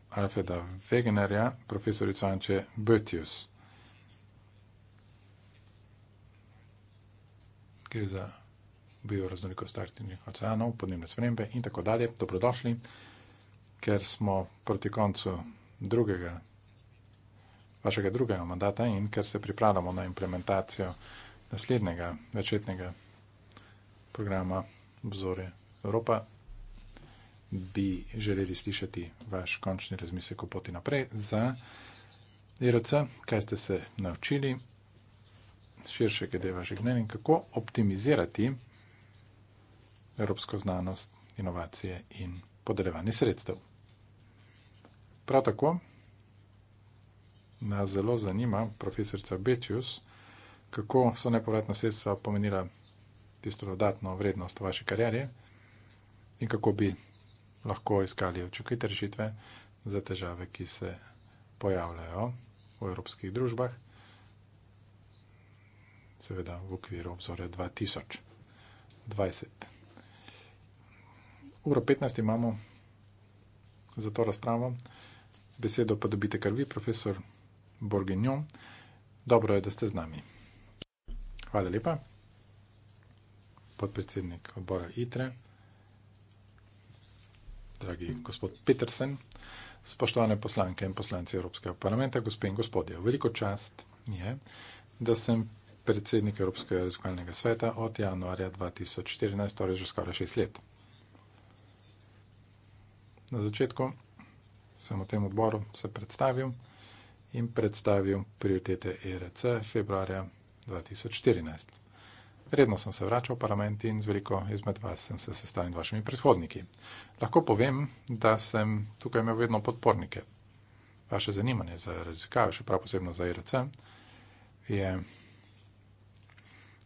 A: Alfeda Wegenerja, profesorico Anče Bötius. Gre za bioraznolikost arktičnih oceanov, podnebne spremembe in tako dalje. Dobrodošli, ker smo proti koncu drugega, vašega drugega mandata in ker se pripravljamo na implementacijo naslednjega večletnega programa Obzorje Evropa, bi želeli slišati vaš končni razmislek o poti naprej za IRC, e kaj ste se naučili, širše glede vašeg mnenja in kako optimizirati evropsko znanost, inovacije in podeljevanje sredstev. Prav tako nas zelo zanima profesorica Bečius, ki je kako so nepovratna sredstva pomenila tisto dodatno vrednost v vaši karjeri in kako bi lahko iskali očekite rešitve za težave, ki se pojavljajo v evropskih družbah, seveda v okviru obzorja 2020. Uro 15 imamo za to razpravo. Besedo pa dobite kar vi, profesor Borgenjo. Dobro je, da ste z nami. Hvala lepa. Podpredsednik odbora ITRE, dragi gospod Petersen, spoštovane poslanke in poslanci Evropskega parlamenta, gospe in gospodje, veliko čast mi je, da sem predsednik Evropskega raziskovalnega sveta od januarja 2014, torej že skoraj šest let. Na začetku sem v tem odboru se predstavil in predstavil prioritete ERC februarja 2014. Redno sem se vračal v parlament in z veliko izmed vas sem se sestavil z vašimi predhodniki. Lahko povem, da sem tukaj imel vedno podpornike. Vaše zanimanje za raziskave, še prav posebno za IRC, je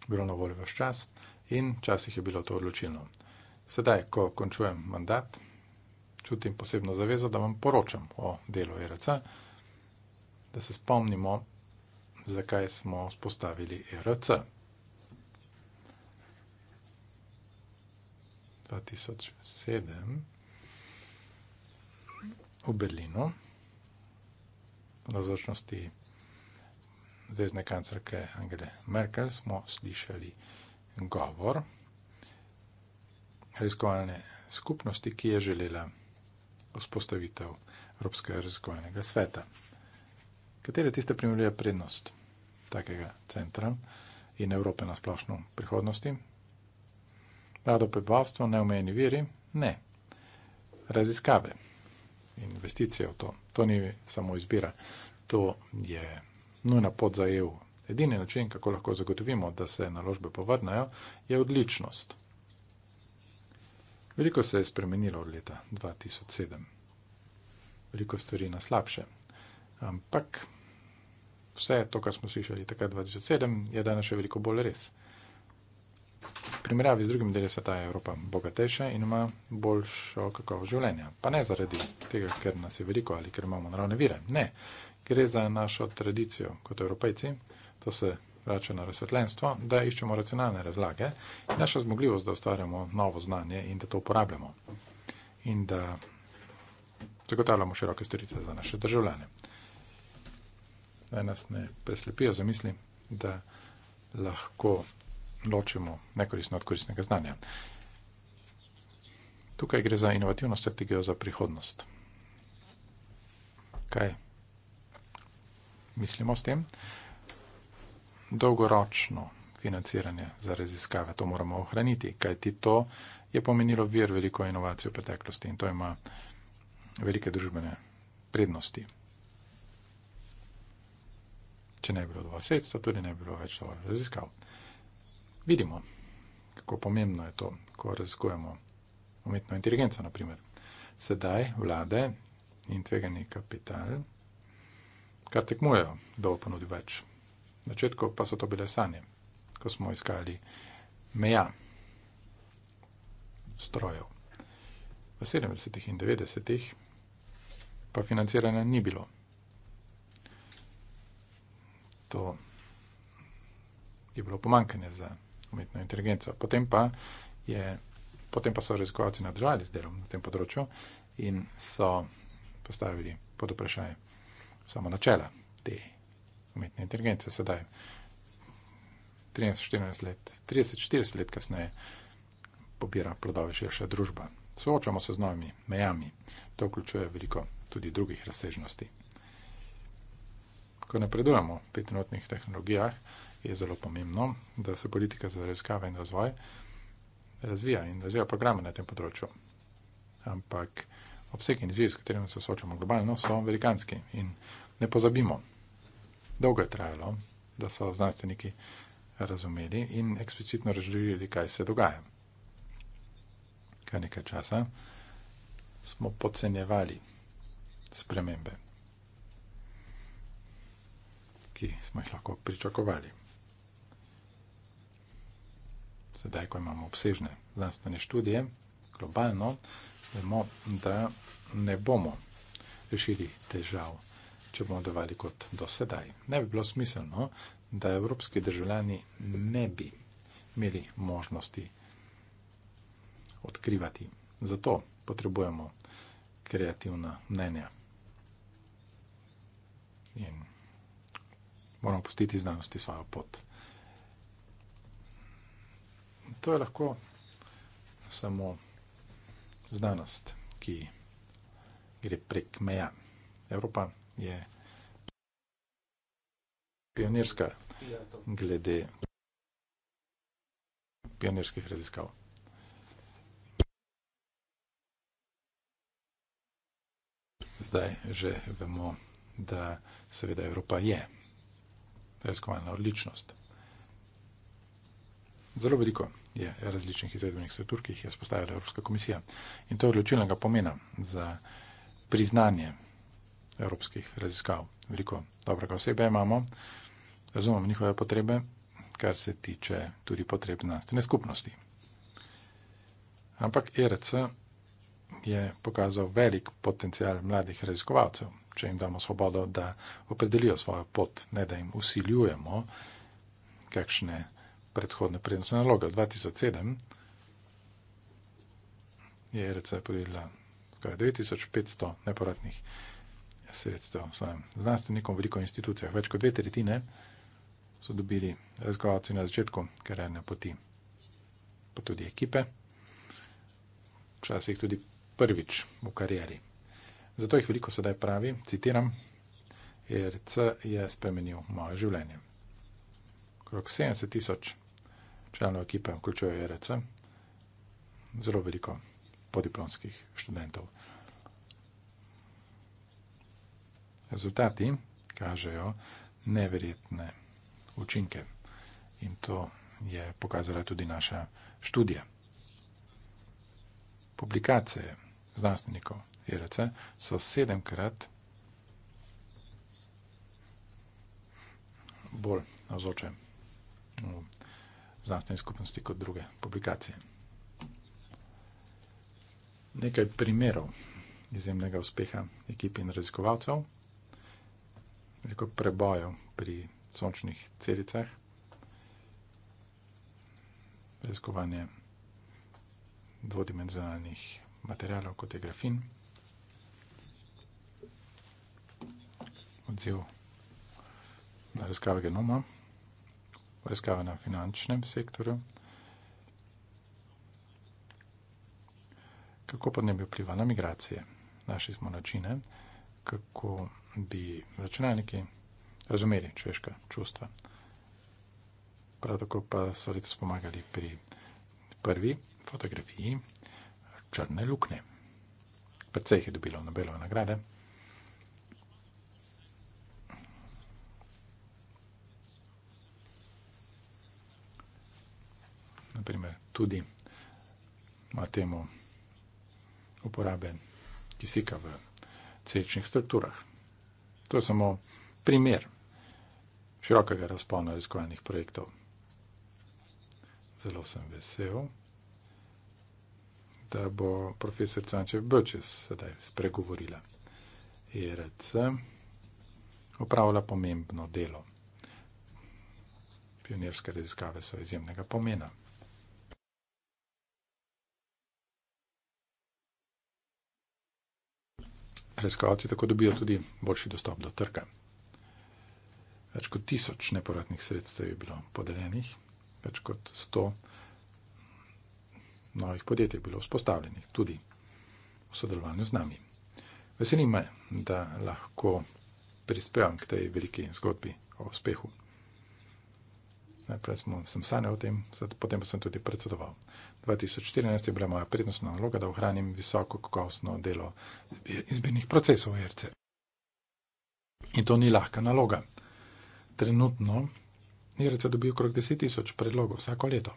A: bilo na voljo vaš čas in včasih je bilo to odločilno. Sedaj, ko končujem mandat, čutim posebno zavezo, da vam poročam o delu IRC, da se spomnimo zakaj smo spostavili ERC. 2007 v Berlinu na zločnosti zvezdne kancerke Angele Merkel smo slišali govor raziskovalne skupnosti, ki je želela vzpostavitev Evropskega raziskovalnega sveta. Katera je tista primerja prednost takega centra in Evrope na splošno prihodnosti? Rado prebavstvo, neomejeni viri? Ne. Raziskave, investicije v to. To ni samo izbira, to je nujna pot za EU. Edini način, kako lahko zagotovimo, da se naložbe povrnajo, je odličnost. Veliko se je spremenilo od leta 2007. Veliko stvari na slabše. Ampak vse to, kar smo slišali takrat 2007, je danes še veliko bolj res. V primerjavi z drugim delom sveta je Evropa bogatejša in ima boljšo kakovost življenja. Pa ne zaradi tega, ker nas je veliko ali ker imamo naravne vire. Ne, gre za našo tradicijo kot evropejci, to se vrača na razsvetljenstvo, da iščemo racionalne razlage in naša zmogljivost, da ustvarjamo novo znanje in da to uporabljamo. In da zagotavljamo široke storice za naše državljane naj nas ne preslepijo za misli, da lahko ločimo nekoristno od koristnega znanja. Tukaj gre za inovativno strategijo za prihodnost. Kaj mislimo s tem? Dolgoročno financiranje za raziskave, to moramo ohraniti, kajti to je pomenilo vir veliko inovacij v preteklosti in to ima velike družbene prednosti če ne bi bilo dovolj sredstva, tudi ne bi bilo več dovolj raziskav. Vidimo, kako pomembno je to, ko raziskujemo umetno inteligenco, naprimer. Sedaj vlade in tvegani kapital kar tekmujejo, da bo ponudil več. Na začetku pa so to bile sanje, ko smo iskali meja strojev. V 70-ih in 90-ih pa financiranja ni bilo to je bilo pomankanje za umetno inteligenco. Potem pa, je, potem pa so raziskovalci nadaljevali z delom na tem področju in so postavili pod vprašanje samo načela te umetne inteligence. Sedaj, 30-40 let, let kasneje, pobira plodove širša družba. Soočamo se z novimi mejami. To vključuje veliko tudi drugih razsežnosti ko napredujemo v petminutnih tehnologijah, je zelo pomembno, da se politika za raziskave in razvoj razvija in razvija programe na tem področju. Ampak obseg in izziv, s katerimi se soočamo globalno, so velikanski in ne pozabimo. Dolgo je trajalo, da so znanstveniki razumeli in eksplicitno razložili, kaj se dogaja. Kar nekaj časa smo podcenjevali spremembe ki smo jih lahko pričakovali. Sedaj, ko imamo obsežne znanstvene študije, globalno, vemo, da ne bomo rešili težav, če bomo dovali kot do sedaj. Ne bi bilo smiselno, da evropski državljani ne bi imeli možnosti odkrivati. Zato potrebujemo kreativna mnenja. In moramo pustiti znanosti svojo pot. To je lahko samo znanost, ki gre prek meja. Evropa je pionirska glede pionirskih raziskav. Zdaj že vemo, da seveda Evropa je raziskovalna odličnost. Zelo veliko je različnih izvedbenih struktur, ki jih je spostavila Evropska komisija. In to je odločilnega pomena za priznanje evropskih raziskav. Veliko dobrega osebe imamo, razumemo njihove potrebe, kar se tiče tudi potreb znanstvene skupnosti. Ampak ERC je pokazal velik potencial mladih raziskovalcev, če jim damo svobodo, da opredelijo svojo pot, ne da jim usiljujemo kakšne predhodne prednostne naloge. 2007 je RC podelila 9500 neporatnih sredstev svojim znanstvenikom v veliko institucijah. Več kot dve tretjine so dobili razgovalci na začetku karierne poti, pa tudi ekipe, včasih tudi prvič v karieri. Zato jih veliko sedaj pravi, citiram, ERC je spremenil moje življenje. Krok 70 tisoč članov ekipe vključuje ERC, zelo veliko podiplomskih študentov. Rezultati kažejo neverjetne učinke in to je pokazala tudi naša študija. Publikacije znanstvenikov, Irece, so sedemkrat bolj nazoče v znanstveni skupnosti kot druge publikacije. Nekaj primerov izjemnega uspeha ekipi in raziskovalcev, veliko prebojev pri sončnih celicah, raziskovanje dvodimenzionalnih materialov, kot je grafin, odziv na raziskave genoma, raziskave na finančnem sektorju, kako pa ne bi vplival na migracije. Našli smo načine, kako bi računalniki razumeli človeška čustva. Prav tako pa so letos pomagali pri prvi fotografiji črne lukne. Predvsej jih je dobilo Nobelove nagrade. naprimer, tudi na temo uporabe kisika v cečnih strukturah. To je samo primer širokega razpona raziskovalnih projektov. Zelo sem vesel, da bo profesor Cvanček Bočes sedaj spregovorila. IRC e opravlja pomembno delo. Pionirske raziskave so izjemnega pomena. raziskovalci tako dobijo tudi boljši dostop do trga. Več kot tisoč neporodnih sredstev je bilo podeljenih, več kot sto novih podjetij je bilo vzpostavljenih, tudi v sodelovanju z nami. Veselim me, da lahko prispevam k tej veliki zgodbi o uspehu. Najprej smo, sem sanjal o tem, potem pa sem tudi predsedoval. 2014 je bila moja prednostna naloga, da ohranim visoko kakovostno delo izbirnih procesov v ERC. In to ni lahka naloga. Trenutno ERC dobijo okrog 10 tisoč predlogov vsako leto.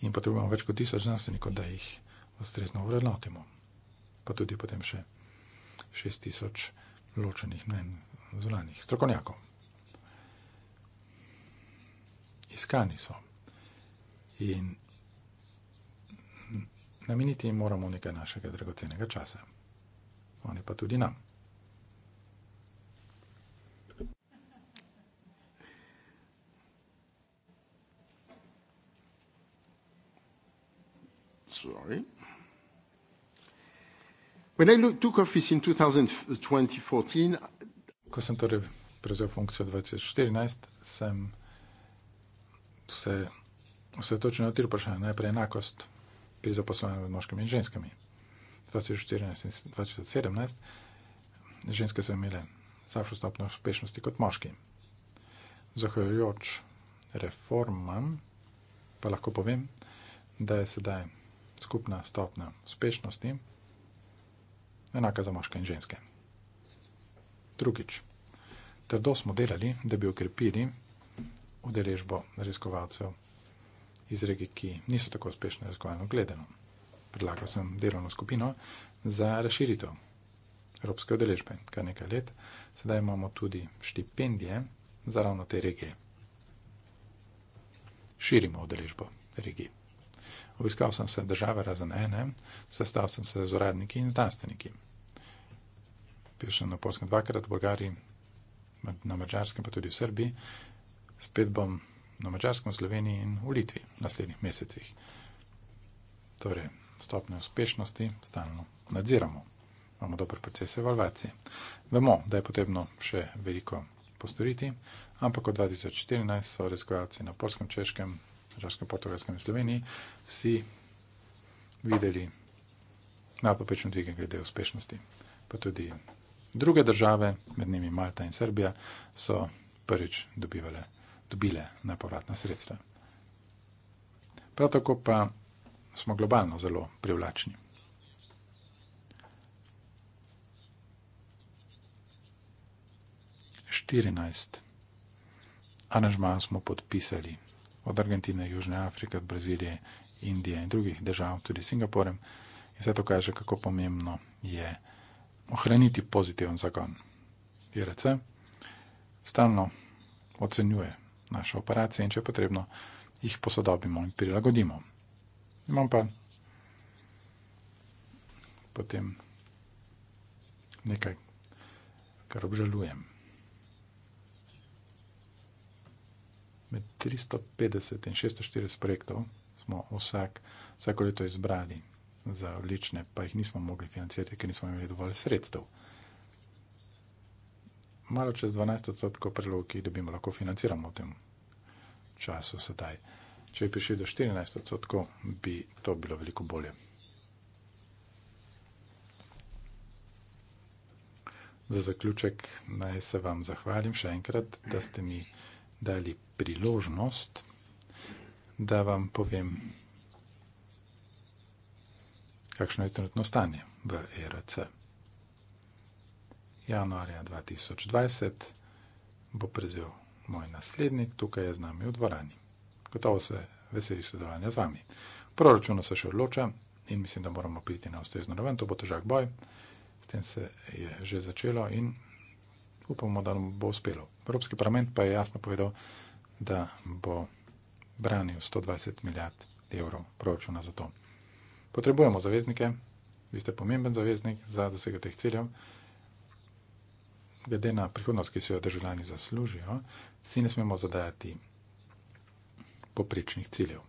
A: In potrebujemo več kot tisoč znanstvenikov, da jih ustrezno vrednotimo. Pa tudi potem še 6 tisoč ločenih mnen zunanih strokovnjakov. Iskani so in nameniti jim moramo nekaj našega dragocenega časa. Oni pa tudi nam. Sorry. When I look, took office in 2014, ko sem torej prevzel funkcijo 2014, sem se osredotočili na tri vprašanja. Najprej enakost pri zaposlovanju med moškimi in ženskami. 2014 in 2017 ženske so imele slabšo stopno uspešnosti kot moški. Zahvaljujoč reformam pa lahko povem, da je sedaj skupna stopna uspešnosti enaka za moške in ženske. Drugič, trdo smo delali, da bi ukrepili udeležbo raziskovalcev iz regij, ki niso tako uspešno razgojeno gledano. Predlagal sem delovno skupino za razširitev evropske odeležbe. Kar nekaj let, sedaj imamo tudi štipendije za ravno te regije. Širimo odeležbo regij. Obiskal sem se države razen ene, sestal sem se z uradniki in znanstveniki. Bil sem na Polskem dvakrat, v Bolgariji, na Mačarskem, pa tudi v Srbiji. Spet bom na Mačarskem, Sloveniji in v Litvi v naslednjih mesecih. Torej, stopne uspešnosti stalno nadziramo, imamo dobre procese evalvacije. Vemo, da je potrebno še veliko postoriti, ampak od 2014 so raziskovalci na polskem, češkem, mačarskem, portugalskem in sloveniji si videli nadpopečno dvige glede uspešnosti. Pa tudi druge države, med njimi Malta in Srbija, so prvič dobivale dobile nepovratna sredstva. Prav tako pa smo globalno zelo privlačni. Aranžma smo podpisali od Argentine, Južne Afrike, Brazilije, Indije in drugih držav, tudi Singapurem. In vse to kaže, kako pomembno je ohraniti pozitiven zagon. IRC stalno ocenjuje naše operacije in če je potrebno, jih posodobimo in prilagodimo. Imam pa potem nekaj, kar obžalujem. Med 350 in 640 projektov smo vsak, vsako leto izbrali za odlične, pa jih nismo mogli financirati, ker nismo imeli dovolj sredstev malo čez 12 odstotkov predlogov, ki jih lahko financiramo v tem času sedaj. Če bi prišli do 14 odstotkov, bi to bilo veliko bolje. Za zaključek naj se vam zahvalim še enkrat, da ste mi dali priložnost, da vam povem, kakšno je trenutno stanje v ERC januarja 2020 bo prevzel moj naslednik, tukaj je z nami v dvorani. Gotovo se veseli sodelovanja z vami. Proračuno se še odloča in mislim, da moramo priti na ustrezno raven, to bo težak boj, s tem se je že začelo in upamo, da nam bo uspelo. Evropski parlament pa je jasno povedal, da bo branil 120 milijard evrov proračuna za to. Potrebujemo zaveznike, vi ste pomemben zaveznik za dosego teh ciljev glede na prihodnost, ki si jo državljani zaslužijo, si ne smemo zadajati poprečnih ciljev.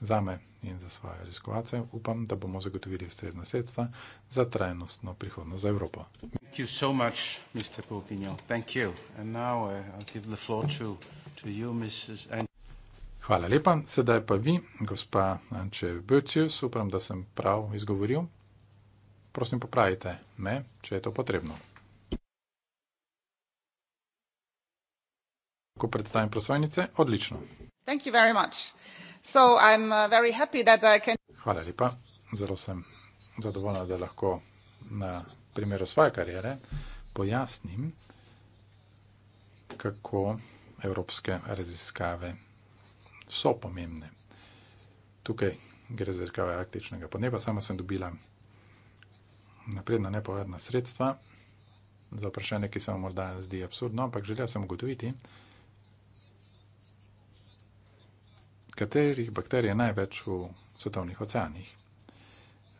A: Za me in za svoje raziskovalce upam, da bomo zagotovili ustrezna sredstva za trajnostno prihodnost za Evropo. Uh, Hvala lepa, sedaj pa vi, gospa Anče Bircius, upam, da sem prav izgovoril prosim, popravite me, če je to potrebno. Lahko predstavim prosojnice? Odlično. Uh, Hvala lepa. Zelo sem zadovoljna, da lahko na primeru svoje karijere pojasnim, kako evropske raziskave so pomembne. Tukaj gre za raziskave arktičnega podneba, sama sem dobila napredna nepovratna sredstva. Za vprašanje, ki se vam morda zdi absurdno, ampak želel sem ugotoviti, katerih bakterij je največ v svetovnih oceanih.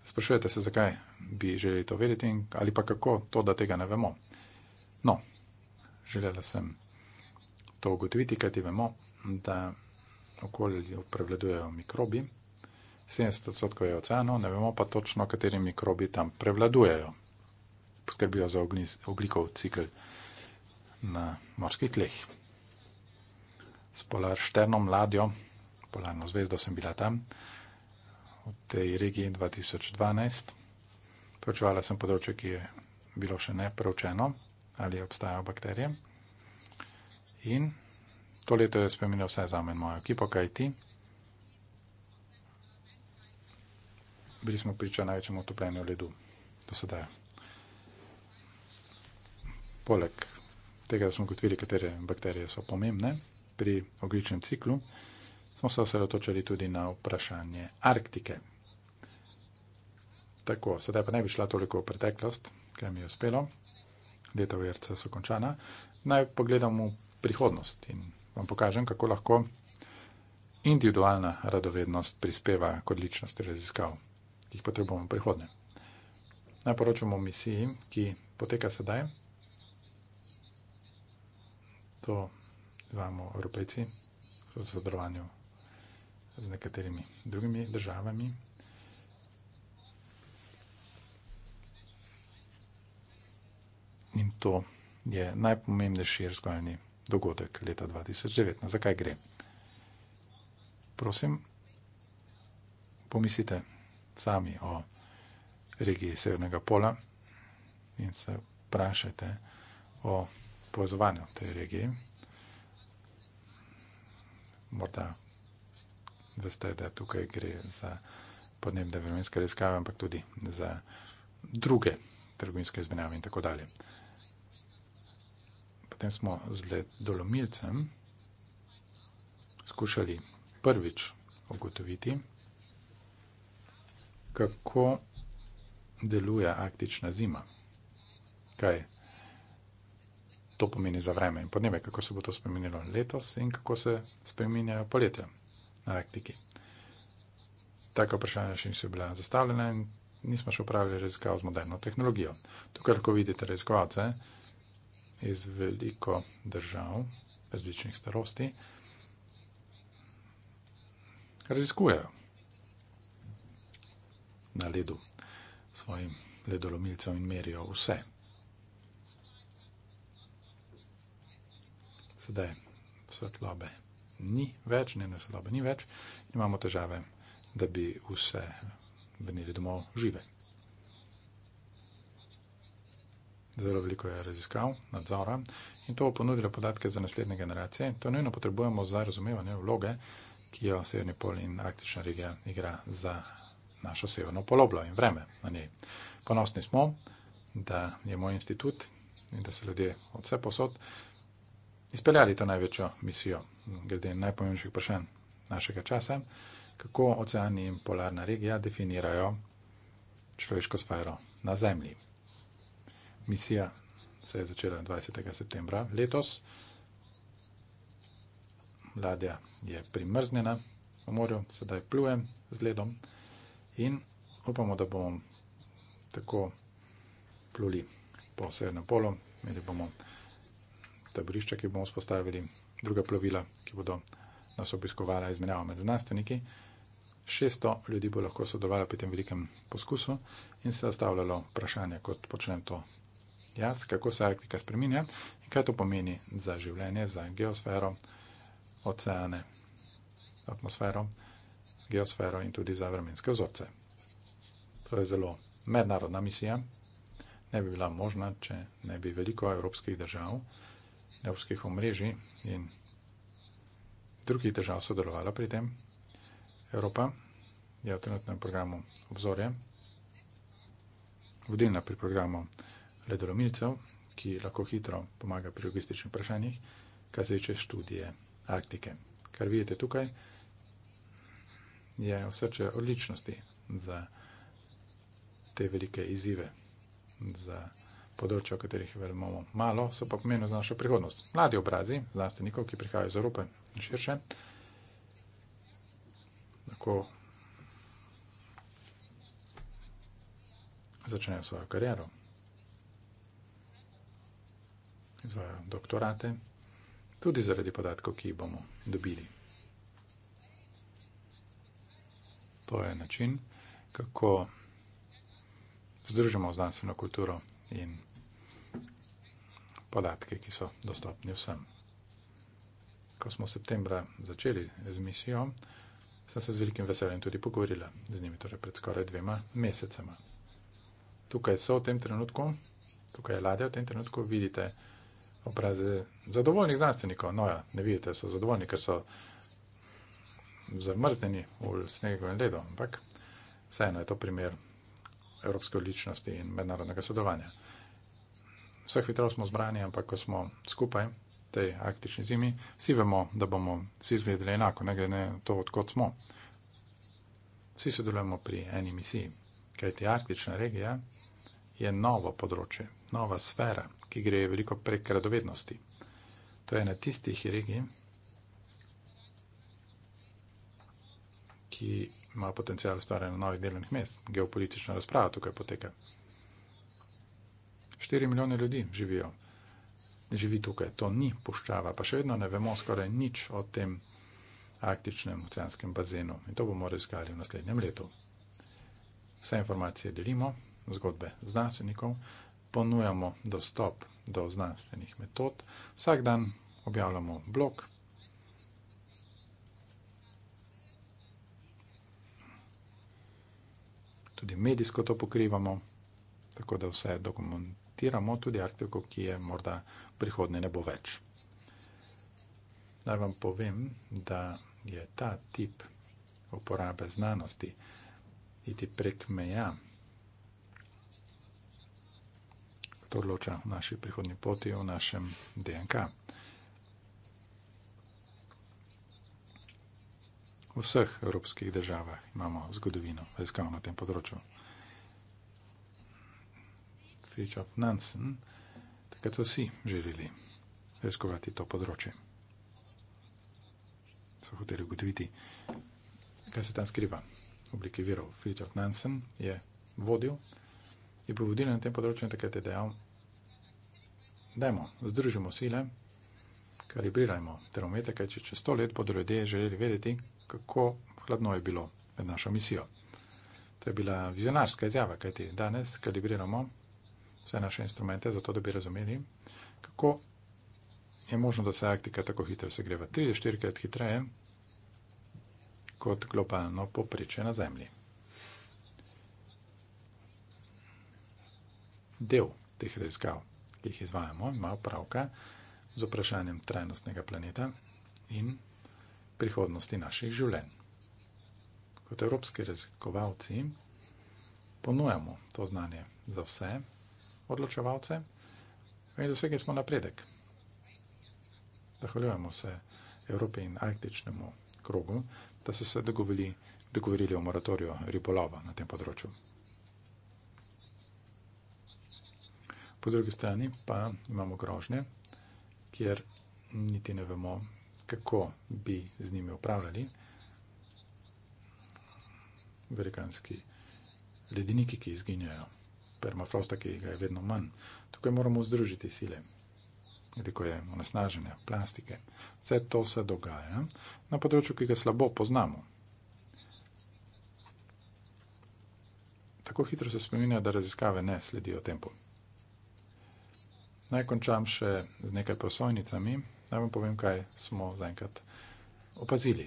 A: Sprašujete se, zakaj bi želeli to vedeti, ali pa kako to, da tega ne vemo. No, želela sem to ugotoviti, kajti vemo, da okolje prevladujejo mikrobi. 70 odstotkov je oceanov, ne vemo pa točno, kateri mikrobi tam prevladujejo. Poskrbijo za oglikov cikl na morskih tleh. S polarštenom ladjo, polarno zvezdo sem bila tam, v tej regiji 2012. Preučevala sem področje, ki je bilo še ne preučeno, ali obstajajo bakterije. In to leto je spremenil vse za me in mojo ekipo, kaj ti. bili smo priča največjemu otopljenju ledu do sedaj. Poleg tega, da smo ugotovili, katere bakterije so pomembne pri ogličnem ciklu, smo se osredotočili tudi na vprašanje Arktike. Tako, sedaj pa ne bi šla toliko v preteklost, kaj mi je uspelo. Leta v ERC so končana. Naj pogledamo prihodnost in vam pokažem, kako lahko individualna radovednost prispeva k odličnosti raziskav ki jih potrebujemo v prihodnje. Naj poročamo o misiji, ki poteka sedaj. To imamo evropejci v sodelovanju z nekaterimi drugimi državami. In to je najpomembnejši razgojni dogodek leta 2019. Zakaj gre? Prosim, pomislite sami o regiji Severnega pola in se vprašajte o povezovanju te regije. Morda veste, da tukaj gre za podnebne vremenske raziskave, ampak tudi za druge trgovinske izmenjave in tako dalje. Potem smo z ledolomilcem skušali prvič ugotoviti, kako deluje arktična zima. Kaj to pomeni za vreme in podnebje, kako se bo to spremenilo letos in kako se spremenjajo poletja na Arktiki. Taka vprašanja še niso bila zastavljena in nismo še upravili raziskav z moderno tehnologijo. Tukaj lahko vidite raziskovalce iz veliko držav različnih starosti, raziskujejo na ledu svojim ledolomilcem in merijo vse. Sedaj svetlobe ni več, dnevne svetlobe ni več in imamo težave, da bi vse vrnili domov žive. Zelo veliko je raziskav, nadzora in to bo ponudilo podatke za naslednje generacije. To nujno potrebujemo za razumevanje vloge, ki jo Severni pol in Arktična regija igra za našo severno poloblo in vreme na njej. Ponosni smo, da je moj institut in da so ljudje od vse posod izpeljali to največjo misijo glede najpomembnejših vprašanj našega časa, kako oceani in polarna regija definirajo človeško sfero na Zemlji. Misija se je začela 20. septembra letos. Ladja je primrznjena v morju, sedaj plujem z ledom in upamo, da bomo tako pluli po severnem polu, imeli bomo taborišča, ki bomo spostavili, druga plovila, ki bodo nas obiskovala izmenjava med znanstveniki. 600 ljudi bo lahko sodelovalo pri tem velikem poskusu in se zastavljalo vprašanje, kot počnem to jaz, kako se Arktika spreminja in kaj to pomeni za življenje, za geosfero, oceane, atmosfero geosfero in tudi za vremenske vzorce. To je zelo mednarodna misija. Ne bi bila možna, če ne bi veliko evropskih držav, evropskih omrežij in drugih držav sodelovala pri tem. Evropa je v trenutnem programu obzorje, vodilna pri programu ledolomilcev, ki lahko hitro pomaga pri logističnih vprašanjih, kar se tiče študije Arktike. Kar vidite tukaj, je vse odličnosti za te velike izzive, za področje, o katerih vemo malo, so pa pomenili za našo prihodnost. Mladi obrazi, znanstvenikov, ki prihajajo iz Evrope in širše, lahko začnejo svojo kariero, izvajo doktorate, tudi zaradi podatkov, ki jih bomo dobili. to je način, kako združimo znanstveno kulturo in podatke, ki so dostopni vsem. Ko smo septembra začeli z misijo, sem se z velikim veseljem tudi pogovorila z njimi, torej pred skoraj dvema mesecema. Tukaj so v tem trenutku, tukaj je ladja v tem trenutku, vidite obraze zadovoljnih znanstvenikov. No ja, ne vidite, so zadovoljni, ker so zamrzneni v snegu in ledu, ampak vseeno je to primer evropske odličnosti in mednarodnega sodelovanja. Vseh vitrov smo zbrani, ampak ko smo skupaj tej arktični zimi, vsi vemo, da bomo vsi izgledali enako, ne glede na to, odkot smo. Vsi sodelujemo pri eni misiji, kajti arktična regija je novo področje, nova sfera, ki gre veliko prek radovednosti. To je ena tistih regij, ki ima potencial ustvarjanja novih delovnih mest. Geopolitična razprava tukaj poteka. 4 milijone ljudi živijo, živi tukaj, to ni puščava, pa še vedno ne vemo skoraj nič o tem arktičnem oceanskem bazenu in to bomo raziskali v naslednjem letu. Vse informacije delimo, zgodbe znanstvenikov, ponujamo dostop do znanstvenih metod, vsak dan objavljamo blog, tudi medijsko to pokrivamo, tako da vse dokumentiramo, tudi Arktiko, ki je morda prihodnje ne bo več. Naj vam povem, da je ta tip uporabe znanosti, iti prek meja, ki to odloča v naši prihodni poti, v našem DNK. vseh evropskih državah imamo zgodovino raziskav na tem področju. Fričov Nansen, takrat so vsi želeli raziskovati to področje. So hoteli ugotoviti, kaj se tam skriva v obliki virov. Fričov Nansen je vodil, je bil vodil na tem področju in takrat je dejal, dajmo, združimo sile, kalibrirajmo termometre, kaj če čez sto let bodo ljudje želeli vedeti, kako hladno je bilo med našo misijo. To je bila vizionarska izjava, kajti danes kalibriramo vse naše instrumente, zato da bi razumeli, kako je možno, da se Arktika tako hitro segreva. 3-4 krat hitreje kot globalno poprečje na Zemlji. Del teh raziskav, ki jih izvajamo, ima opravka z vprašanjem trajnostnega planeta in prihodnosti naših življenj. Kot evropski raziskovalci ponujamo to znanje za vse odločevalce in dosegli smo napredek. Zahvaljujemo se Evropi in arktičnemu krogu, da so se dogovili, dogovorili o moratoriju ribolova na tem področju. Po drugi strani pa imamo grožnje, kjer niti ne vemo, kako bi z njimi upravljali. Velikanski ledeniki, ki izginjajo, permafrosta, ki ga je vedno manj. Tukaj moramo združiti sile, veliko je onesnaženja, plastike. Vse to se dogaja na področju, ki ga slabo poznamo. Tako hitro se spominja, da raziskave ne sledijo tempu. Naj končam še z nekaj prosojnicami. Naj vam povem, kaj smo zaenkrat opazili.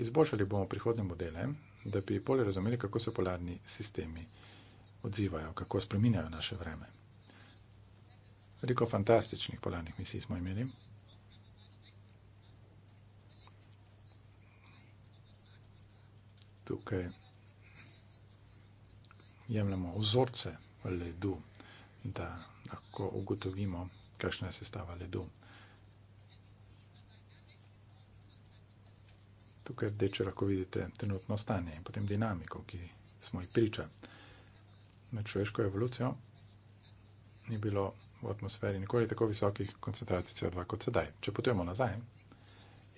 A: Izboljšali bomo prihodne modele, da bi bolje razumeli, kako se polarni sistemi odzivajo, kako spreminjajo naše vreme. Veliko fantastičnih polarnih misij smo imeli. Tukaj jemljemo vzorce ledu da lahko ugotovimo, kakšna je sestava ledu. Tukaj rdeče lahko vidite trenutno stanje in potem dinamiko, ki smo jih priča. Med človeško evolucijo ni bilo v atmosferi nikoli tako visokih koncentracij CO2 kot sedaj. Če potujemo nazaj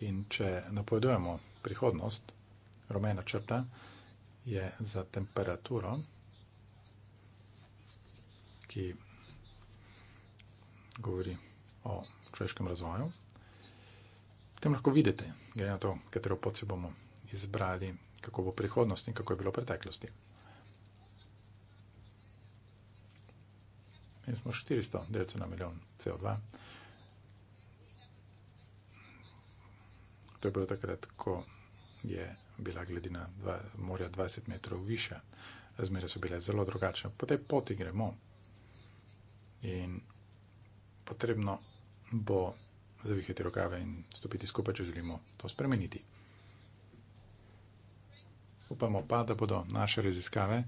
A: in če napovedujemo prihodnost, rumena črta je za temperaturo ki govori o človeškem razvoju. Potem lahko vidite, glede na to, katero pot si bomo izbrali, kako bo prihodnost in kako je bilo v preteklosti. In smo 400 delcev na milijon CO2. To je bilo takrat, ko je bila gledina dva, morja 20 metrov više. Razmere so bile zelo drugačne. Po tej poti gremo in potrebno bo zavihati rokave in stopiti skupaj, če želimo to spremeniti. Upamo pa, da bodo naše raziskave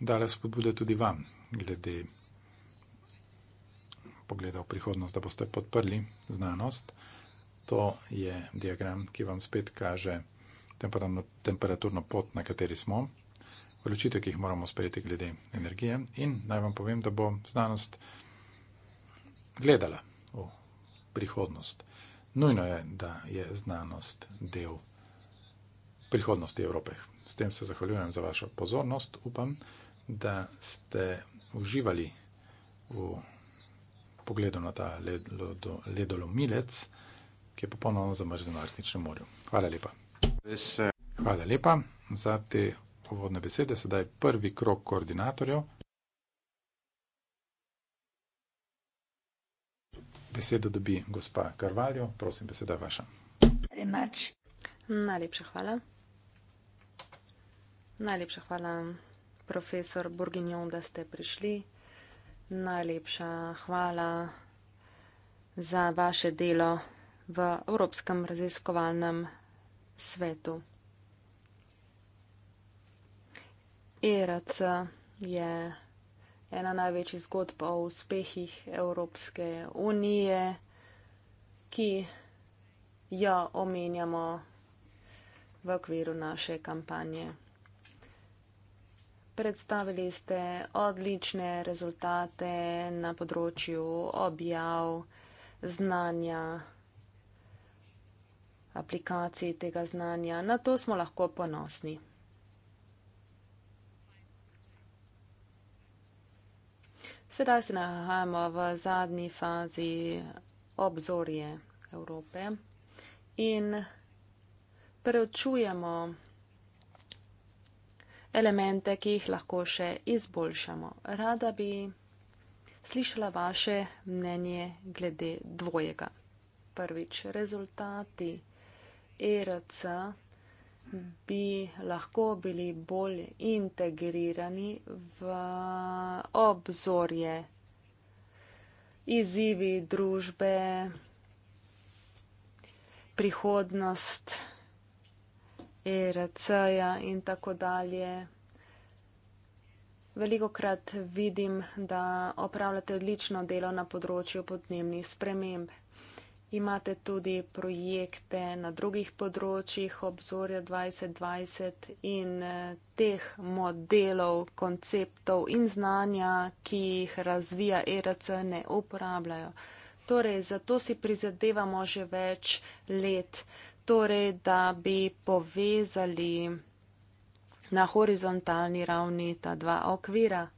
A: dale spodbude tudi vam, glede pogleda v prihodnost, da boste podprli znanost. To je diagram, ki vam spet kaže temperaturno pot, na kateri smo odločitev, ki jih moramo sprejeti glede energije. In naj vam povem, da bo znanost gledala v prihodnost. Nujno je, da je znanost del prihodnosti Evrope. S tem se zahvaljujem za vašo pozornost. Upam, da ste uživali v pogledu na ta ledo, ledolomilec, ki je popolnoma zamrznjen v Arktičnem morju. Hvala lepa. Eh, Hvala lepa za te povodne besede, sedaj prvi krok koordinatorjev. Besedo dobi gospa Karvaljo, prosim, beseda je vaša.
C: Najlepša hvala. Najlepša hvala, profesor Burginjon, da ste prišli. Najlepša hvala za vaše delo v Evropskem raziskovalnem svetu. ERC je ena največjih zgodb o uspehih Evropske unije, ki jo omenjamo v okviru naše kampanje. Predstavili ste odlične rezultate na področju objav, znanja, aplikacij tega znanja. Na to smo lahko ponosni. Sedaj se nahajamo v zadnji fazi obzorje Evrope in preučujemo elemente, ki jih lahko še izboljšamo. Rada bi slišala vaše mnenje glede dvojega. Prvič, rezultati ERC bi lahko bili bolj integrirani v obzorje, izzivi družbe, prihodnost ERC-ja in tako dalje. Veliko krat vidim, da opravljate odlično delo na področju podnebnih sprememb imate tudi projekte na drugih področjih obzorja 2020 in eh, teh modelov, konceptov in znanja, ki jih razvija ERC, ne uporabljajo. Torej, zato si prizadevamo že več let, torej, da bi povezali na horizontalni ravni ta dva okvira.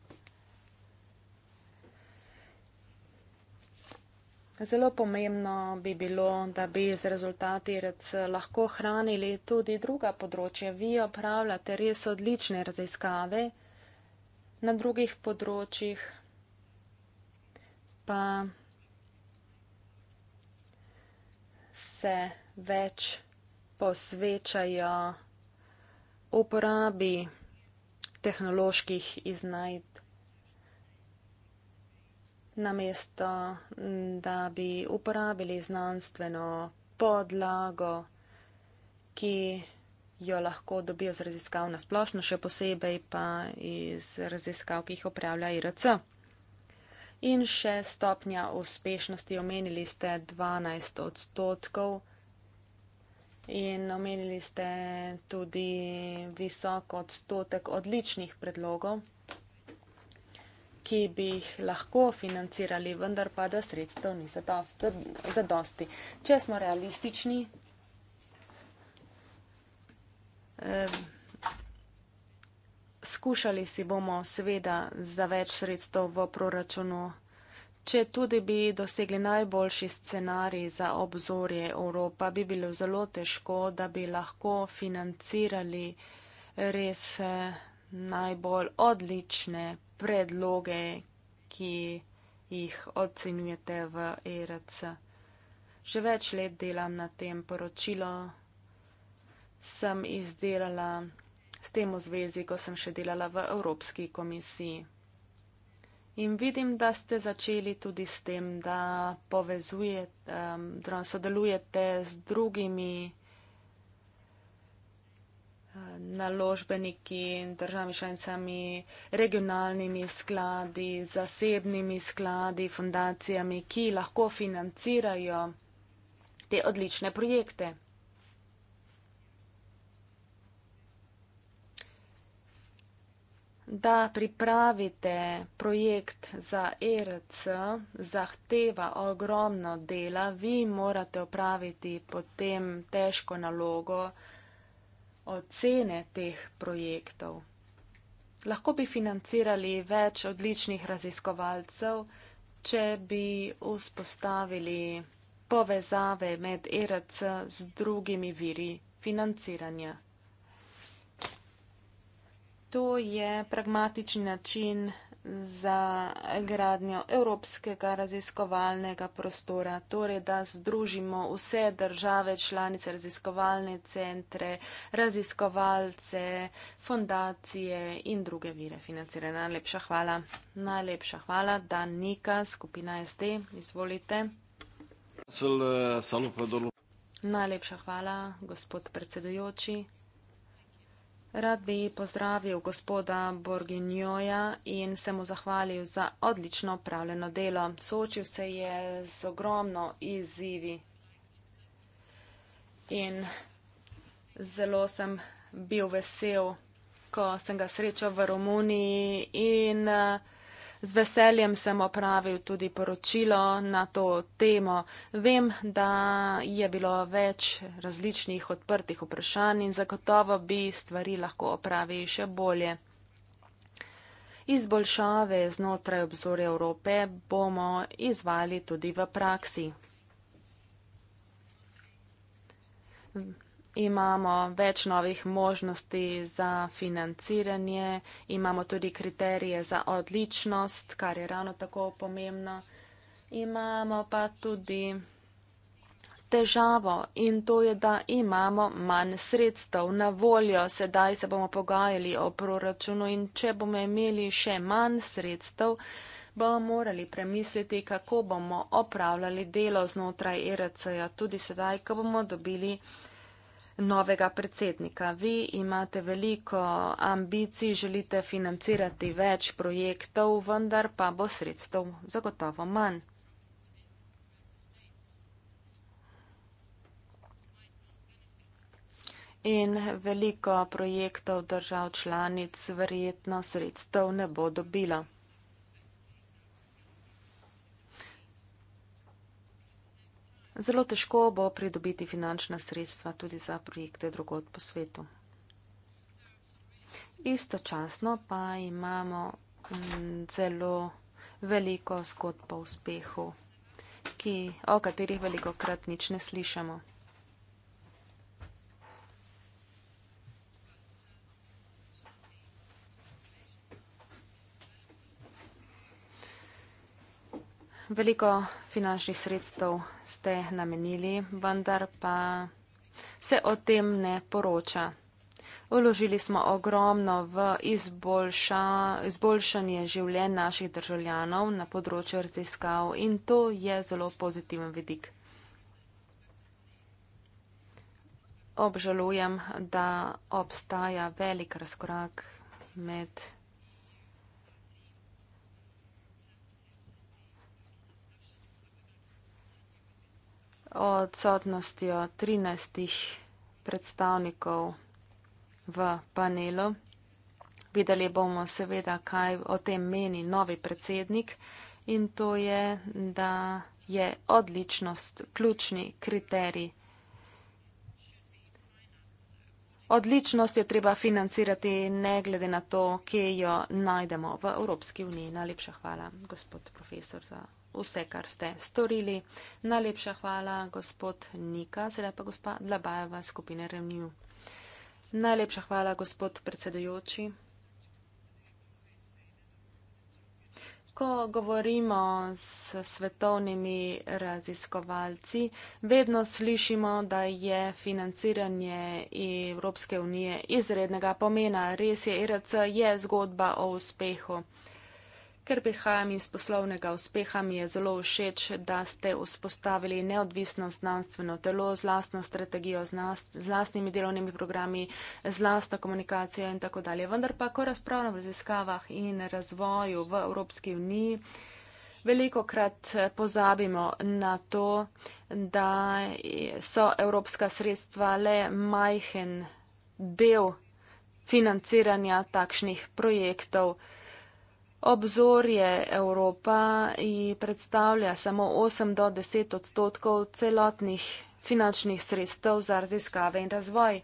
C: Zelo pomembno bi bilo, da bi z rezultati rec lahko hranili tudi druga področja. Vi opravljate res odlične raziskave na drugih področjih, pa se več posvečajo uporabi tehnoloških iznajdb namesto da bi uporabili znanstveno podlago, ki jo lahko dobijo z raziskav na splošno, še posebej pa iz raziskav, ki jih upravlja IRC. In še stopnja uspešnosti, omenili ste 12 odstotkov in omenili ste tudi visok odstotek odličnih predlogov ki bi jih lahko financirali, vendar pa da sredstev ni za dosti. Če smo realistični, skušali si bomo seveda za več sredstev v proračunu. Če tudi bi dosegli najboljši scenarij za obzorje Evropa, bi bilo zelo težko, da bi lahko financirali res eh, najbolj odlične predloge, ki jih ocenjujete v ERC. Že več let delam na tem poročilo, sem izdelala s tem v zvezi, ko sem še delala v Evropski komisiji. In vidim, da ste začeli tudi s tem, da povezujete, um, sodelujete z drugimi naložbeniki in državi šanicami, regionalnimi skladi, zasebnimi skladi, fundacijami, ki lahko financirajo te odlične projekte. Da pripravite projekt za ERC, zahteva ogromno dela, vi morate opraviti potem težko nalogo, ocene teh projektov. Lahko bi financirali več odličnih raziskovalcev, če bi vzpostavili povezave med ERC z drugimi viri financiranja. To je pragmatični način za gradnjo Evropskega raziskovalnega prostora, torej da združimo vse države članice, raziskovalne centre, raziskovalce, fondacije in druge vire financiranja. Najlepša hvala. Najlepša hvala. Dan Nika, skupina SD, izvolite.
A: Eh,
C: Najlepša hvala, gospod predsedujoči. Rad bi pozdravil gospoda Borginjoja in se mu zahvalil za odlično upravljeno delo. Soočil se je z ogromno izzivi in zelo sem bil vesel, ko sem ga srečal v Romuniji in uh, Z veseljem sem opravil tudi poročilo na to temo. Vem, da je bilo več različnih odprtih vprašanj in zagotovo bi stvari lahko opravili še bolje. Izboljšave znotraj obzorja Evrope bomo izvali tudi v praksi imamo več novih možnosti za financiranje, imamo tudi kriterije za odličnost, kar je ravno tako pomembno. Imamo pa tudi težavo in to je, da imamo manj sredstev na voljo. Sedaj se bomo pogajali o proračunu in če bomo imeli še manj sredstev, bomo morali premisliti, kako bomo opravljali delo znotraj ERC-ja, tudi sedaj, ko bomo dobili proračun novega predsednika. Vi imate veliko ambicij, želite financirati več projektov, vendar pa bo sredstev zagotovo manj. In veliko projektov držav članic verjetno sredstev ne bo dobila. Zelo težko bo pridobiti finančna sredstva tudi za projekte drugod po svetu. Istočasno pa imamo mm, zelo veliko zgodb o uspehu, ki, o katerih veliko krat nič ne slišamo. veliko finančnih sredstev ste namenili, vendar pa se o tem ne poroča. Uložili smo ogromno v izboljša, izboljšanje življenj naših državljanov na področju raziskav in to je zelo pozitiven vidik. Obžalujem, da obstaja velik razkorak med. odsotnostjo 13 predstavnikov v panelu. Videli bomo seveda, kaj o tem meni novi predsednik in to je, da je odličnost ključni kriterij. Odličnost je treba financirati ne glede na to, kje jo najdemo v Evropski uniji. Najlepša hvala, gospod profesor, za odličnost vse, kar ste storili. Najlepša hvala, gospod Nika, sedaj pa gospa Dlabajeva, skupine Remnju. Najlepša hvala, gospod predsedujoči. Ko govorimo s svetovnimi raziskovalci, vedno slišimo, da je financiranje Evropske unije izrednega pomena. Res je, IRC e je zgodba o uspehu. Ker prihajam iz poslovnega uspeha, mi je zelo všeč, da ste vzpostavili neodvisno znanstveno telo z lastno strategijo, z lastnimi delovnimi programi, z lastno komunikacijo in tako dalje. Vendar pa, ko razpravljam v raziskavah in razvoju v Evropski uniji, veliko krat eh, pozabimo na to, da so evropska sredstva le majhen del financiranja takšnih projektov obzorje Evropa predstavlja samo 8 do 10 odstotkov celotnih finančnih sredstev za raziskave in razvoj.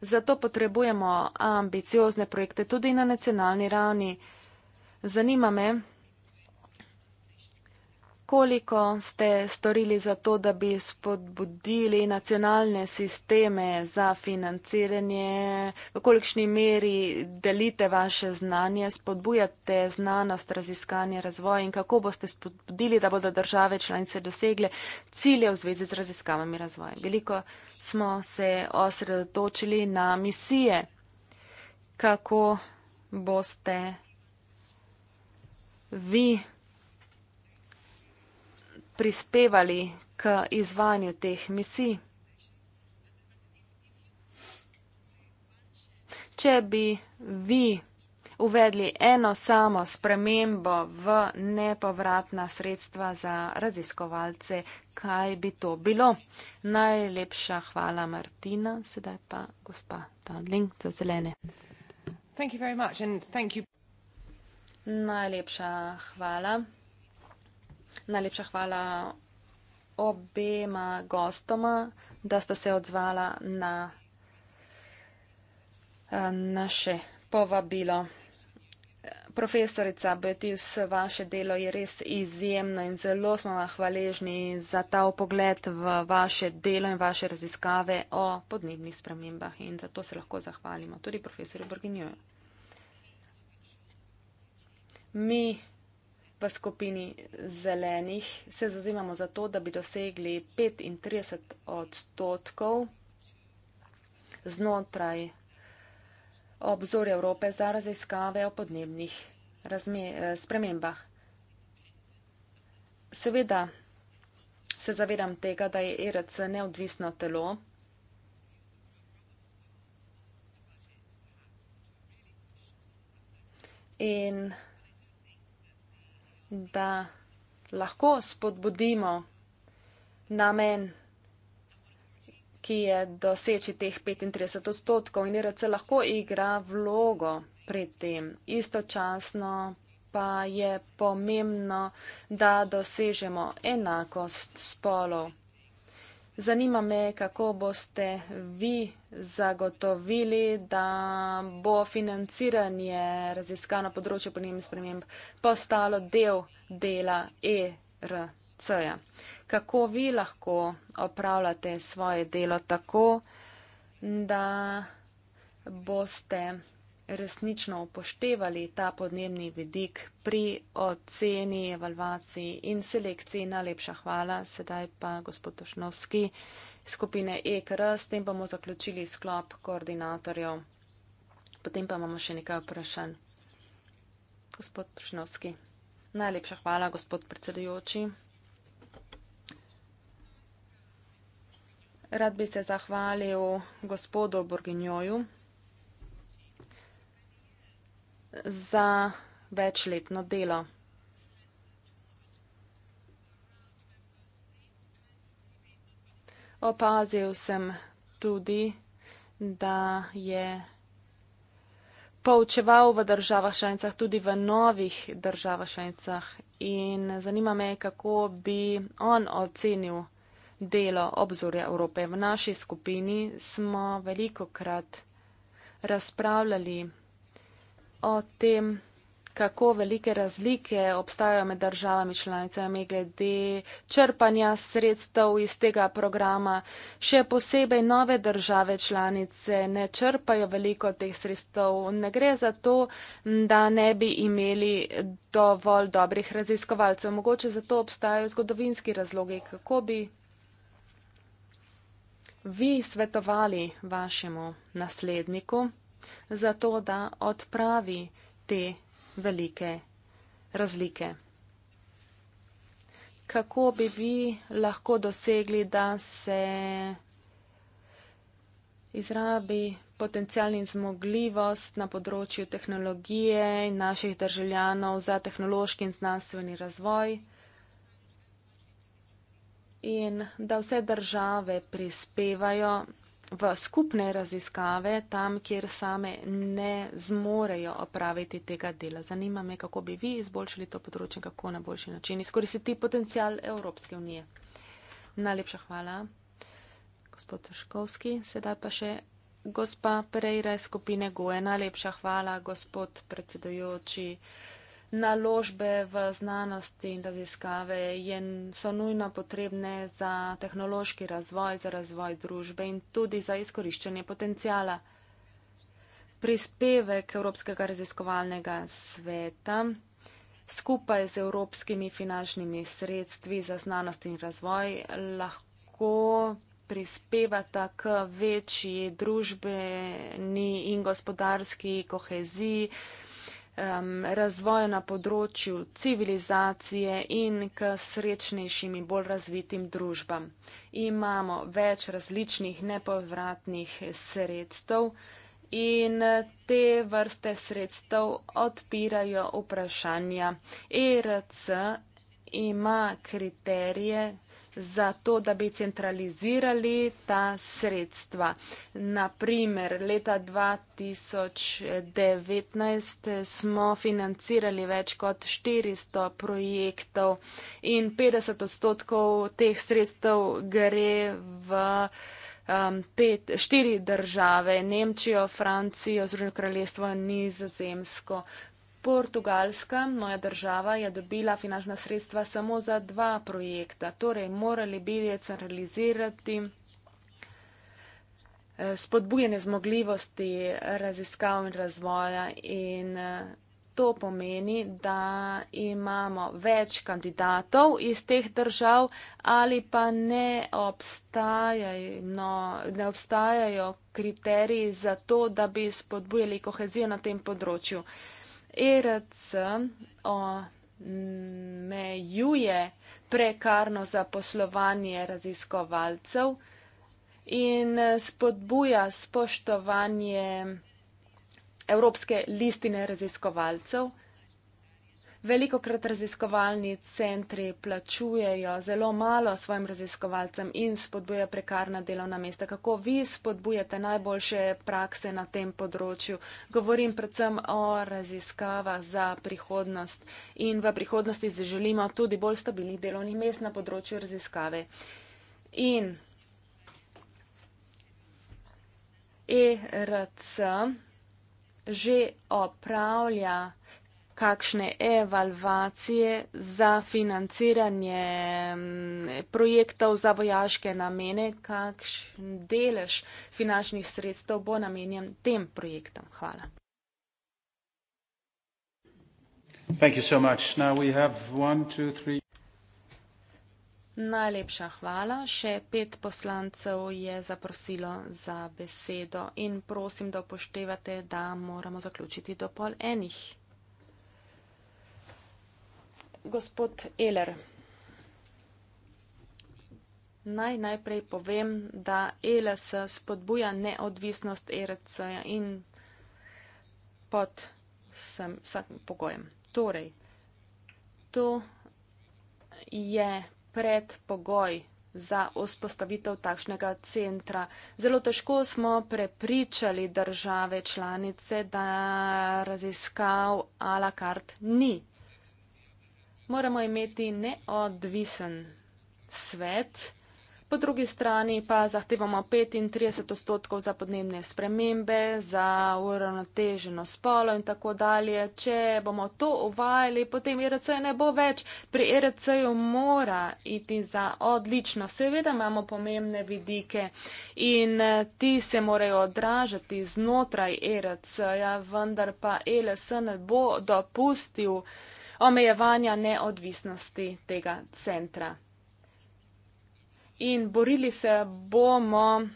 C: Zato potrebujemo ambiciozne projekte tudi na nacionalni ravni. Zanima me, koliko ste storili za to, da bi spodbudili nacionalne sisteme za financiranje, v kolikšni meri delite vaše znanje, spodbujate znanost, raziskanje, razvoj in kako boste spodbudili, da bodo države članice dosegle cilje v zvezi z raziskavami razvoja. Veliko smo se osredotočili na misije, kako boste vi prispevali k izvanju teh misij. Če bi vi uvedli eno samo spremembo v nepovratna sredstva za raziskovalce, kaj bi to bilo? Najlepša hvala, Martina. Sedaj pa gospa Tandling za zelene. Thank you very much and thank you. Najlepša hvala. Najlepša hvala obema gostoma, da sta se odzvala na eh, naše povabilo. Profesorica Betis, vaše delo je res izjemno in zelo smo vam hvaležni za ta upogled v vaše delo in vaše raziskave o podnebnih spremembah in zato se lahko zahvalimo tudi profesorju Borginjuju. Mi v skupini zelenih se zazimamo za to, da bi dosegli 35 odstotkov znotraj obzor Evrope za raziskave o podnebnih eh, spremembah. Seveda se zavedam tega, da je ERC neodvisno telo. In da lahko spodbudimo namen, ki je doseči teh 35 odstotkov in IRC lahko igra vlogo pri tem. Istočasno pa je pomembno, da dosežemo enakost spolov. Zanima me, kako boste vi zagotovili, da bo financiranje raziskano področje podnebnih sprememb postalo del dela ERC-ja. Kako vi lahko opravljate svoje delo tako, da boste resnično upoštevali ta podnebni vidik pri oceni, evalvaciji in selekciji. Najlepša hvala. Sedaj pa gospod Tošnovski skupine EKR, s tem bomo zaključili sklop koordinatorjev. Potem pa imamo še nekaj vprašanj. Gospod Tošnovski. Najlepša hvala, gospod predsedujoči. Rad bi se zahvalil gospodu Borginjoju za večletno delo. Opazil sem tudi, da je poučeval v državah šanicah, tudi v novih državah šanicah in zanima me, kako bi on ocenil delo obzorja Evrope. V naši skupini smo veliko krat razpravljali o tem, o tem, kako velike razlike obstajajo med državami članicami glede črpanja sredstev iz tega programa. Še posebej nove države članice ne črpajo veliko teh sredstev. Ne gre za to, da ne bi imeli dovolj dobrih raziskovalcev. Mogoče zato obstajajo zgodovinski razlogi, kako bi vi svetovali vašemu nasledniku zato da odpravi te velike razlike. Kako bi vi lahko dosegli, da se izrabi potencijalni zmogljivost na področju tehnologije in naših državljanov za tehnološki in znanstveni razvoj in da vse države prispevajo v skupne raziskave, tam, kjer same ne zmorejo opraviti tega dela. Zanima me, kako bi vi izboljšali to področje, kako na boljši način izkoristiti potencial Evropske unije. Najlepša hvala, gospod Škovski. Sedaj pa še gospa Pereira iz skupine Goe. Najlepša hvala, gospod predsedujoči naložbe v znanosti in raziskave je, so nujno potrebne za tehnološki razvoj, za razvoj družbe in tudi za izkoriščanje potencijala. Prispevek Evropskega raziskovalnega sveta skupaj z evropskimi finančnimi sredstvi za znanost in razvoj lahko prispevata k večji družbeni in gospodarski koheziji, um, razvoju na področju civilizacije in k srečnejšim in bolj razvitim družbam. Imamo več različnih nepovratnih sredstev in te vrste sredstev odpirajo vprašanja. ERC ima kriterije, za to, da bi centralizirali ta sredstva. Naprimer, leta 2019 smo financirali več kot 400 projektov in 50 odstotkov teh sredstev gre v um, pet, štiri države, Nemčijo, Francijo, Združeno kraljestvo in Nizozemsko. Portugalska, moja država, je dobila finančna sredstva samo za dva projekta, torej morali bi decentralizirati eh, spodbujene zmogljivosti raziskav in razvoja in eh, to pomeni, da imamo več kandidatov iz teh držav ali pa ne, no, ne obstajajo kriteriji za to, da bi spodbujali kohezijo na tem področju. ERC omejuje prekarno zaposlovanje raziskovalcev in spodbuja spoštovanje evropske listine raziskovalcev veliko krat raziskovalni centri plačujejo zelo malo svojim raziskovalcem in spodbuja prekarna delovna mesta. Kako vi spodbujate najboljše prakse na tem področju? Govorim predvsem o raziskavah za prihodnost in v prihodnosti se želimo tudi bolj stabilnih delovnih mest na področju raziskave. In ERC že opravlja kakšne evalvacije za financiranje mm, projektov za vojaške namene, kakšen delež finančnih sredstev bo namenjen tem projektom. Hvala. Najlepša hvala. Še pet poslancev je zaprosilo za besedo in prosim, da upoštevate, da moramo zaključiti do pol enih gospod Eler. Naj najprej povem, da ELS spodbuja neodvisnost ERC in pod vsem, vsakim pogojem. Torej, to je predpogoj za vzpostavitev takšnega centra. Zelo težko smo prepričali države članice, da raziskav a la carte ni moramo imeti neodvisen svet, po drugi strani pa zahtevamo 35 odstotkov za podnebne spremembe, za uravnoteženo spolo in tako dalje. Če bomo to uvajali, potem ERC ne bo več. Pri ERC-ju mora iti za odlično. Seveda imamo pomembne vidike in ti se morajo odražati znotraj ERC-ja, vendar pa ELS ne bo dopustil omejevanja neodvisnosti tega centra. In borili se bomo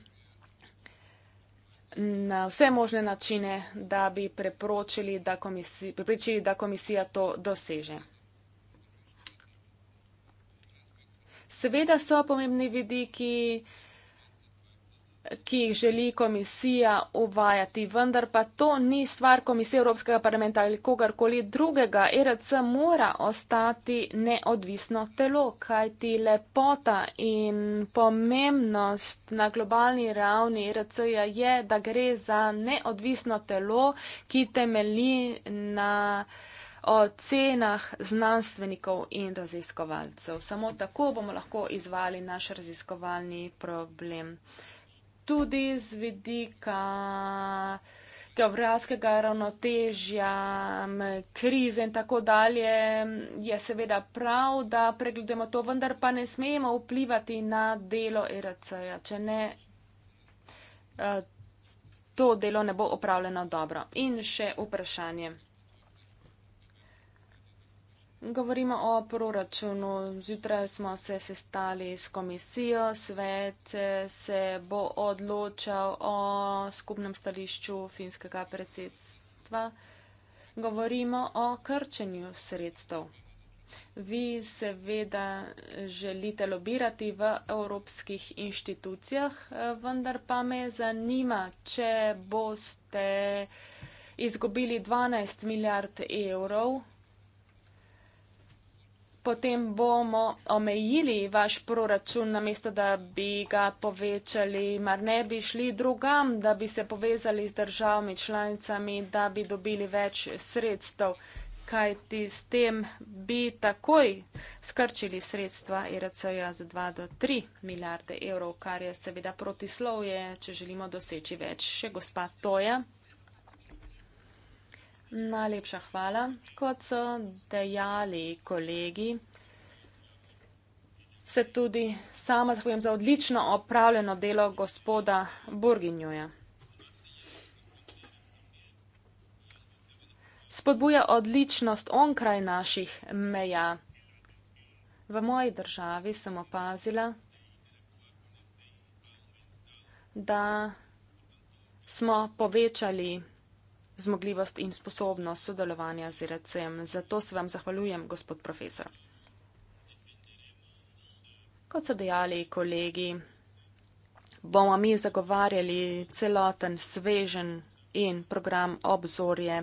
C: na vse možne načine, da bi preprečili, da komisija, preprečili, da komisija to doseže. Seveda so pomembni vidiki, ki ki jih želi komisija uvajati. Vendar pa to ni stvar komisije Evropskega parlamenta ali kogarkoli drugega. ERC mora ostati neodvisno telo, kajti lepota in pomembnost na globalni ravni ERC-ja je, da gre za neodvisno telo, ki temeli na o cenah znanstvenikov in raziskovalcev. Samo tako bomo lahko izvali naš raziskovalni problem tudi z vidika geografskega ravnotežja, krize in tako dalje, je seveda prav, da pregledamo to, vendar pa ne smemo vplivati na delo e RC-ja, če ne, eh, to delo ne bo opravljeno dobro. In še vprašanje. Govorimo o proračunu. Zjutraj smo se sestali s komisijo, svet se bo odločal o skupnem stališču finskega predsedstva. Govorimo o krčenju sredstev. Vi seveda želite lobirati v evropskih inštitucijah, vendar pa me zanima, če boste izgubili 12 milijard evrov potem bomo omejili vaš proračun, namesto da bi ga povečali, mar ne bi šli drugam, da bi se povezali z državami članicami, da bi dobili več sredstev, kajti s tem bi takoj skrčili sredstva IRC-ja e za 2 do 3 milijarde evrov, kar je seveda protislovje, če želimo doseči več. Še gospa Toja. Najlepša hvala. Kot so dejali kolegi, se tudi sama zahvaljujem za odlično opravljeno delo gospoda Burginjuja. Spodbuja odličnost onkraj naših meja. V moji državi sem opazila, da smo povečali odličnost zmogljivost in sposobnost sodelovanja z RCM. Zato se vam zahvaljujem, gospod profesor. Kot so dejali kolegi, bomo mi zagovarjali celoten svežen in program obzorje.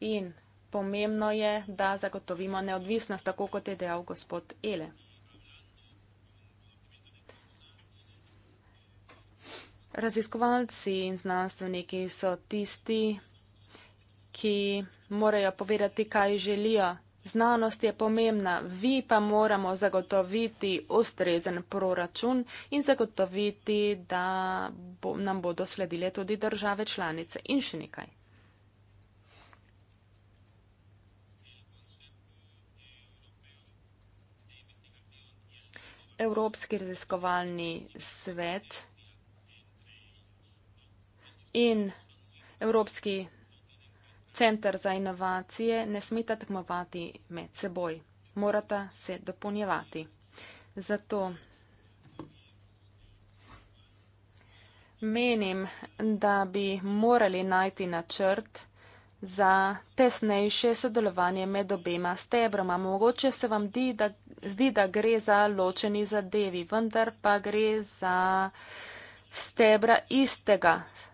C: In pomembno je, da zagotovimo neodvisnost, tako kot je dejal gospod Ele. Raziskovalci in znanstveniki so tisti, ki morajo povedati, kaj želijo. Znanost je pomembna, vi pa moramo zagotoviti ustrezen proračun in zagotoviti, da bo, nam bodo sledile tudi države članice in še nekaj. Evropski raziskovalni svet in Evropski center za inovacije ne smeta tekmovati med seboj, morata se dopolnjevati. Zato menim, da bi morali najti načrt za tesnejše sodelovanje med obema stebroma. Mogoče se vam di, da, zdi, da gre za ločeni zadevi, vendar pa gre za stebra istega stebra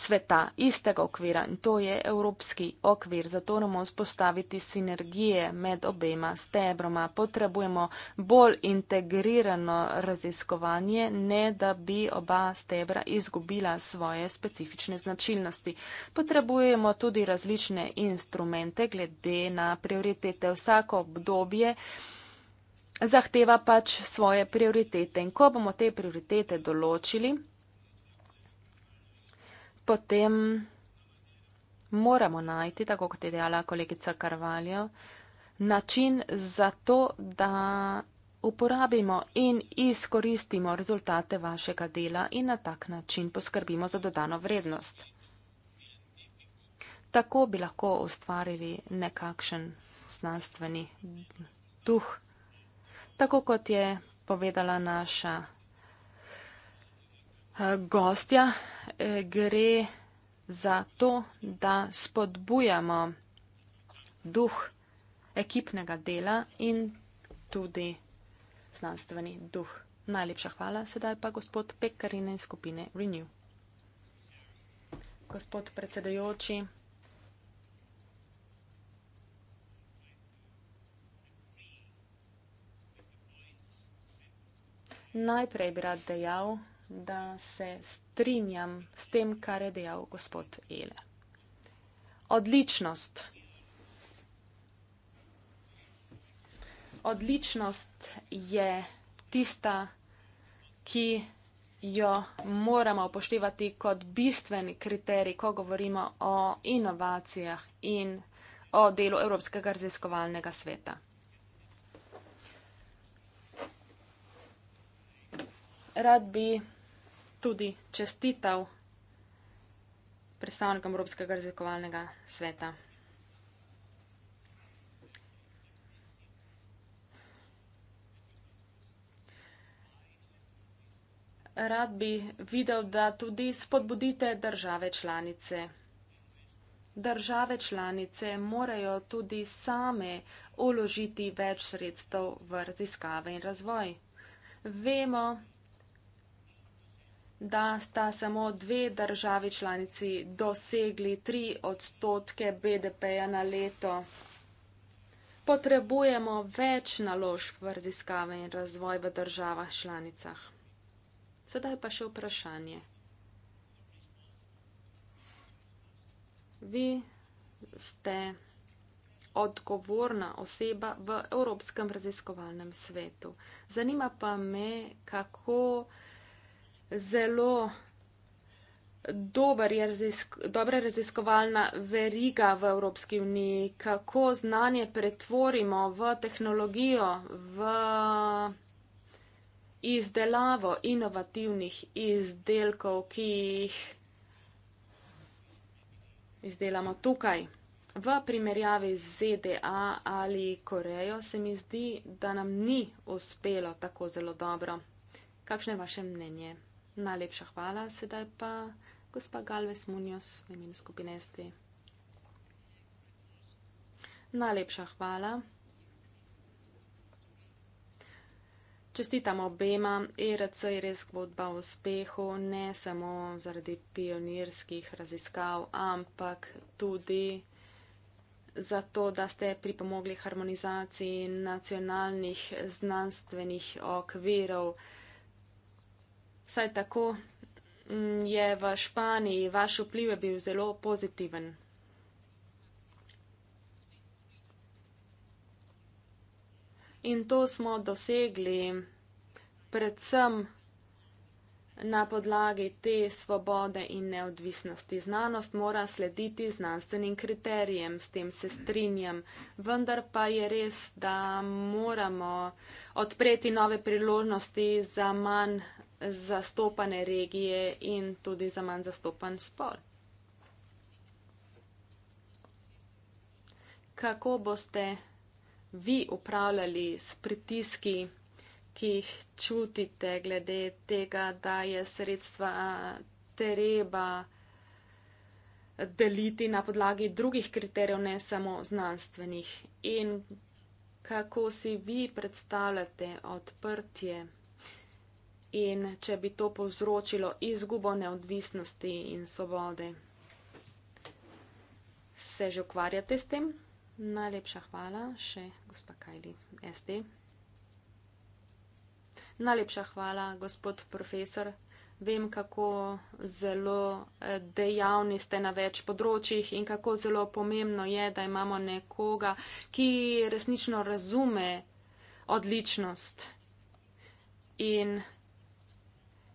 C: sveta, istega okvira in to je evropski okvir. Zato moramo vzpostaviti sinergije med obema stebroma. Potrebujemo bolj integrirano raziskovanje, ne da bi oba stebra izgubila svoje specifične značilnosti. Potrebujemo tudi različne instrumente glede na prioritete vsako obdobje. Zahteva pač svoje prioritete in ko bomo te prioritete določili, potem moramo najti, tako kot je dejala kolegica Karvaljo, način za to, da uporabimo in izkoristimo rezultate vašega dela in na tak način poskrbimo za dodano vrednost. Tako bi lahko ustvarili nekakšen znanstveni duh. Tako kot je povedala naša Eh, gostja, eh, gre za to, da spodbujamo duh ekipnega dela in tudi znanstveni duh. Najlepša hvala, sedaj pa gospod Pekarine iz skupine Renew. Gospod predsedajoči, najprej bi rad dejal, da se strinjam s tem, kar je dejal gospod Ele. Odličnost. Odličnost je tista, ki jo moramo upoštevati kot bistveni kriterij, ko govorimo o inovacijah in o delu Evropskega raziskovalnega sveta. Rad bi tudi čestital predstavnikom Evropskega raziskovalnega sveta. Rad bi videl, da tudi spodbudite države članice. Države članice morajo tudi same uložiti več sredstev v raziskave in razvoj. Vemo, da sta samo dve državi članici dosegli tri odstotke BDP-ja na leto. Potrebujemo več naložb v raziskave in razvoj v državah članicah. Sedaj pa še vprašanje. Vi ste odgovorna oseba v Evropskem raziskovalnem svetu. Zanima pa me, kako zelo dober je razisk, dobra raziskovalna veriga v Evropski uniji, kako znanje pretvorimo v tehnologijo, v izdelavo inovativnih izdelkov, ki jih izdelamo tukaj. V primerjavi z ZDA ali Korejo se mi zdi, da nam ni uspelo tako zelo dobro. Kakšno je vaše mnenje? Najlepša hvala, sedaj pa gospa Galvez Munjos v imenu skupine SD. Najlepša hvala. Čestitam obema, ERC je res zgodba o uspehu, ne samo zaradi pionirskih raziskav, ampak tudi zato, da ste pripomogli harmonizaciji nacionalnih znanstvenih okvirov. Vsaj tako mm, je v Španiji vaš vpliv bil zelo pozitiven. In to smo dosegli predvsem na podlagi te svobode in neodvisnosti. Znanost mora slediti znanstvenim kriterijem, s tem se strinjam. Vendar pa je res, da moramo odpreti nove priložnosti za manj zastopane regije in tudi za manj zastopan spol. Kako boste vi upravljali s pritiski, ki jih čutite glede tega, da je sredstva treba deliti na podlagi drugih kriterijev, ne samo znanstvenih? In kako si vi predstavljate odprtje? in če bi to povzročilo izgubo neodvisnosti in svobode. Se že ukvarjate s tem? Najlepša hvala še gospa Kajli SD. Najlepša hvala, gospod profesor. Vem, kako zelo eh, dejavni ste na več področjih in kako zelo pomembno je, da imamo nekoga, ki resnično razume odličnost in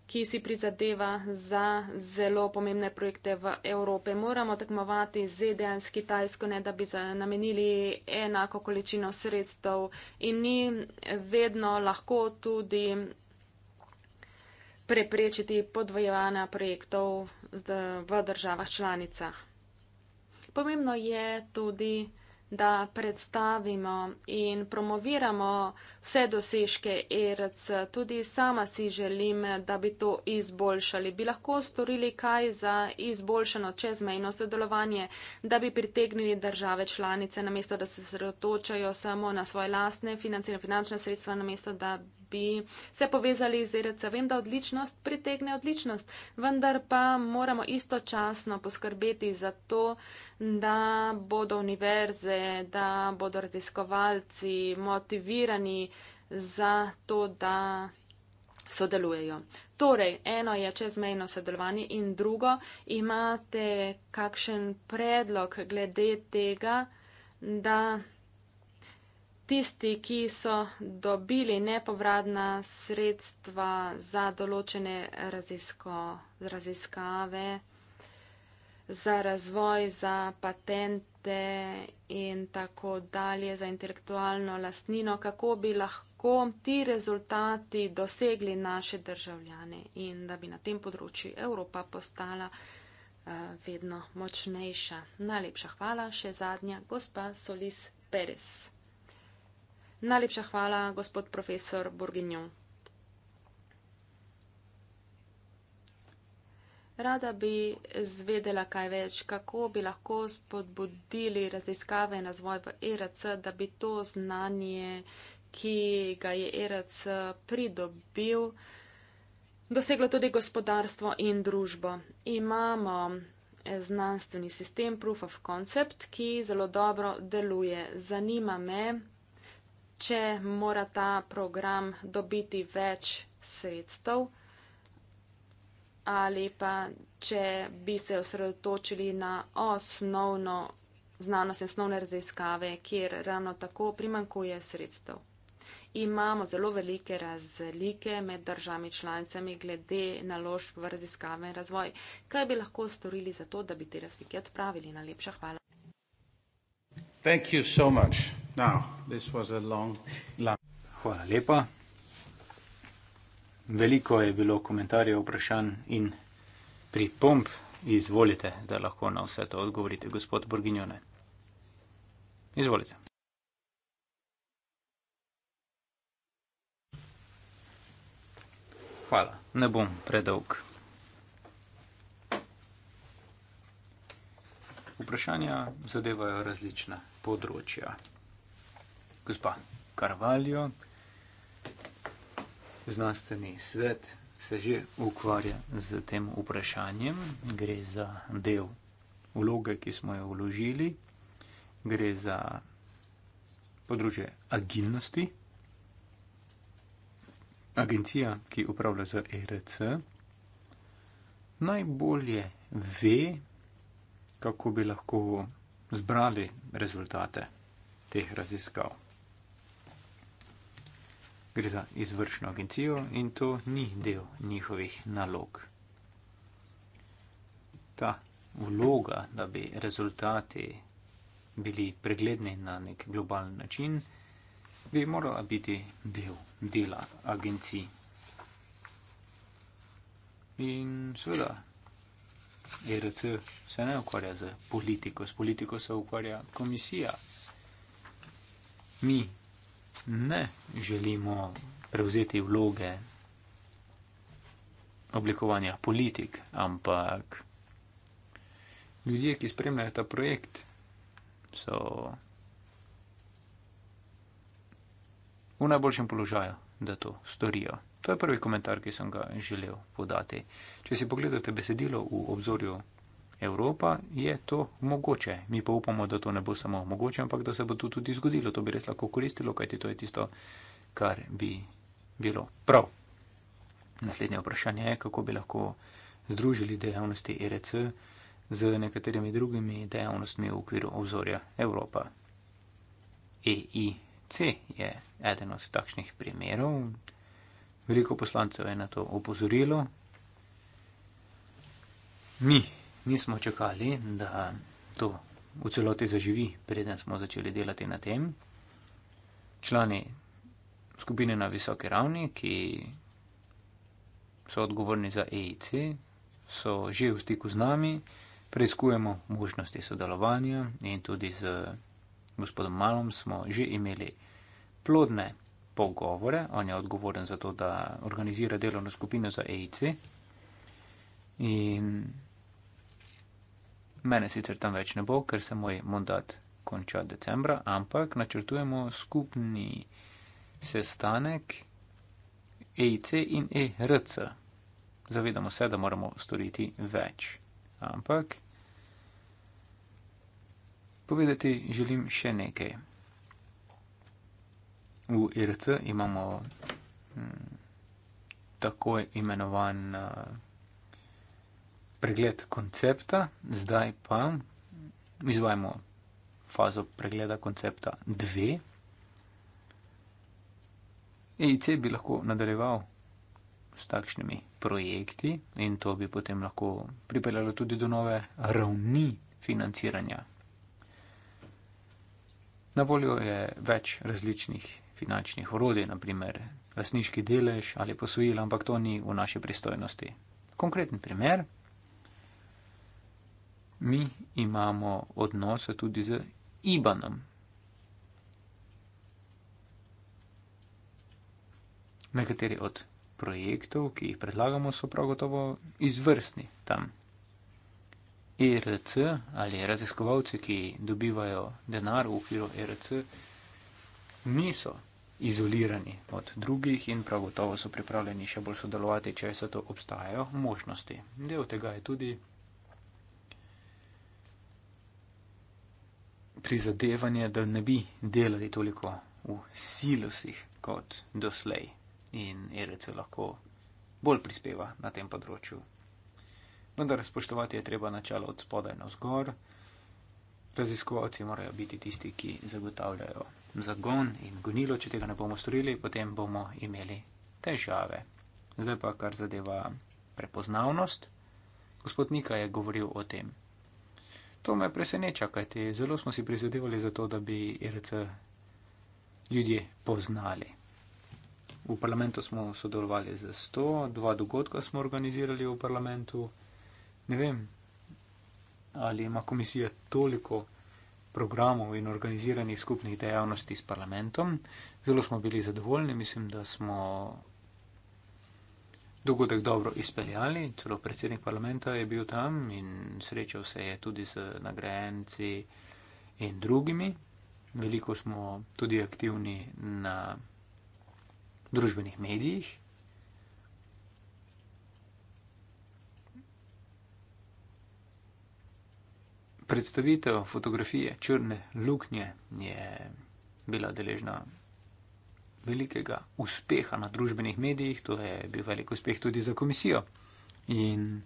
C: ki si prizadeva za zelo pomembne projekte v Evropi. Moramo tekmovati z ZDA in s Kitajsko, ne da bi namenili enako količino sredstev in ni vedno lahko tudi preprečiti podvojevanja projektov v državah članicah. Pomembno je tudi, da predstavimo in promoviramo vse dosežke ERC. Tudi sama si želim, da bi to izboljšali. Bi lahko storili kaj za izboljšano čezmejno sodelovanje, da bi pritegnili države članice, namesto da se sredotočajo samo na svoje lastne financirane finančne sredstva, namesto da bi se povezali z ERC. Vem, da odličnost pritegne odličnost, vendar pa moramo istočasno poskrbeti za to, da bodo univerze države, da bodo raziskovalci motivirani za to, da sodelujejo. Torej, eno je čezmejno sodelovanje in drugo, imate kakšen predlog glede tega, da tisti, ki so dobili nepovratna sredstva za določene raziskave, za razvoj, za patente in tako dalje, za intelektualno lastnino, kako bi lahko ti rezultati dosegli naše državljane in da bi na tem področju Evropa postala eh, vedno močnejša. Najlepša hvala, še zadnja, gospa Solis Perez. Najlepša hvala, gospod profesor Borginjo. Rada bi zvedela kaj več, kako bi lahko spodbudili raziskave in razvoj v ERC, da bi to znanje, ki ga je ERC pridobil, doseglo tudi gospodarstvo in družbo. Imamo eh, znanstveni sistem Proof of Concept, ki zelo dobro deluje. Zanima me, če mora ta program dobiti več sredstev ali pa če bi se osredotočili na osnovno znanost in osnovne raziskave, kjer ravno tako primankuje sredstev. Imamo zelo velike razlike med državami članicami glede naložb v raziskave in razvoj. Kaj bi lahko storili za to, da bi te razlike odpravili? Najlepša hvala.
A: Hvala lepa
B: veliko je bilo komentarjev, vprašanj in pripomb. Izvolite, da lahko na vse to odgovorite, gospod Borginjone. Izvolite. Hvala, ne bom predolg. Vprašanja zadevajo različna področja. Gospa Karvaljo, znanstveni svet se že ukvarja z tem vprašanjem. Gre za del vloge, ki smo jo vložili, gre za področje agilnosti. Agencija, ki upravlja za ERC, najbolje ve, kako bi lahko zbrali rezultate teh raziskav gre za izvršno agencijo in to ni del njihovih nalog. Ta vloga, da bi rezultati bili pregledni na nek globalen način, bi morala biti del dela agencij. In seveda, ERC se ne ukvarja z politiko, s politiko se ukvarja komisija. Mi ne želimo prevzeti vloge oblikovanja politik, ampak ljudje, ki spremljajo ta projekt, so v najboljšem položaju, da to storijo. To je prvi komentar, ki sem ga želel podati. Če si pogledate besedilo v obzorju Evropa, je to mogoče. Mi pa upamo, da to ne bo samo mogoče, ampak da se bo to tudi zgodilo. To bi res lahko koristilo, kajti to je tisto, kar bi bilo prav. Naslednje vprašanje je, kako bi lahko združili dejavnosti ERC z nekaterimi drugimi dejavnostmi v okviru obzorja Evropa. EIC je eden od takšnih primerov. Veliko poslancev je na to opozorilo. Mi nismo čakali, da to v celoti zaživi, preden smo začeli delati na tem. Člani skupine na visoki ravni, ki so odgovorni za EIC, so že v stiku z nami, preizkujemo možnosti sodelovanja in tudi z gospodom Malom smo že imeli plodne pogovore. On je odgovoren za to, da organizira delovno skupino za EIC. In Mene sicer tam več ne bo, ker se moj mandat konča decembra, ampak načrtujemo skupni sestanek EIC in ERC. Zavedamo se, da moramo storiti več. Ampak povedati želim še nekaj. V ERC imamo hm, tako imenovan. Uh, pregled koncepta, zdaj pa izvajamo fazo pregleda koncepta 2. EIC bi lahko nadaljeval s takšnimi projekti in to bi potem lahko pripeljalo tudi do nove ravni financiranja. Na voljo je več različnih finančnih orodij, naprimer lasniški delež ali posojil, ampak to ni v naši pristojnosti. Konkreten primer mi imamo odnose tudi z Ibanom. Nekateri od projektov, ki jih predlagamo, so prav gotovo izvrstni tam. ERC ali raziskovalci, ki dobivajo denar v okviru ERC, niso izolirani od drugih in prav gotovo so pripravljeni še bolj sodelovati, če se to obstajajo možnosti. Del tega je tudi prizadevanje, da ne bi delali toliko v silosih kot doslej. In ERC lahko bolj prispeva na tem področju. Vendar spoštovati je treba načelo od spodaj na vzgor. Raziskovalci morajo biti tisti, ki zagotavljajo zagon in gonilo. Če tega ne bomo storili, potem bomo imeli težave. Zdaj pa kar zadeva prepoznavnost. Gospod Nika je govoril o tem. To me preseneča, kajti zelo smo si prizadevali za to, da bi IRC ljudje poznali. V parlamentu smo sodelovali za 100, dva dogodka smo organizirali v parlamentu. Ne vem, ali ima komisija toliko programov in organiziranih skupnih dejavnosti s parlamentom. Zelo smo bili zadovoljni, mislim, da smo dogodek dobro izpeljali, celo predsednik parlamenta je bil tam in srečal se je tudi z nagrajenci in drugimi. Veliko smo tudi aktivni na družbenih medijih. Predstavitev fotografije črne luknje je bila deležna velikega uspeha na družbenih medijih, to je bil velik uspeh tudi za komisijo. In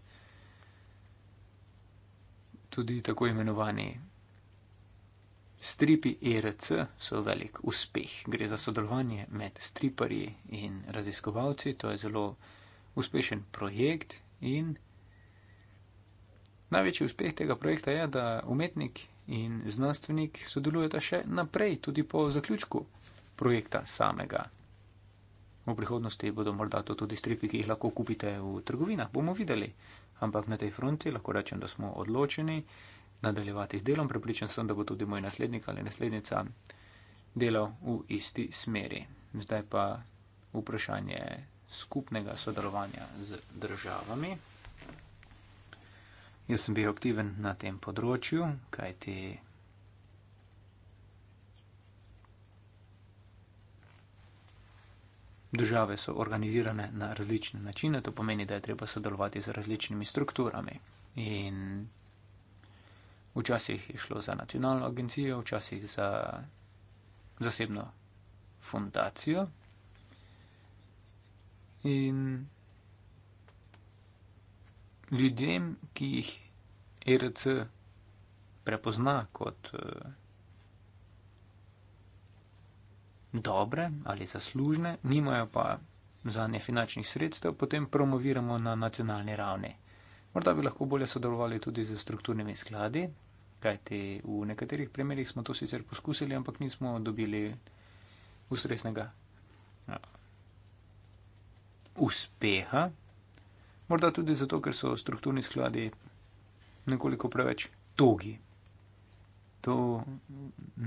B: tudi tako imenovani stripi ERC so velik uspeh. Gre za sodelovanje med striparji in raziskovalci, to je zelo uspešen projekt. In največji uspeh tega projekta je, da umetnik in znanstvenik sodelujeta še naprej, tudi po zaključku projekta samega. V prihodnosti bodo morda to tudi stripi, ki jih lahko kupite v trgovinah, bomo videli. Ampak na tej fronti lahko rečem, da smo odločeni nadaljevati z delom. Pripričan sem, da bo tudi moj naslednik ali naslednica delal v isti smeri. Zdaj pa vprašanje skupnega sodelovanja z državami. Jaz sem bil aktiven na tem področju, kajti Države so organizirane na različne načine, to pomeni, da je treba sodelovati z različnimi strukturami. In včasih je šlo za nacionalno agencijo, včasih za zasebno fundacijo. In ljudem, ki jih ERC prepozna kot eh, dobre ali zaslužne, nimajo pa za ne finančnih sredstev, potem promoviramo na nacionalni ravni. Morda bi lahko bolje sodelovali tudi z strukturnimi skladi, kajti v nekaterih primerjih smo to sicer poskusili, ampak nismo dobili ustreznega uspeha. Morda tudi zato, ker so strukturni skladi nekoliko preveč togi. To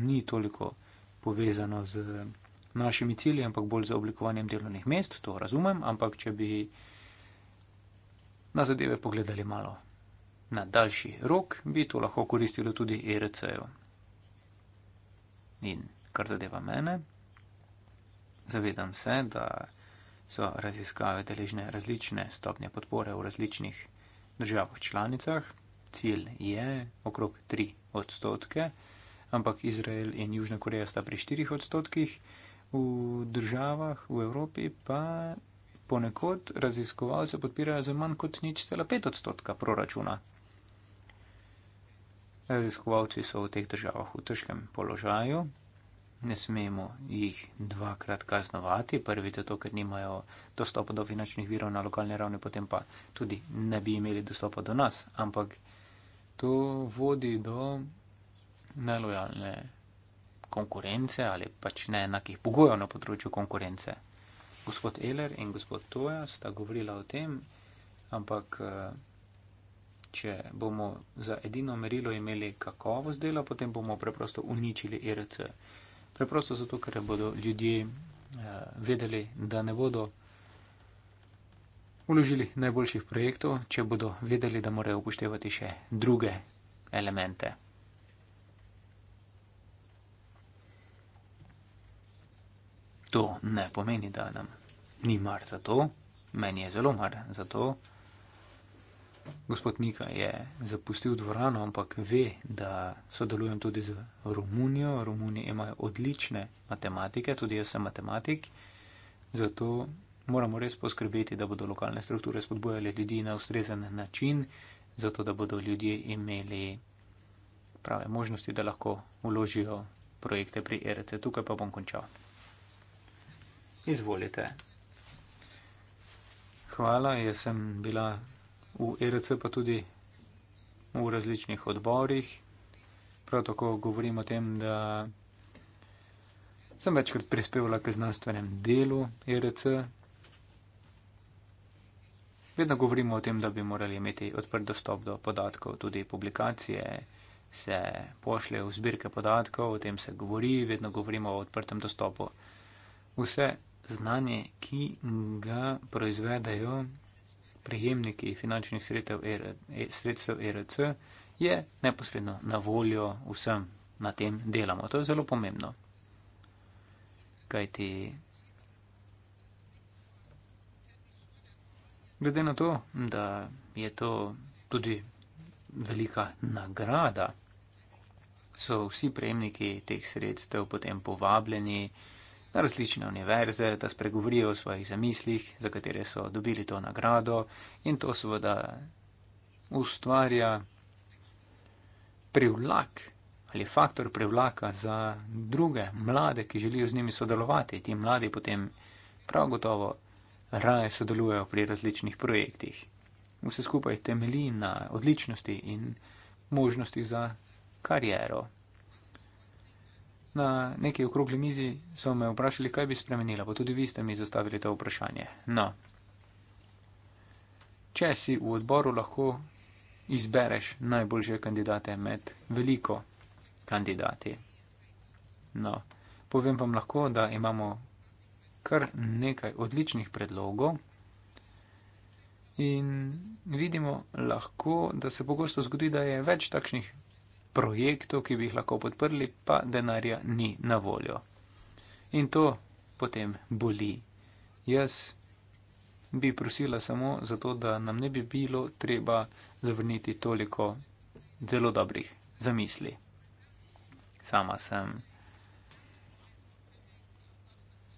B: ni toliko povezano z našimi cilji, ampak bolj z oblikovanjem delovnih mest, to razumem, ampak če bi na zadeve pogledali malo na daljši rok, bi to lahko koristilo tudi ERC-ju. In kar zadeva mene, zavedam se, da so raziskave deležne različne stopnje podpore v različnih državah članicah. Cilj je okrog 3 odstotke ampak Izrael in Južna Koreja sta pri 4 odstotkih, v državah v Evropi pa ponekod raziskovalce podpirajo za manj kot nič cela 5 odstotka proračuna. Raziskovalci so v teh državah v težkem položaju, ne smemo jih dvakrat kaznovati, prvi zato, ker nimajo dostopa do finančnih virov na lokalni ravni, potem pa tudi ne bi imeli dostopa do nas, ampak to vodi do nelojalne konkurence ali pač neenakih pogojev na področju konkurence. Gospod Eler in gospod Toja sta govorila o tem, ampak eh, če bomo za edino merilo imeli kakovost dela, potem bomo preprosto uničili IRC. E preprosto zato, ker bodo ljudje eh, vedeli, da ne bodo uložili najboljših projektov, če bodo vedeli, da morajo upoštevati še druge elemente. To ne pomeni, da nam ni mar za to, meni je zelo mar za to. Gospod Nika je zapustil dvorano, ampak ve, da sodelujem tudi z Romunijo. Romuni imajo odlične matematike, tudi jaz sem matematik, zato moramo res poskrbeti, da bodo lokalne strukture spodbojale ljudi na ustrezen način, zato da bodo ljudje imeli prave možnosti, da lahko uložijo projekte pri ERC. Tukaj pa bom končal. Izvolite. Hvala, jaz sem bila v ERC pa tudi v različnih odborih. Prav tako govorim o tem, da sem večkrat prispevala k znanstvenem delu ERC. Vedno govorimo o tem, da bi morali imeti odprt dostop do podatkov, tudi publikacije se pošljejo v zbirke podatkov, o tem se govori, vedno govorimo o odprtem dostopu. Vse znanje, ki ga proizvedajo prejemniki finančnih sredstev ERC, je neposredno na voljo vsem na tem delamo. To je zelo pomembno. Kajti, glede na to, da je to tudi velika nagrada, so vsi prejemniki teh sredstev potem povabljeni, na različne univerze, da spregovorijo o svojih zamislih, za katere so dobili to nagrado in to seveda ustvarja privlak ali faktor privlaka za druge mlade, ki želijo z njimi sodelovati. Ti mladi potem prav gotovo raje sodelujejo pri različnih projektih. Vse skupaj temelji na odličnosti in možnosti za kariero. Na neki okrogli mizi so me vprašali, kaj bi spremenila, pa tudi vi ste mi zastavili to vprašanje. No, če si v odboru lahko izbereš najboljše kandidate med veliko kandidati. No, povem vam lahko, da imamo kar nekaj odličnih predlogov in vidimo lahko, da se pogosto zgodi, da je več takšnih projektov, ki bi jih lahko podprli, pa denarja ni na voljo. In to potem boli. Jaz bi prosila samo zato, da nam ne bi bilo treba zavrniti toliko zelo dobrih zamisli. Sama sem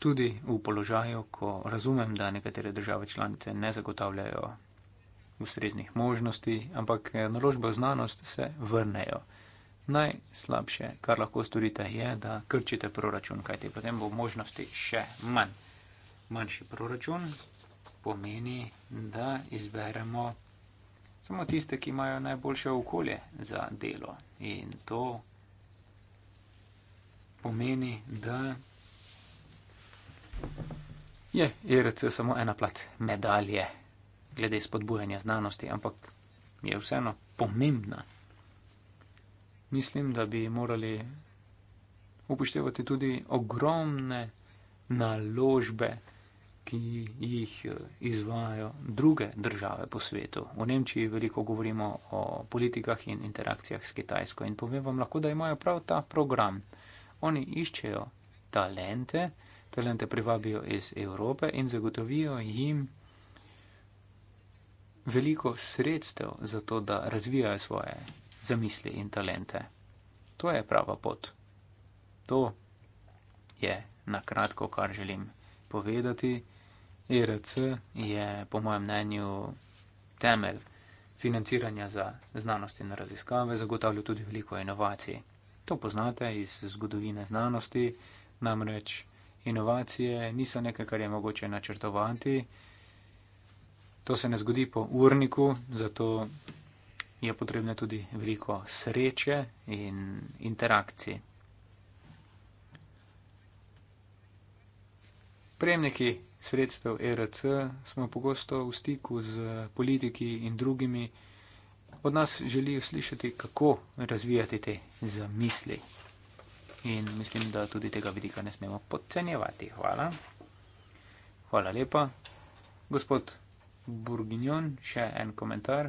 B: tudi v položaju, ko razumem, da nekatere države članice ne zagotavljajo ustreznih možnosti, ampak naložbe v znanost se vrnejo najslabše, kar lahko storite, je, da krčite proračun, kajti potem bo možnosti še manj. Manjši proračun pomeni, da izberemo samo tiste, ki imajo najboljše okolje za delo. In to pomeni, da je IRC e samo ena plat medalje glede spodbujanja znanosti, ampak je vseeno pomembna mislim, da bi morali upoštevati tudi ogromne naložbe, ki jih eh, izvajo druge države po svetu. V Nemčiji veliko govorimo o politikah in interakcijah s Kitajsko in povem vam lahko, da imajo prav ta program. Oni iščejo talente, talente privabijo iz Evrope in zagotovijo jim veliko sredstev za to, da razvijajo svoje za misli in talente. To je prava pot. To je na kratko, kar želim povedati. IRC e je, po mojem mnenju, temelj financiranja za znanost in raziskave, zagotavlja tudi veliko inovacij. To poznate iz zgodovine znanosti, namreč inovacije niso nekaj, kar je mogoče načrtovati. To se ne zgodi po urniku, zato je potrebno tudi veliko sreče in interakcije. Prejemniki sredstev ERC smo pogosto v stiku z politiki in drugimi. Od nas želijo slišati, kako razvijati te zamisli. In mislim, da tudi tega vidika ne smemo podcenjevati. Hvala. Hvala lepa. Gospod Burginjon, še en komentar.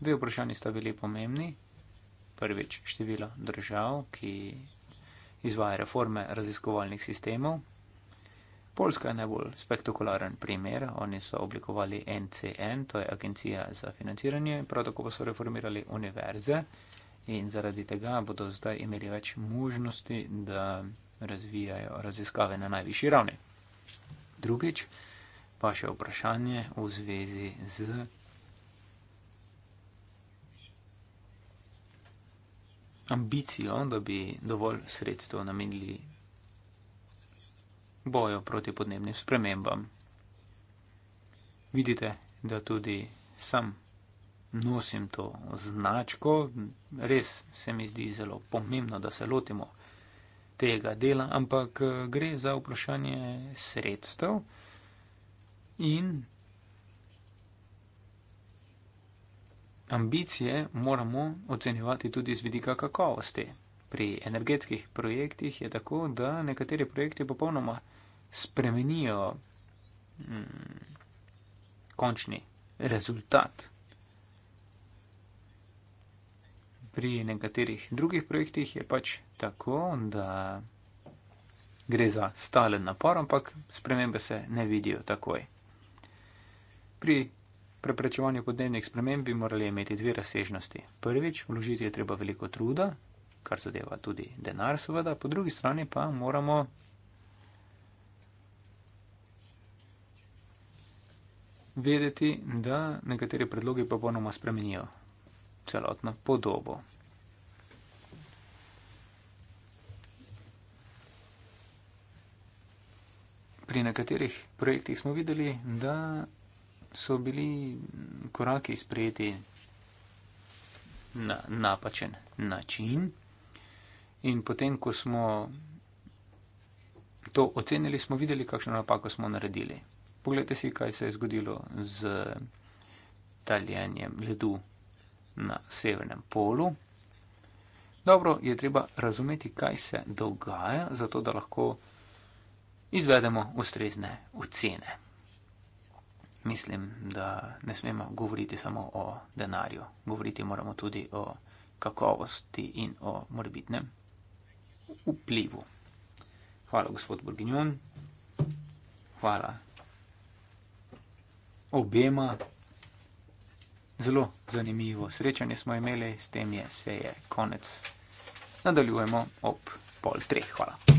B: Dve vprašanji sta bili pomembni. Prvič, število držav, ki izvaja reforme raziskovalnih sistemov. Polska je najbolj spektakularen primer. Oni so oblikovali NCN, to je Agencija za financiranje, prav tako pa so reformirali univerze in zaradi tega bodo zdaj imeli več možnosti, da razvijajo raziskave na najvišji ravni. Drugič, pa še vprašanje v zvezi z ambicijo, da bi dovolj sredstev namenili boju proti podnebnim spremembam. Vidite, da tudi sam nosim to značko. Res se mi zdi zelo pomembno, da se lotimo tega dela, ampak eh, gre za vprašanje sredstev in ambicije moramo ocenjevati tudi z vidika kakovosti. Pri energetskih projektih je tako, da nekateri projekti popolnoma spremenijo mm, končni rezultat. Pri nekaterih drugih projektih je pač tako, da gre za stalen napor, ampak spremembe se ne vidijo takoj. Pri preprečevanju podnebnih sprememb bi morali imeti dve razsežnosti. Prvič, vložiti je treba veliko truda, kar zadeva tudi denar, seveda, po drugi strani pa moramo. Vedeti, da nekateri predlogi pa ponoma spremenijo celotno podobo. Pri nekaterih projektih smo videli, da so bili koraki sprejeti na napačen način. In potem, ko smo to ocenili, smo videli, kakšno napako smo naredili. Poglejte si, kaj se je zgodilo z taljenjem ledu na severnem polu. Dobro, je treba razumeti, kaj se dogaja, zato da lahko izvedemo ustrezne ocene mislim, da ne smemo govoriti samo o denarju, govoriti moramo tudi o kakovosti in o morbitnem vplivu. Hvala, gospod Borginjon, hvala obema. Zelo zanimivo srečanje smo imeli, s tem je seje konec. Nadaljujemo ob pol treh. Hvala.